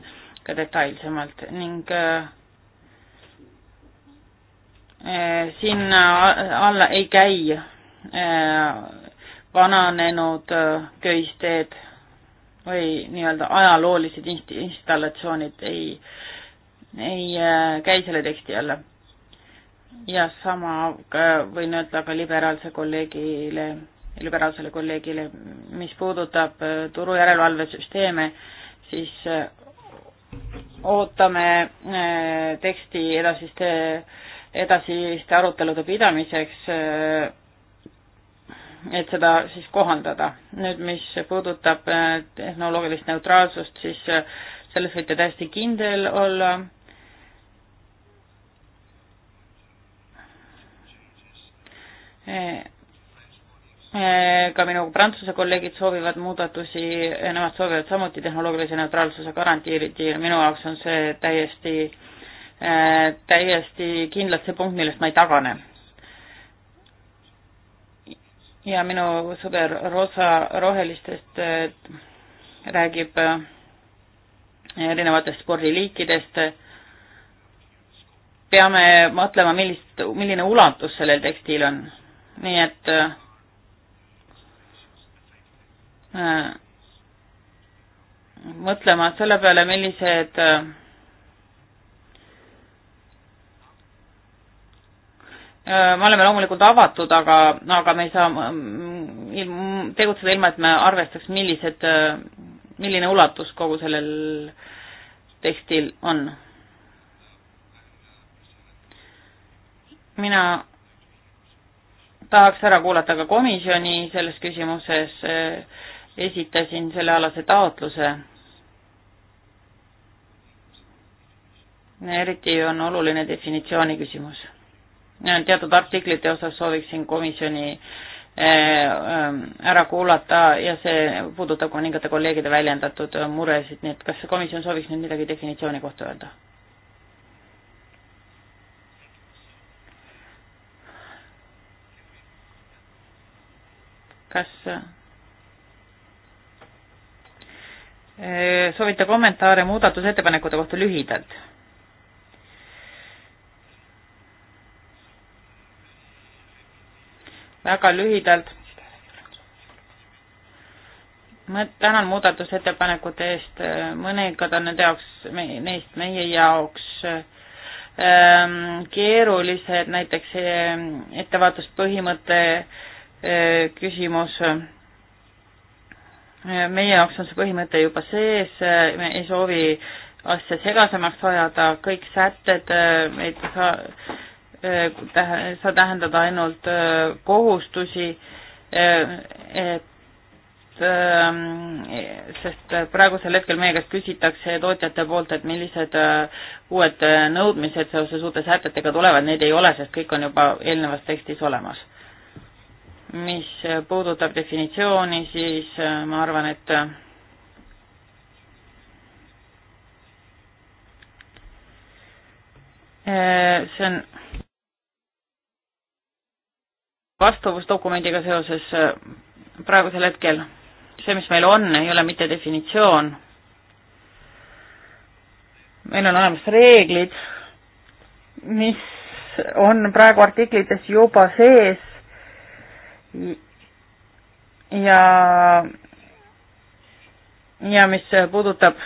ka detailsemalt ning äh, äh sinna alla ei käi äh, vananenud köisteed või nii-öelda ajaloolised installatsioonid ei, ei äh, käi selle teksti alla. ja sama äh, võin öelda ka liberaalse kolleegile, liberaalsele kolleegile, mis puudutab äh, turujärelevalvesüsteeme, siis ootame teksti edasiste, edasiste arutelude pidamiseks et seda siis kohandada. nüüd, mis puudutab äh, tehnoloogilist neutraalsust, siis äh, selles võite täiesti kindel olla. Äh, ka minu prantsuse kolleegid soovivad muudatusi, nemad soovivad samuti tehnoloogilise neutraalsuse garantiiriti ja minu jaoks on see täiesti, täiesti kindlalt see punkt, millest ma ei tagane ja minu sõber Rosa Rohelistest eh, räägib eh, erinevatest spordiliikidest. peame mõtlema, millist, milline ulatus sellel tekstil on, nii et eh, mõtlema selle peale, millised äh, Äh, me oleme loomulikult avatud, aga, aga me ei saa mm, mm, tegutseda ilma, et me arvestaks, millised, äh, milline ulatus kogu sellel tekstil on. mina tahaks ära kuulata ka komisjoni selles küsimuses, äh, esitasin sellealase taotluse. eriti on oluline definitsiooni küsimus Äh, teatud artiklite osas sooviksin komisjoni äh, äh, ära kuulata ja see puudutab mõningate kolleegide väljendatud muresid, nii et kas komisjon sooviks nüüd midagi definitsiooni kohta öelda? kas soovite kommentaare muudatusettepanekute kohta lühidalt? väga lühidalt. ma tänan muudatusettepanekute eest, mõningad on nende jaoks, neist meie jaoks ähm, keerulised, näiteks ähm, ettevaatuspõhimõte äh, küsimus. Äh, meie jaoks on see põhimõte juba sees, me ei soovi asja segasemaks ajada, kõik sätted, äh, et sa, sa tähendad ainult äh, kohustusi, äh, et ähm, sest praegusel hetkel meie käest küsitakse tootjate poolt, et millised äh, uued nõudmised seoses uute sätetega tulevad, neid ei ole, sest kõik on juba eelnevas tekstis olemas. mis puudutab definitsiooni, siis ma arvan, et see on vastavusdokumendiga seoses äh, praegusel hetkel. see, mis meil on, ei ole mitte definitsioon. meil on olemas reeglid, mis on praegu artiklites juba sees ja, ja mis puudutab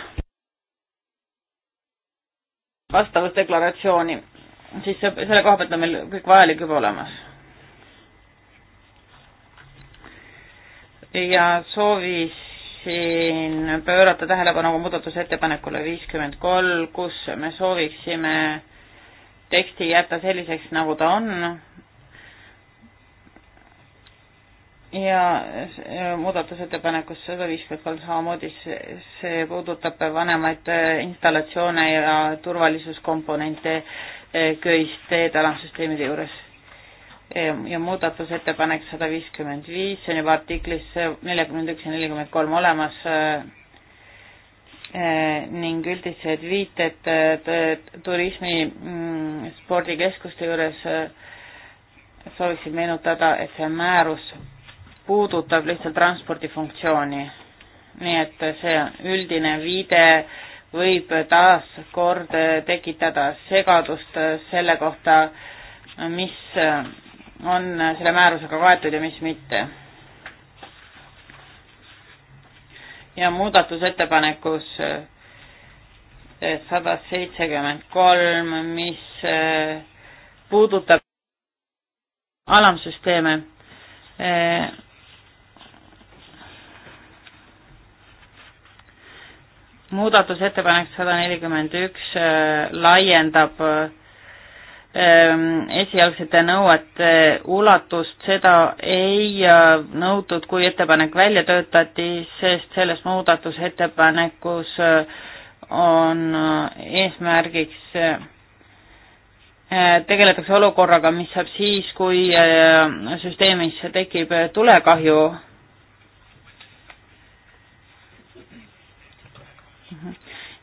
vastavusdeklaratsiooni, siis selle koha pealt on meil kõik vajalik juba olemas ja soovisin pöörata tähelepanu muudatusettepanekule viiskümmend kolm, kus me sooviksime teksti jätta selliseks, nagu ta on. ja muudatusettepanekus sada viiskümmend kolm samamoodi, see puudutab vanemaid installatsioone ja turvalisuskomponente eh, köis teede alamsüsteemide juures ja muudatusettepanek sada viiskümmend viis, see on juba artiklis neljakümmend üks ja nelikümmend kolm olemas äh, äh, ning üldised viited äh, turismi mm, spordikeskuste juures sooviksin meenutada, et see määrus puudutab lihtsalt transpordifunktsiooni. nii et see üldine viide võib taaskord tekitada segadust selle kohta, mis on selle määrusega kaetud ja mis mitte. ja muudatusettepanekus eh, sada seitsekümmend kolm, mis eh, puudutab alamsüsteeme. Eh, muudatusettepanek sada nelikümmend üks laiendab Ehm, esialgsete nõuete ulatust, seda ei äh, nõutud, kui ettepanek välja töötati, sest selles muudatusettepanekus äh, on äh, eesmärgiks tegeletakse olukorraga, mis saab siis, kui süsteemis tekib tulekahju.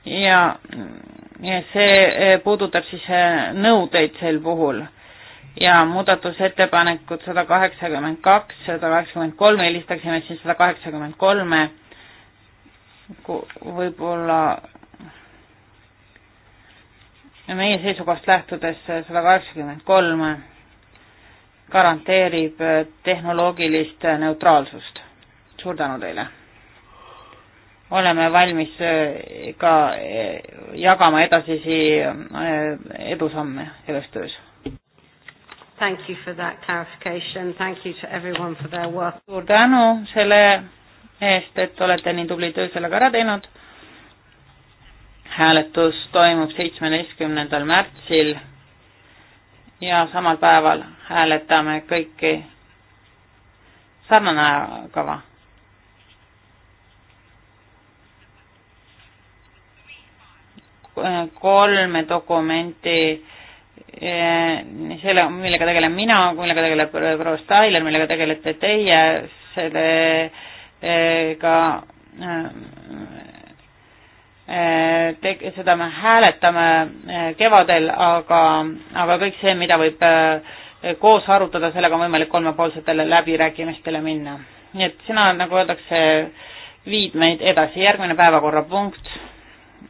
ja see eh, puudutab siis eh, nõudeid sel puhul ja muudatusettepanekud sada kaheksakümmend kaks, sada kaheksakümmend kolm, helistaksime siis sada kaheksakümmend kolme, võib-olla meie seisukohast lähtudes sada kaheksakümmend kolm garanteerib eh, tehnoloogilist neutraalsust. suur tänu teile! oleme valmis äh, ka äh, jagama edasisi äh, edusamme selles töös. Thank you for that clarification, thank you to everyone for their work. suur tänu selle eest, et olete nii tubli töö sellega ära teinud. hääletus toimub seitsmeteistkümnendal märtsil ja samal päeval hääletame kõiki sarnane ajakava kolme dokumenti, eh, selle, millega tegelen mina, millega tegeleb proua Stailer, millega tegelete teie, sellega eh, eh, te-, seda me hääletame kevadel, aga, aga kõik see, mida võib koos arutada, sellega on võimalik kolmepoolsetele läbirääkimistele minna. nii et sina, nagu öeldakse, viid meid edasi, järgmine päevakorrapunkt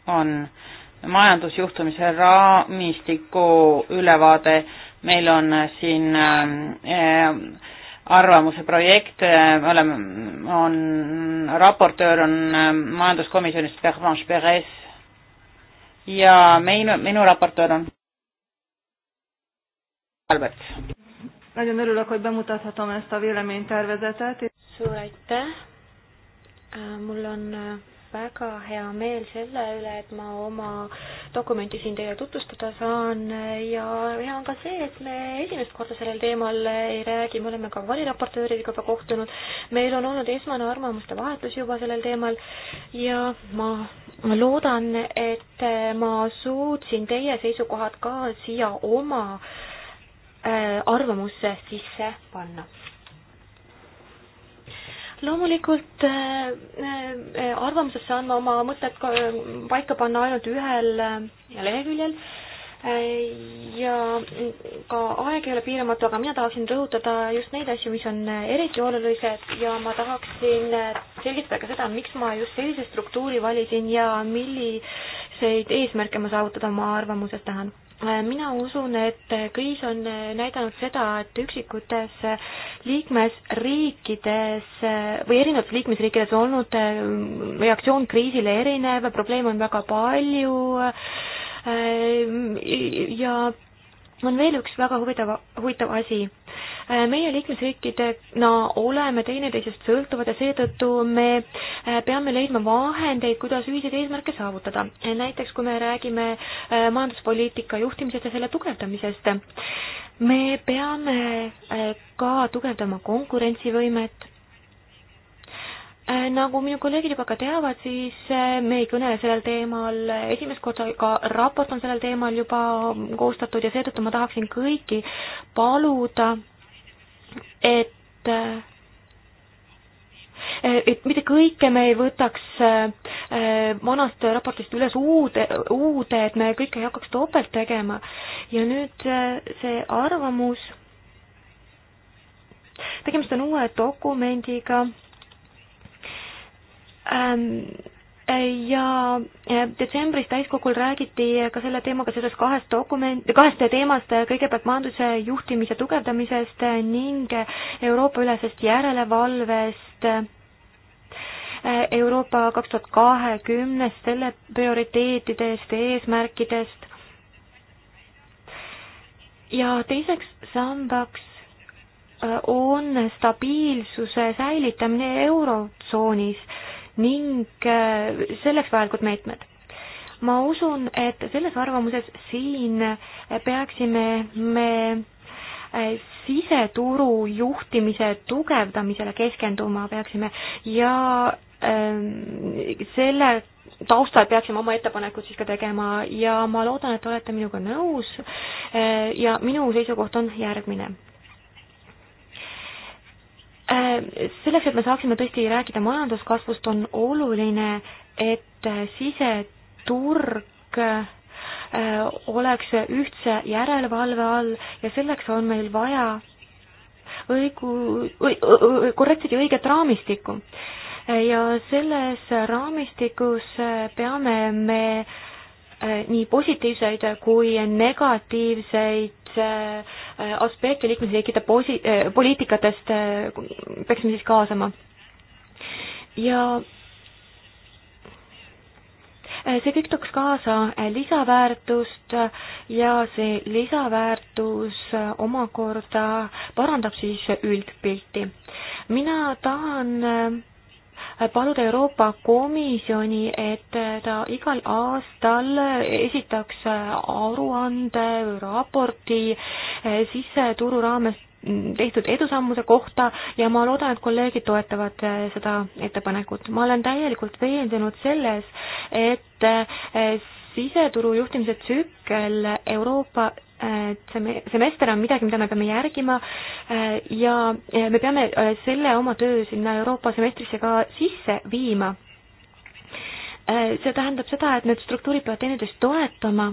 on äh, majandusjuhtumise raamistiku ülevaade, meil on siin ähm, äh, arvamuse projekt, äh, me oleme, on, raportöör on ähm, majanduskomisjonist Pervenche Perez ja minu, minu raportöör on Albert. Nagyon örülök, hogy bemutathatom ezt a véleménytervezetet. Suur aitäh! Mul on väga hea meel selle üle, et ma oma dokumenti siin teile tutvustada saan ja hea on ka see, et me esimest korda sellel teemal ei räägi, me oleme ka variraportööridega juba kohtunud, meil on olnud esmane arvamuste vahetus juba sellel teemal ja ma loodan, et ma suutsin teie seisukohad ka siia oma äh, arvamusse sisse panna loomulikult äh, äh, äh, arvamuses saan ma oma mõtted paika panna ainult ühel leheküljel ja ka aeg ei ole piiramatu, aga mina tahaksin rõhutada just neid asju, mis on eriti olulised ja ma tahaksin selgitada ka seda, miks ma just sellise struktuuri valisin ja milliseid eesmärke ma saavutada oma arvamuses tahan Äh, mina usun, et kriis on äh, näidanud seda, et üksikutes äh, liikmesriikides või erinevates liikmesriikides on olnud reaktsioon kriisile erinev, probleeme on väga palju ja on veel üks väga huvitav, huvitav asi. Äh, meie liikmesriikidena no, oleme teineteisest sõltuvad ja seetõttu me äh, peame leidma vahendeid, kuidas ühiseid eesmärke saavutada. Äh, näiteks kui me räägime majanduspoliitika juhtimisest ja selle tugevdamisest, me peame ka tugevdama konkurentsivõimet nagu minu kolleegid juba ka teavad, siis me ei kõnele sellel teemal esimest korda, ka raport on sellel teemal juba koostatud ja seetõttu ma tahaksin kõiki paluda et äh, et mitte kõike me ei võtaks äh, vanast raportist üles uude, uude, et me kõike ei hakkaks topelt tegema. ja nüüd äh, see arvamus, tegemist on uue dokumendiga ähm,, ja eh, detsembris täiskogul räägiti ka selle teemaga seoses kahest dokument, kahest teemast, kõigepealt majanduse juhtimise tugevdamisest ning Euroopa-ülesest järelevalvest, Euroopa kaks tuhat kahekümnest, selle prioriteetidest, eesmärkidest ja teiseks sambaks eh, on stabiilsuse säilitamine Eurotsoonis ning äh, selleks vajalikud meetmed ma usun, et selles arvamuses siin peaksime me äh, siseturu juhtimise tugevdamisele keskenduma peaksime ja äh, selle taustal peaksime oma ettepanekud siis ka tegema ja ma loodan, et olete minuga nõus ja minu seisukoht on järgmine. Äh, selleks, et me saaksime tõesti rääkida majanduskasvust, on oluline, et siseturg äh, oleks ühtse järelevalve all ja selleks on meil vaja õigu, õi, korrektset ja õiget raamistikku. Äh, ja selles raamistikus peame me nii positiivseid kui negatiivseid Äh, aspekte liikmesriikide posi-, äh, poliitikatest äh, peaksime siis kaasama. ja see kõik tooks kaasa lisaväärtust ja see lisaväärtus omakorda parandab siis üldpilti. mina tahan paluda Euroopa Komisjoni, et ta igal aastal esitaks aruande või raporti eh, siseturu raames tehtud edusammude kohta ja ma loodan, et kolleegid toetavad eh, seda ettepanekut. ma olen täielikult veendunud selles, et eh, siseturu juhtimise tsükkel Euroopa et see semester on midagi, mida me peame järgima äh, ja me peame äh, selle oma töö sinna Euroopa semestrisse ka sisse viima. Äh, see tähendab seda, et need struktuurid peavad teineteist toetama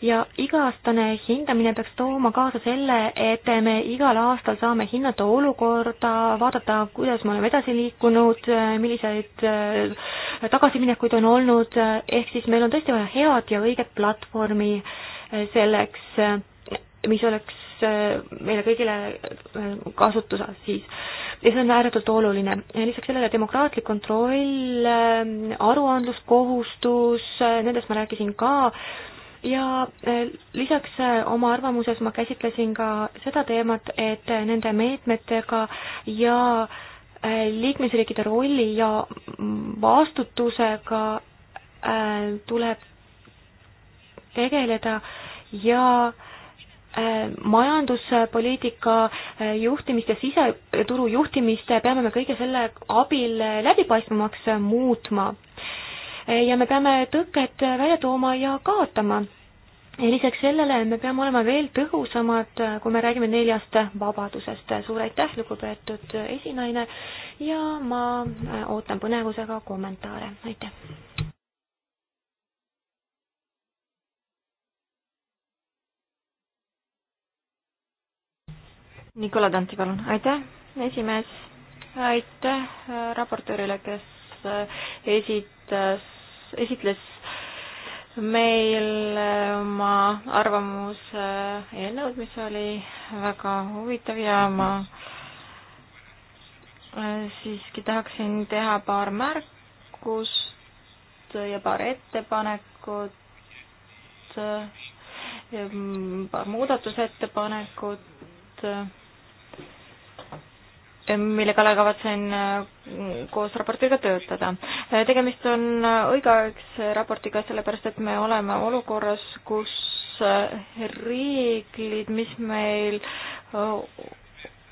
ja iga-aastane hindamine peaks tooma kaasa selle, et me igal aastal saame hinnata olukorda, vaadata, kuidas me oleme edasi liikunud, milliseid tagasiminekuid on olnud, ehk siis meil on tõesti vaja head ja õiget platvormi äh, selleks, mis oleks äh, meile kõigile äh, kasutuses siis. ja see on ääretult oluline. lisaks sellele demokraatlik kontroll, äh, aruandluskohustus, nendest ma rääkisin ka, ja lisaks oma arvamuses ma käsitlesin ka seda teemat, et nende meetmetega ja liikmesriikide rolli ja vastutusega tuleb tegeleda ja äh, majanduspoliitika äh, juhtimist ja siseturu juhtimist peame me kõige selle abil läbipaistvamaks muutma. Äh, ja me peame tõkked välja tooma ja kaotama. lisaks sellele me peame olema veel tõhusamad, kui me räägime neljast vabadusest. suur aitäh, lugupeetud esinaine ja ma ootan põnevusega kommentaare, aitäh! Nikola Tanti, palun. aitäh, esimees. aitäh äh, raportöörile, kes äh, esitas, esitles meil oma arvamuse eelnõud, mis oli väga huvitav ja ma äh, siiski tahaksin teha paar märkust ja paar ettepanekut, paar muudatusettepanekut mille kallal kavatsen äh, koos raportiga töötada. Äh, tegemist on äh, õigeaegse raportiga, sellepärast et me oleme olukorras, kus reeglid, mis meil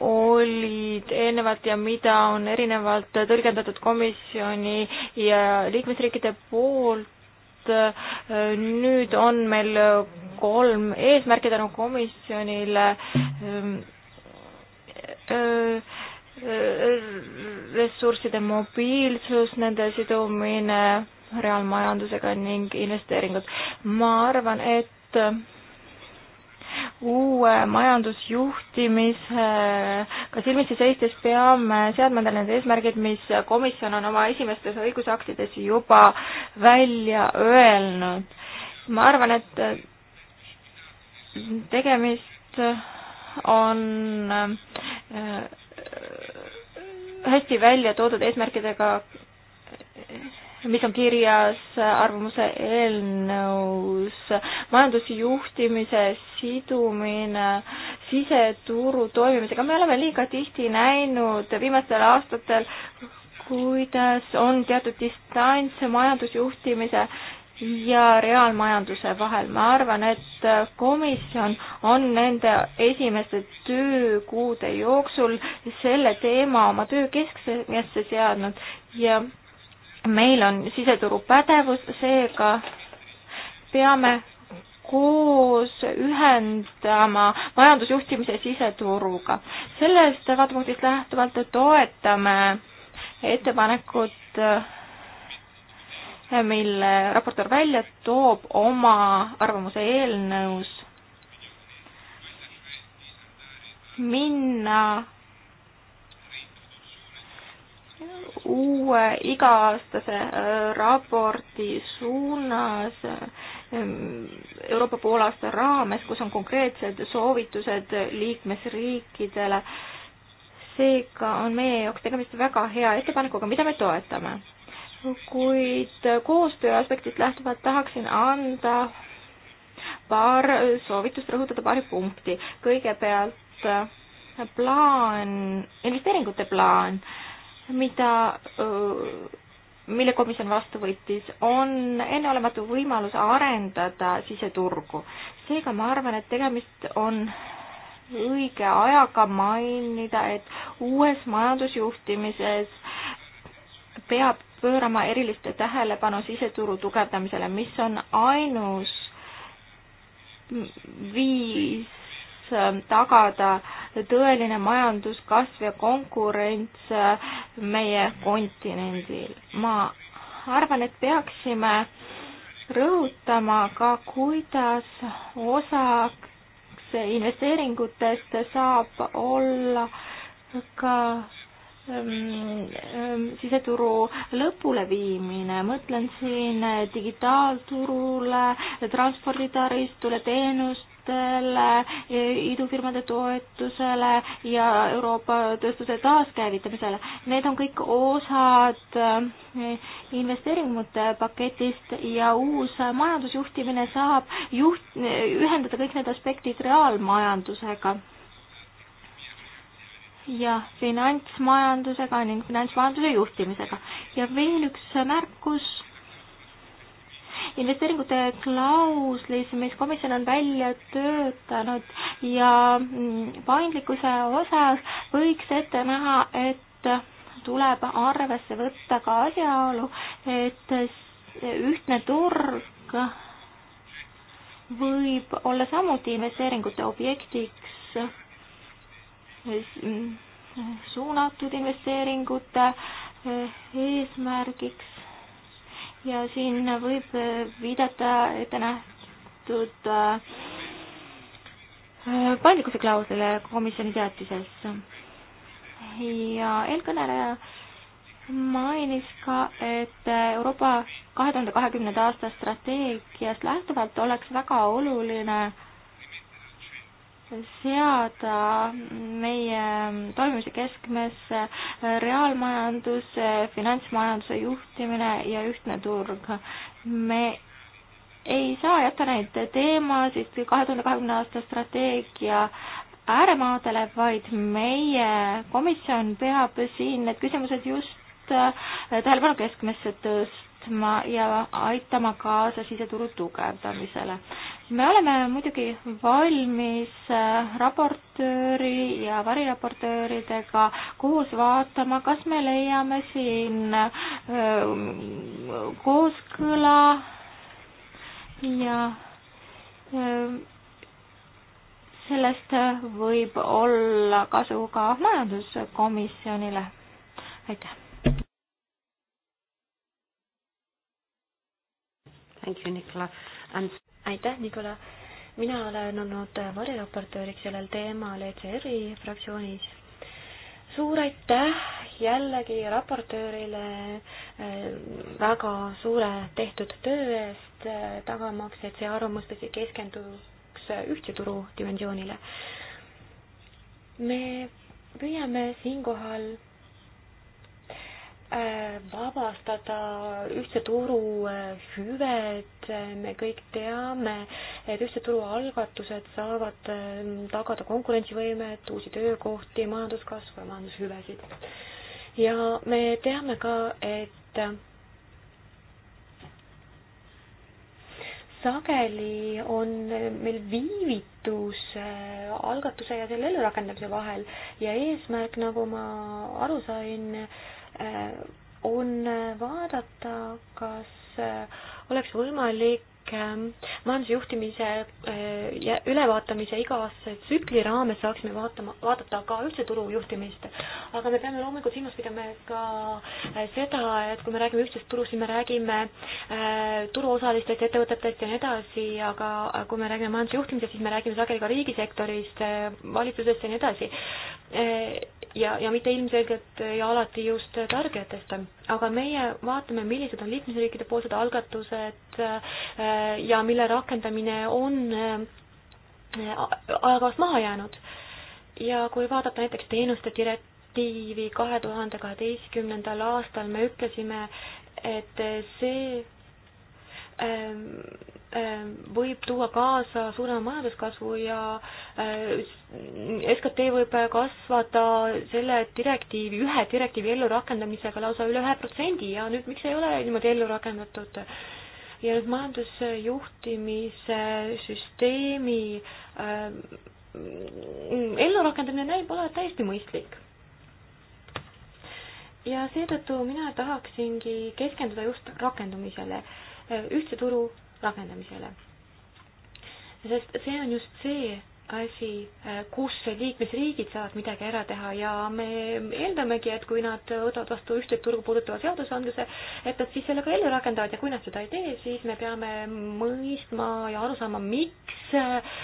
olid eelnevalt ja mida on erinevalt tõlgendatud komisjoni ja liikmesriikide poolt, nüüd on meil kolm eesmärki tänu komisjonile ähm, ressursside mobiilsus, nende sidumine reaalmajandusega ning investeeringud. ma arvan, et uue majandusjuhtimisega silmitsi seistes peame seadma endale need eesmärgid, mis komisjon on oma esimestes õigusaktides juba välja öelnud. ma arvan, et tegemist on hästi välja toodud eesmärkidega, mis on kirjas arvamuse eelnõus, majandusjuhtimise sidumine siseturu toimimisega, me oleme liiga tihti näinud viimastel aastatel, kuidas on teatud distants majandusjuhtimise ja reaalmajanduse vahel. ma arvan, et komisjon on nende esimeste töökuude jooksul selle teema oma töö kesksesse seadnud ja meil on siseturu pädevus, seega peame koos ühendama majandusjuhtimise siseturuga. sellest vaatepunktist lähtuvalt toetame ettepanekut mille raportöör välja toob oma arvamuse eelnõus, minna uue iga-aastase äh, raporti suunas ähm, Euroopa poolaasta raames, kus on konkreetsed soovitused liikmesriikidele. seega on meie jaoks tegemist väga hea ettepanekuga, mida me toetame kuid koostöö aspektist lähtuvalt tahaksin anda paar soovitust, rõhutada paari punkti. kõigepealt plaan, investeeringute plaan, mida, mille komisjon vastu võttis, on enneolematu võimalus arendada siseturgu. seega ma arvan, et tegemist on õige ajaga mainida, et uues majandusjuhtimises peab pöörama erilist tähelepanu siseturu tugevdamisele, mis on ainus viis ähm, tagada tõeline majanduskasv ja konkurents äh, meie kontinendil. ma arvan, et peaksime rõhutama ka, kuidas osaks investeeringutest saab olla ka Ehm, ehm, siseturu lõpuleviimine, mõtlen siin digitaalturule, transporditaristule, teenustele, idufirmade toetusele ja Euroopa tööstuse taaskäivitamisele. Need on kõik osad eh, investeeringute paketist ja uus majandusjuhtimine saab juht, ühendada kõik need aspektid reaalmajandusega ja finantsmajandusega ning finantsmajanduse juhtimisega. ja veel üks märkus, investeeringute klauslis, mis komisjon on välja töötanud ja mm, paindlikkuse osas võiks ette näha, et tuleb arvesse võtta ka asjaolu, et ühtne turg võib olla samuti investeeringute objektiks suunatud investeeringute eh, eesmärgiks ja siin võib eh, viidata ette nähtud eh, paindlikkuse klauslile komisjoni teatises. ja eelkõneleja mainis ka, et Euroopa kahe tuhande kahekümnenda aasta strateegiast lähtuvalt oleks väga oluline seada meie toimimise keskmesse reaalmajandus, finantsmajanduse juhtimine ja ühtne turg. me ei saa jätta neid teemasid kahe tuhande kahekümne aasta strateegia ääremaadele, vaid meie komisjon peab siin need küsimused just tähelepanu keskmesse tõstma võtma ja aitama kaasa siseturu tugevdamisele. me oleme muidugi valmis äh, raportööri ja variraportööridega koos vaatama, kas me leiame siin äh, kooskõla ja äh, sellest võib olla kasu ka majanduskomisjonile. aitäh! Thank you, Nicola. And... aitäh, Nicola. mina olen olnud variraportööriks sellel teemal ECR-i fraktsioonis. suur aitäh jällegi raportöörile eh, väga suure tehtud töö eest, eh, tagamaks, et see arvamus keskenduks ühtse turu dimensioonile. me püüame siinkohal Äh, vabastada ühtse turu äh, hüved, me kõik teame, et ühtse turu algatused saavad äh, tagada konkurentsivõimet, uusi töökohti, majanduskasvu ja majandushüvesid. ja me teame ka, et sageli on meil viivitus algatuse ja selle ellurakendamise vahel ja eesmärk, nagu ma aru sain, Äh, on äh, vaadata, kas äh, oleks võimalik majandusjuhtimise ülevaatamise igasse tsükli raames saaksime vaatama, vaadata ka üldse turu juhtimist. aga me peame loomulikult silmas pidama ka seda, et kui me räägime ühtsest turust, siis me räägime turuosalistest, ettevõtetest ja nii edasi, aga kui me räägime majandusjuhtimisest, siis me räägime sageli ka riigisektorist, valitsusest ja nii edasi ja, ja mitte ilmselgelt ja alati just tarbijatest. aga meie vaatame, millised on liikmesriikide poolsed algatused äh, ja mille rakendamine on äh, ajakavast maha jäänud. ja kui vaadata näiteks teenuste direktiivi kahe tuhande kaheteistkümnendal aastal, me ütlesime, et see Ähm, ähm, võib tuua kaasa suurema majanduskasvu ja äh, SKT võib kasvada selle direktiivi, ühe direktiivi ellurakendamisega lausa üle ühe protsendi ja nüüd miks ei ole niimoodi ellu rakendatud? ja nüüd majandusjuhtimise süsteemi ähm, ellurakendamine näib olevat täiesti mõistlik ja seetõttu mina tahaksingi keskenduda just rakendumisele äh, ühtse turu rakendamisele. sest see on just see asi, äh, kus liikmesriigid saavad midagi ära teha ja me eeldamegi, et kui nad võtavad vastu ühtset turgu puudutava seadusandluse, et nad siis selle ka ellu rakendavad ja kui nad seda ei tee, siis me peame mõistma ja aru saama, miks äh,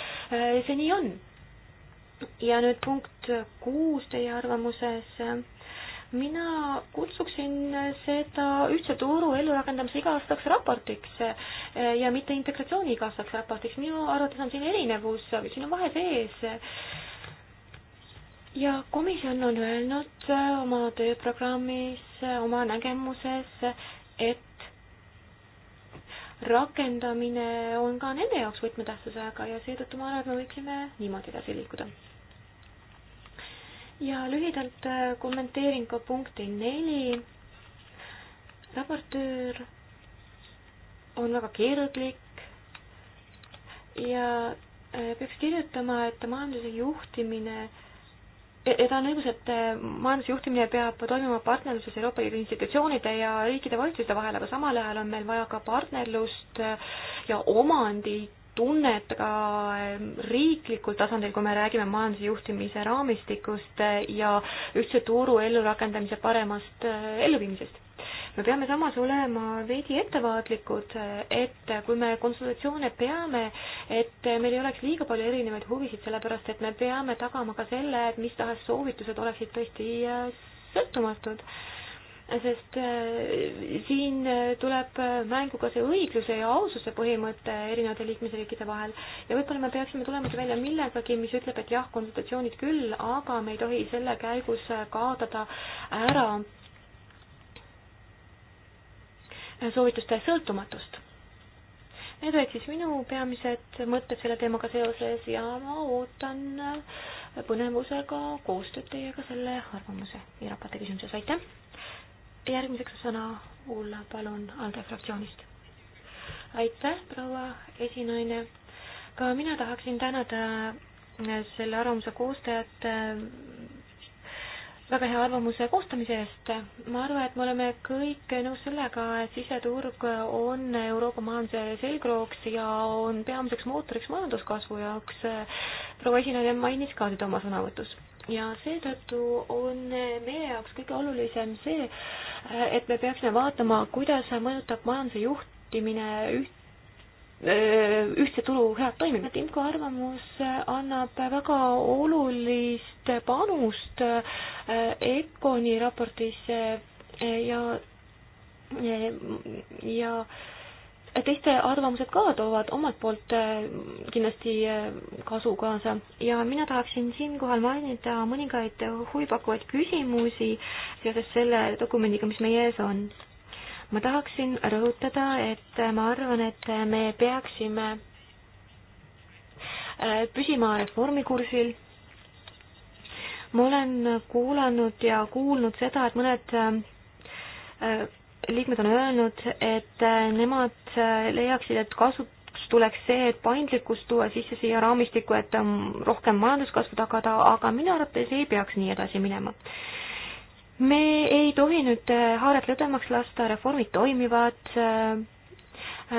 see nii on. ja nüüd punkt kuus teie arvamuses mina kutsuksin seda ühtse turu ellurakendamise iga-aastaks raportiks eh, ja mitte integratsiooni iga-aastaks raportiks, minu arvates on siin erinevus, siin on vahe sees. ja komisjon on öelnud eh, oma tööprogrammis, eh, oma nägemuses, et rakendamine on ka nende jaoks võtmetähtsusega ja seetõttu ma arvan, et me võiksime niimoodi edasi liikuda ja lühidalt äh, kommenteerin ka punkti neli. raportöör on väga kirglik ja äh, peaks kirjutama, et majanduse juhtimine ja e-, ta on õigus, et äh, majanduse juhtimine peab toimuma partnerluses Euroopa Liidu institutsioonide ja riikide valitsuste vahel, aga samal ajal on meil vaja ka partnerlust ja omandit tunnet ka ähm, riiklikul tasandil, kui me räägime majanduse juhtimise raamistikust äh, ja ühtse turu ellurakendamise paremast äh, elluviimisest. me peame samas olema veidi ettevaatlikud, äh, et kui me konsultatsioone peame, et meil ei oleks liiga palju erinevaid huvisid, sellepärast et me peame tagama ka selle, et mis tahes soovitused oleksid tõesti sõltumatud sest äh, siin äh, tuleb äh, mängu ka see õigluse ja aususe põhimõte erinevate liikmesriikide vahel ja võib-olla me peaksime tulemagi välja millegagi, mis ütleb, et jah, konsultatsioonid küll, aga me ei tohi selle käigus kaotada ära soovituste sõltumatust. Need olid siis minu peamised mõtted selle teemaga seoses ja ma ootan põnevusega koostööd teiega selle arvamuse ja raporti küsimuses, aitäh! järgmiseks sõna Ulla, palun, ALDE fraktsioonist. aitäh, proua esinaine. ka mina tahaksin tänada äh, selle arvamuse koostajat äh, väga hea arvamuse koostamise eest. ma arvan, et me oleme kõik nõus sellega, et siseturg on Euroopa majanduse selgrooks ja on peamiseks mootoriks majanduskasvu jaoks. proua esinaine mainis ka seda oma sõnavõtus ja seetõttu on meie jaoks kõige olulisem see, et me peaksime vaatama, kuidas mõjutab majanduse juhtimine üht äh, ühtse turu head toimimist. IMCO arvamus annab väga olulist panust äh, EKONi raportisse ja ja teiste arvamused ka toovad omalt poolt äh, kindlasti äh, kasu kaasa ja mina tahaksin siinkohal mainida mõningaid huvipakkuvaid küsimusi seoses selle dokumendiga, mis meie ees on. ma tahaksin rõhutada, et ma arvan, et me peaksime äh, püsima reformikursil ma olen kuulanud ja kuulnud seda, et mõned liikmed on öelnud, et äh, nemad äh, leiaksid, et kasuks tuleks see, et paindlikkust tuua sisse siia raamistikku, et ähm, rohkem majanduskasvu tagada, aga minu arvates ei peaks nii edasi minema. me ei tohi nüüd äh, haaret lõdvemaks lasta, reformid toimivad,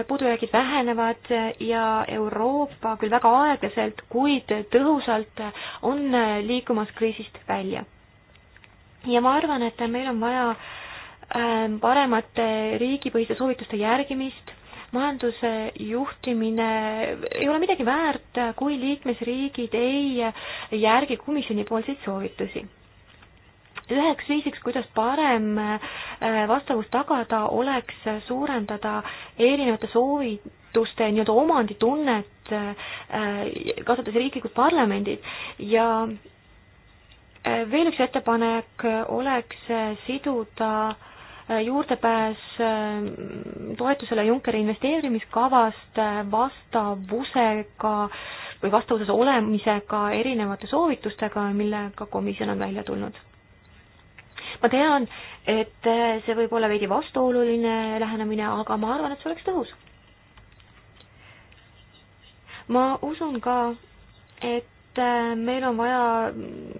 puudujäägid vähenevad ja Euroopa küll väga aeglaselt, kuid tõhusalt on liikumas kriisist välja. ja ma arvan, et meil on vaja äh, Ähm, paremate riigipõhiste soovituste järgimist, majanduse juhtimine ei ole midagi väärt, kui liikmesriigid ei järgi komisjoni poolseid soovitusi üheks viisiks, kuidas parem äh, vastavus tagada, oleks suurendada erinevate soovituste nii-öelda omanditunnet, äh, kasutades riiklikud parlamendid ja veel üks ettepanek oleks siduda äh, juurdepääs äh, toetusele Junckeri investeerimiskavast äh, vastavusega või vastavuses olemisega erinevate soovitustega, millega komisjon on välja tulnud. ma tean, et see võib olla veidi vastuoluline lähenemine, aga ma arvan, et see oleks tõhus. ma usun ka, et et äh, meil on vaja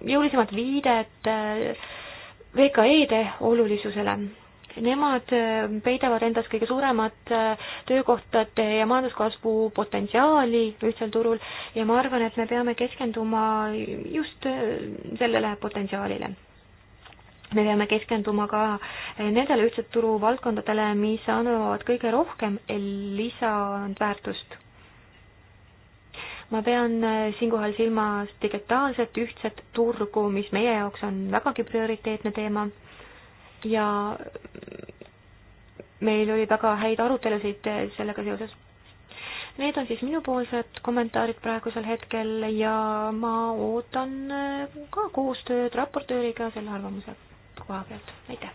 jõulisemat viidet äh, VKE-de olulisusele. Nemad äh, peidavad endas kõige suuremat töökohtade ja majanduskasvu potentsiaali ühtsel turul ja ma arvan, et me peame keskenduma just sellele potentsiaalile me peame keskenduma ka nendele ühtset turu valdkondadele, mis annavad kõige rohkem lisandväärtust ma pean äh, siinkohal silmas digitaalset ühtset turgu, mis meie jaoks on vägagi prioriteetne teema ja mm, meil oli väga häid arutelusid äh, sellega seoses. Need on siis minupoolsed kommentaarid praegusel hetkel ja ma ootan äh, ka koostööd raportööriga selle arvamuse koha pealt, aitäh!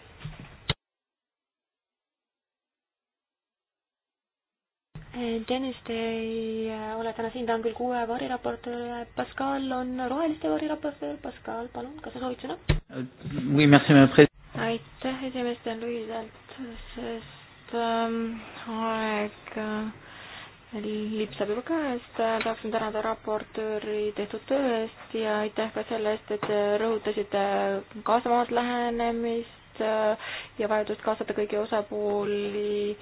Dennis, te ei äh, ole täna siin, ta on küll kuue variraportöör, Pascal on roheliste variraportöör, Pascal, palun, kas sa soovid sõna euh, oui,? aitäh, esimees, teen lühidalt, sest ähm, aeg äh, lipsab juba käest, tahaksin tänada raportööri tehtud töö eest ja aitäh ka selle eest, et rõhutasite kaasavamat lähenemist, Äh, ja vajadust kaasata kõigi osapooli.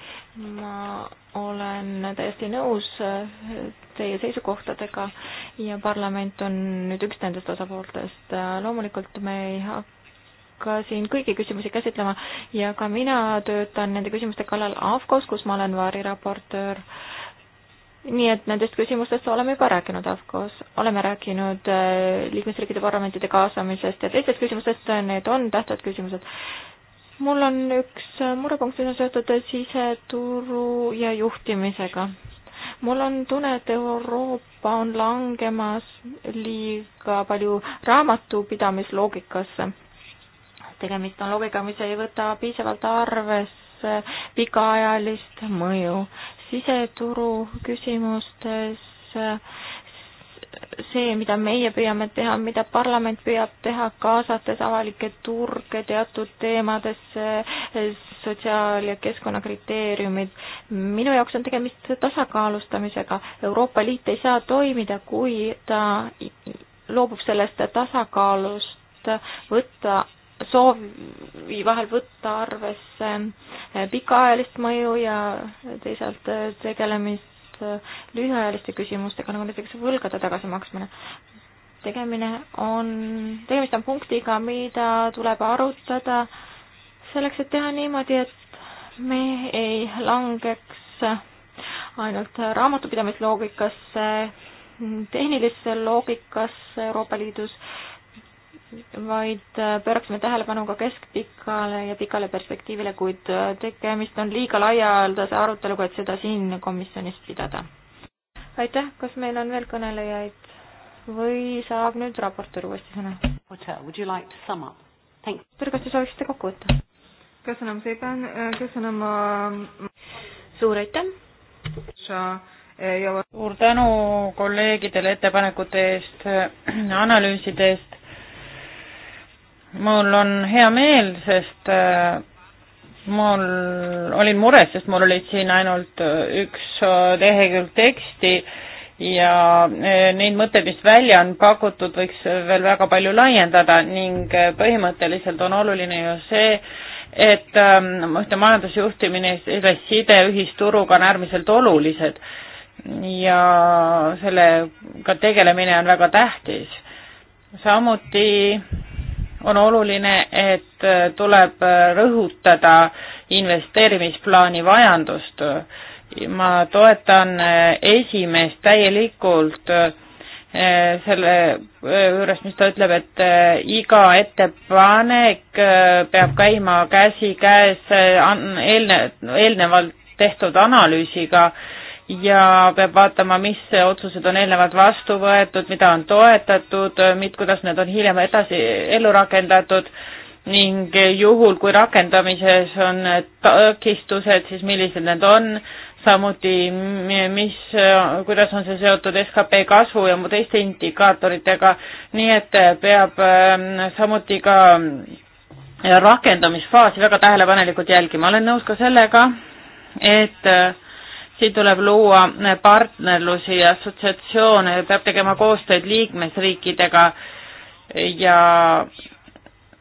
ma olen täiesti nõus äh, teie seisukohtadega ja parlament on nüüd üks nendest osapooltest. Äh, loomulikult me ei hakka hakka siin kõiki küsimusi käsitlema ja ka mina töötan nende küsimuste kallal AFCOs, kus ma olen variraportöör. nii et nendest küsimustest oleme juba rääkinud AFCOs, oleme rääkinud liikmesriikide parlamentide kaasamisest ja teistest küsimustest, need on tähtsad küsimused mul on üks murepunkt, mis on seotud siseturu ja juhtimisega. mul on tunne, et Euroopa on langemas liiga palju raamatupidamisloogikasse. tegemist on loogikaga, mis ei võta piisavalt arvesse pikaajalist mõju siseturu küsimustes see, mida meie püüame teha, mida parlament püüab teha, kaasates avalikke turge teatud teemadesse, sotsiaal- ja keskkonnakriteeriumid. minu jaoks on tegemist tasakaalustamisega. Euroopa Liit ei saa toimida, kui ta loobub sellest tasakaalust võtta soovi vahel võtta arvesse pikaajalist mõju ja teisalt tegelemist seotud äh, lühiajaliste küsimustega, nagu näiteks võlgade tagasimaksmine. tegemine on, tegemist on punktiga, mida tuleb arutada selleks, et teha niimoodi, et me ei langeks ainult raamatupidamisloogikasse, tehnilisse loogikasse Euroopa Liidus äh, vaid äh, pööraksime tähelepanu ka keskpikale ja pikale perspektiivile, kuid äh, tegemist on liiga laialdase aruteluga, et seda siin komisjonis pidada. aitäh, kas meil on veel kõnelejaid või saab nüüd raportöör uuesti sõna? Peter, kas te sooviksite kokku võtta? köszönöm szépen, eh, köszönöm a... Suur aitäh! suur tänu kolleegidele ettepanekute eest, analüüside eest mul on hea meel, sest äh, mul, olin mures, sest mul olid siin ainult äh, üks äh, lehekülg teksti ja neid mõtteid, mis välja on pakutud, võiks veel väga palju laiendada ning põhimõtteliselt on oluline ju see, et ähm, ühte majandusjuhtimine ja side ühisturuga on äärmiselt olulised ja sellega tegelemine on väga tähtis. samuti on oluline, et tuleb rõhutada investeerimisplaani vajadust. ma toetan esimest täielikult eh, selle juures, mis ta ütleb, et eh, iga ettepanek eh, peab käima käsikäes eelne-, eelnevalt tehtud analüüsiga ja peab vaatama, mis otsused on eelnevalt vastu võetud, mida on toetatud, mit-, kuidas need on hiljem edasi ellu rakendatud ning juhul, kui rakendamises on takistused, siis millised need on, samuti mis, kuidas on see seotud skp kasvu ja teiste indikaatoritega, nii et peab ähm, samuti ka äh, rakendamisfaasi väga tähelepanelikult jälgima, olen nõus ka sellega, et äh, siin tuleb luua partnerlusi ja assotsiatsioone, peab tegema koostööd liikmesriikidega ja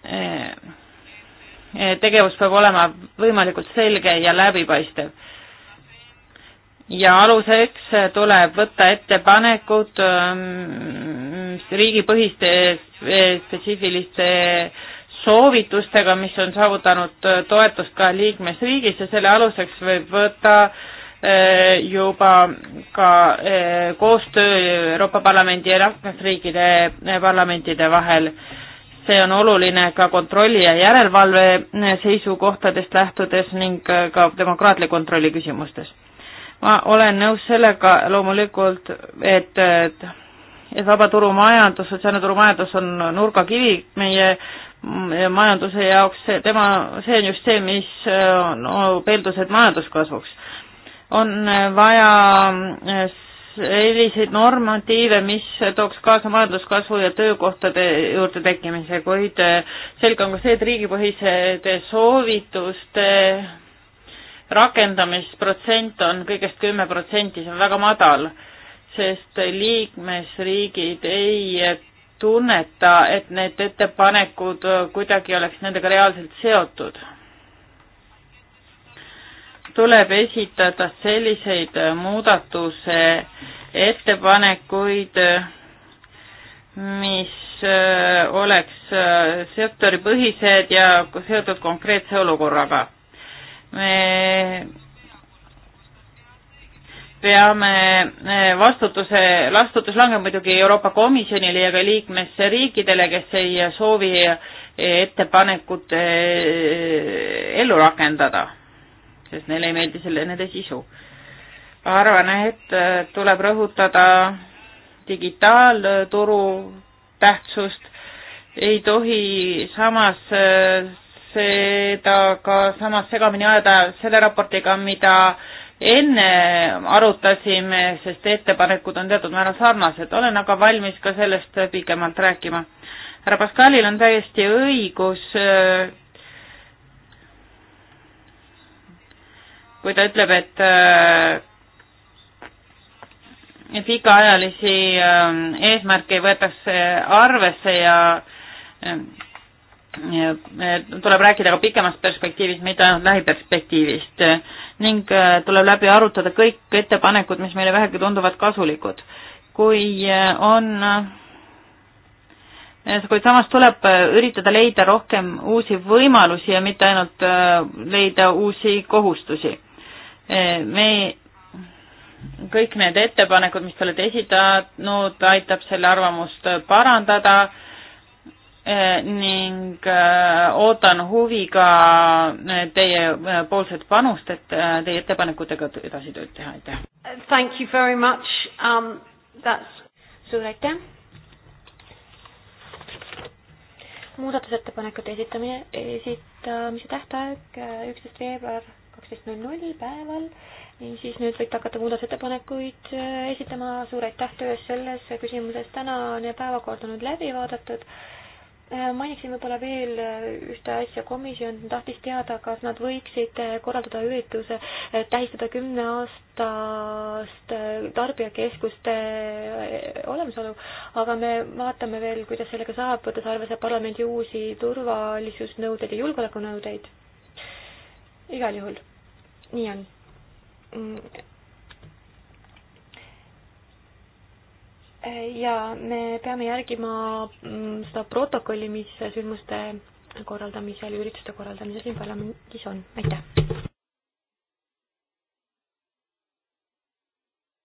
eh, tegevus peab olema võimalikult selge ja läbipaistev. ja aluseks tuleb võtta ettepanekud eh, riigipõhiste eh, spetsiifiliste soovitustega, mis on saavutanud toetust ka liikmesriigis ja selle aluseks võib võtta äh, Äh, juba ka äh, koostöö Euroopa Parlamendi ja rahvusriikide äh, parlamentide vahel. see on oluline ka kontrolli ja järelevalve seisukohtadest lähtudes ning ka demokraatliku kontrolli küsimustes. ma olen nõus sellega loomulikult, et, et et vaba turumajandus, sotsiaalne turumajandus on nurgakivi meie mm, majanduse jaoks, tema, see on just see, mis on no, peeldused majanduskasvuks on vaja äh, selliseid normatiive, mis tooks kaasa majanduskasvu ja töökohtade juurde tekkimise, kuid äh, selge on ka see, et riigipõhisete soovituste rakendamisprotsent on kõigest kümme protsenti, see on väga madal, sest liikmesriigid ei tunneta, et need ettepanekud kuidagi oleks nendega reaalselt seotud tuleb esitada selliseid muudatuse ettepanekuid, mis äh, oleks äh, sektoripõhised ja seotud konkreetse olukorraga. me peame äh, vastutuse, vastutus langeb muidugi Euroopa Komisjonile ja ka liikmesriikidele, kes ei soovi ettepanekut ellu rakendada sest neile ei meeldi selle, nende sisu. arvan, et äh, tuleb rõhutada digitaalturu tähtsust, ei tohi samas äh, seda ka samas segamini ajada selle raportiga, mida enne arutasime, sest ettepanekud on teatud määral sarnased, olen aga valmis ka sellest pikemalt rääkima. härra Pascalil on täiesti õigus äh, kui ta ütleb, et äh, et pikaajalisi äh, eesmärke ei võetakse äh, arvesse ja tuleb rääkida ka pikemast perspektiivist, mitte ainult lähiperspektiivist ning tuleb läbi arutada kõik ettepanekud, mis meile vähegi tunduvad kasulikud. kui on, kuid samas tuleb üritada leida rohkem uusi võimalusi ja mitte ainult leida uusi kohustusi Eh, me kõik need ettepanekud, mis te olete esitanud, aitab selle arvamust parandada eh, ning eh, ootan huviga teie poolset panust, et teie ettepanekutega edasi tööd teha, aitäh! Thank you very much um,, that's suur aitäh! muudatusettepanekute esitamine, esitamise tähtaeg üksteist veebruar kaksteist null null päeval. niisiis nüüd võite hakata muudatusettepanekuid äh, esitama, suur aitäh töö eest selles küsimuses, tänane päevakord on nüüd läbi vaadatud äh, mainiksin võib-olla veel äh, ühte asja, komisjon tahtis teada, kas nad võiksid korraldada ürituse, tähistada kümne aastast tarbijakeskuste olemasolu, aga me vaatame veel, kuidas sellega saab, võttes arvesse parlamendi uusi turvalisusnõudeid ja julgeolekunõudeid. igal juhul nii on. Mm. ja me peame järgima mm, seda protokolli, mis sündmuste korraldamisel, ürituste korraldamisel siin parlamendis on, aitäh!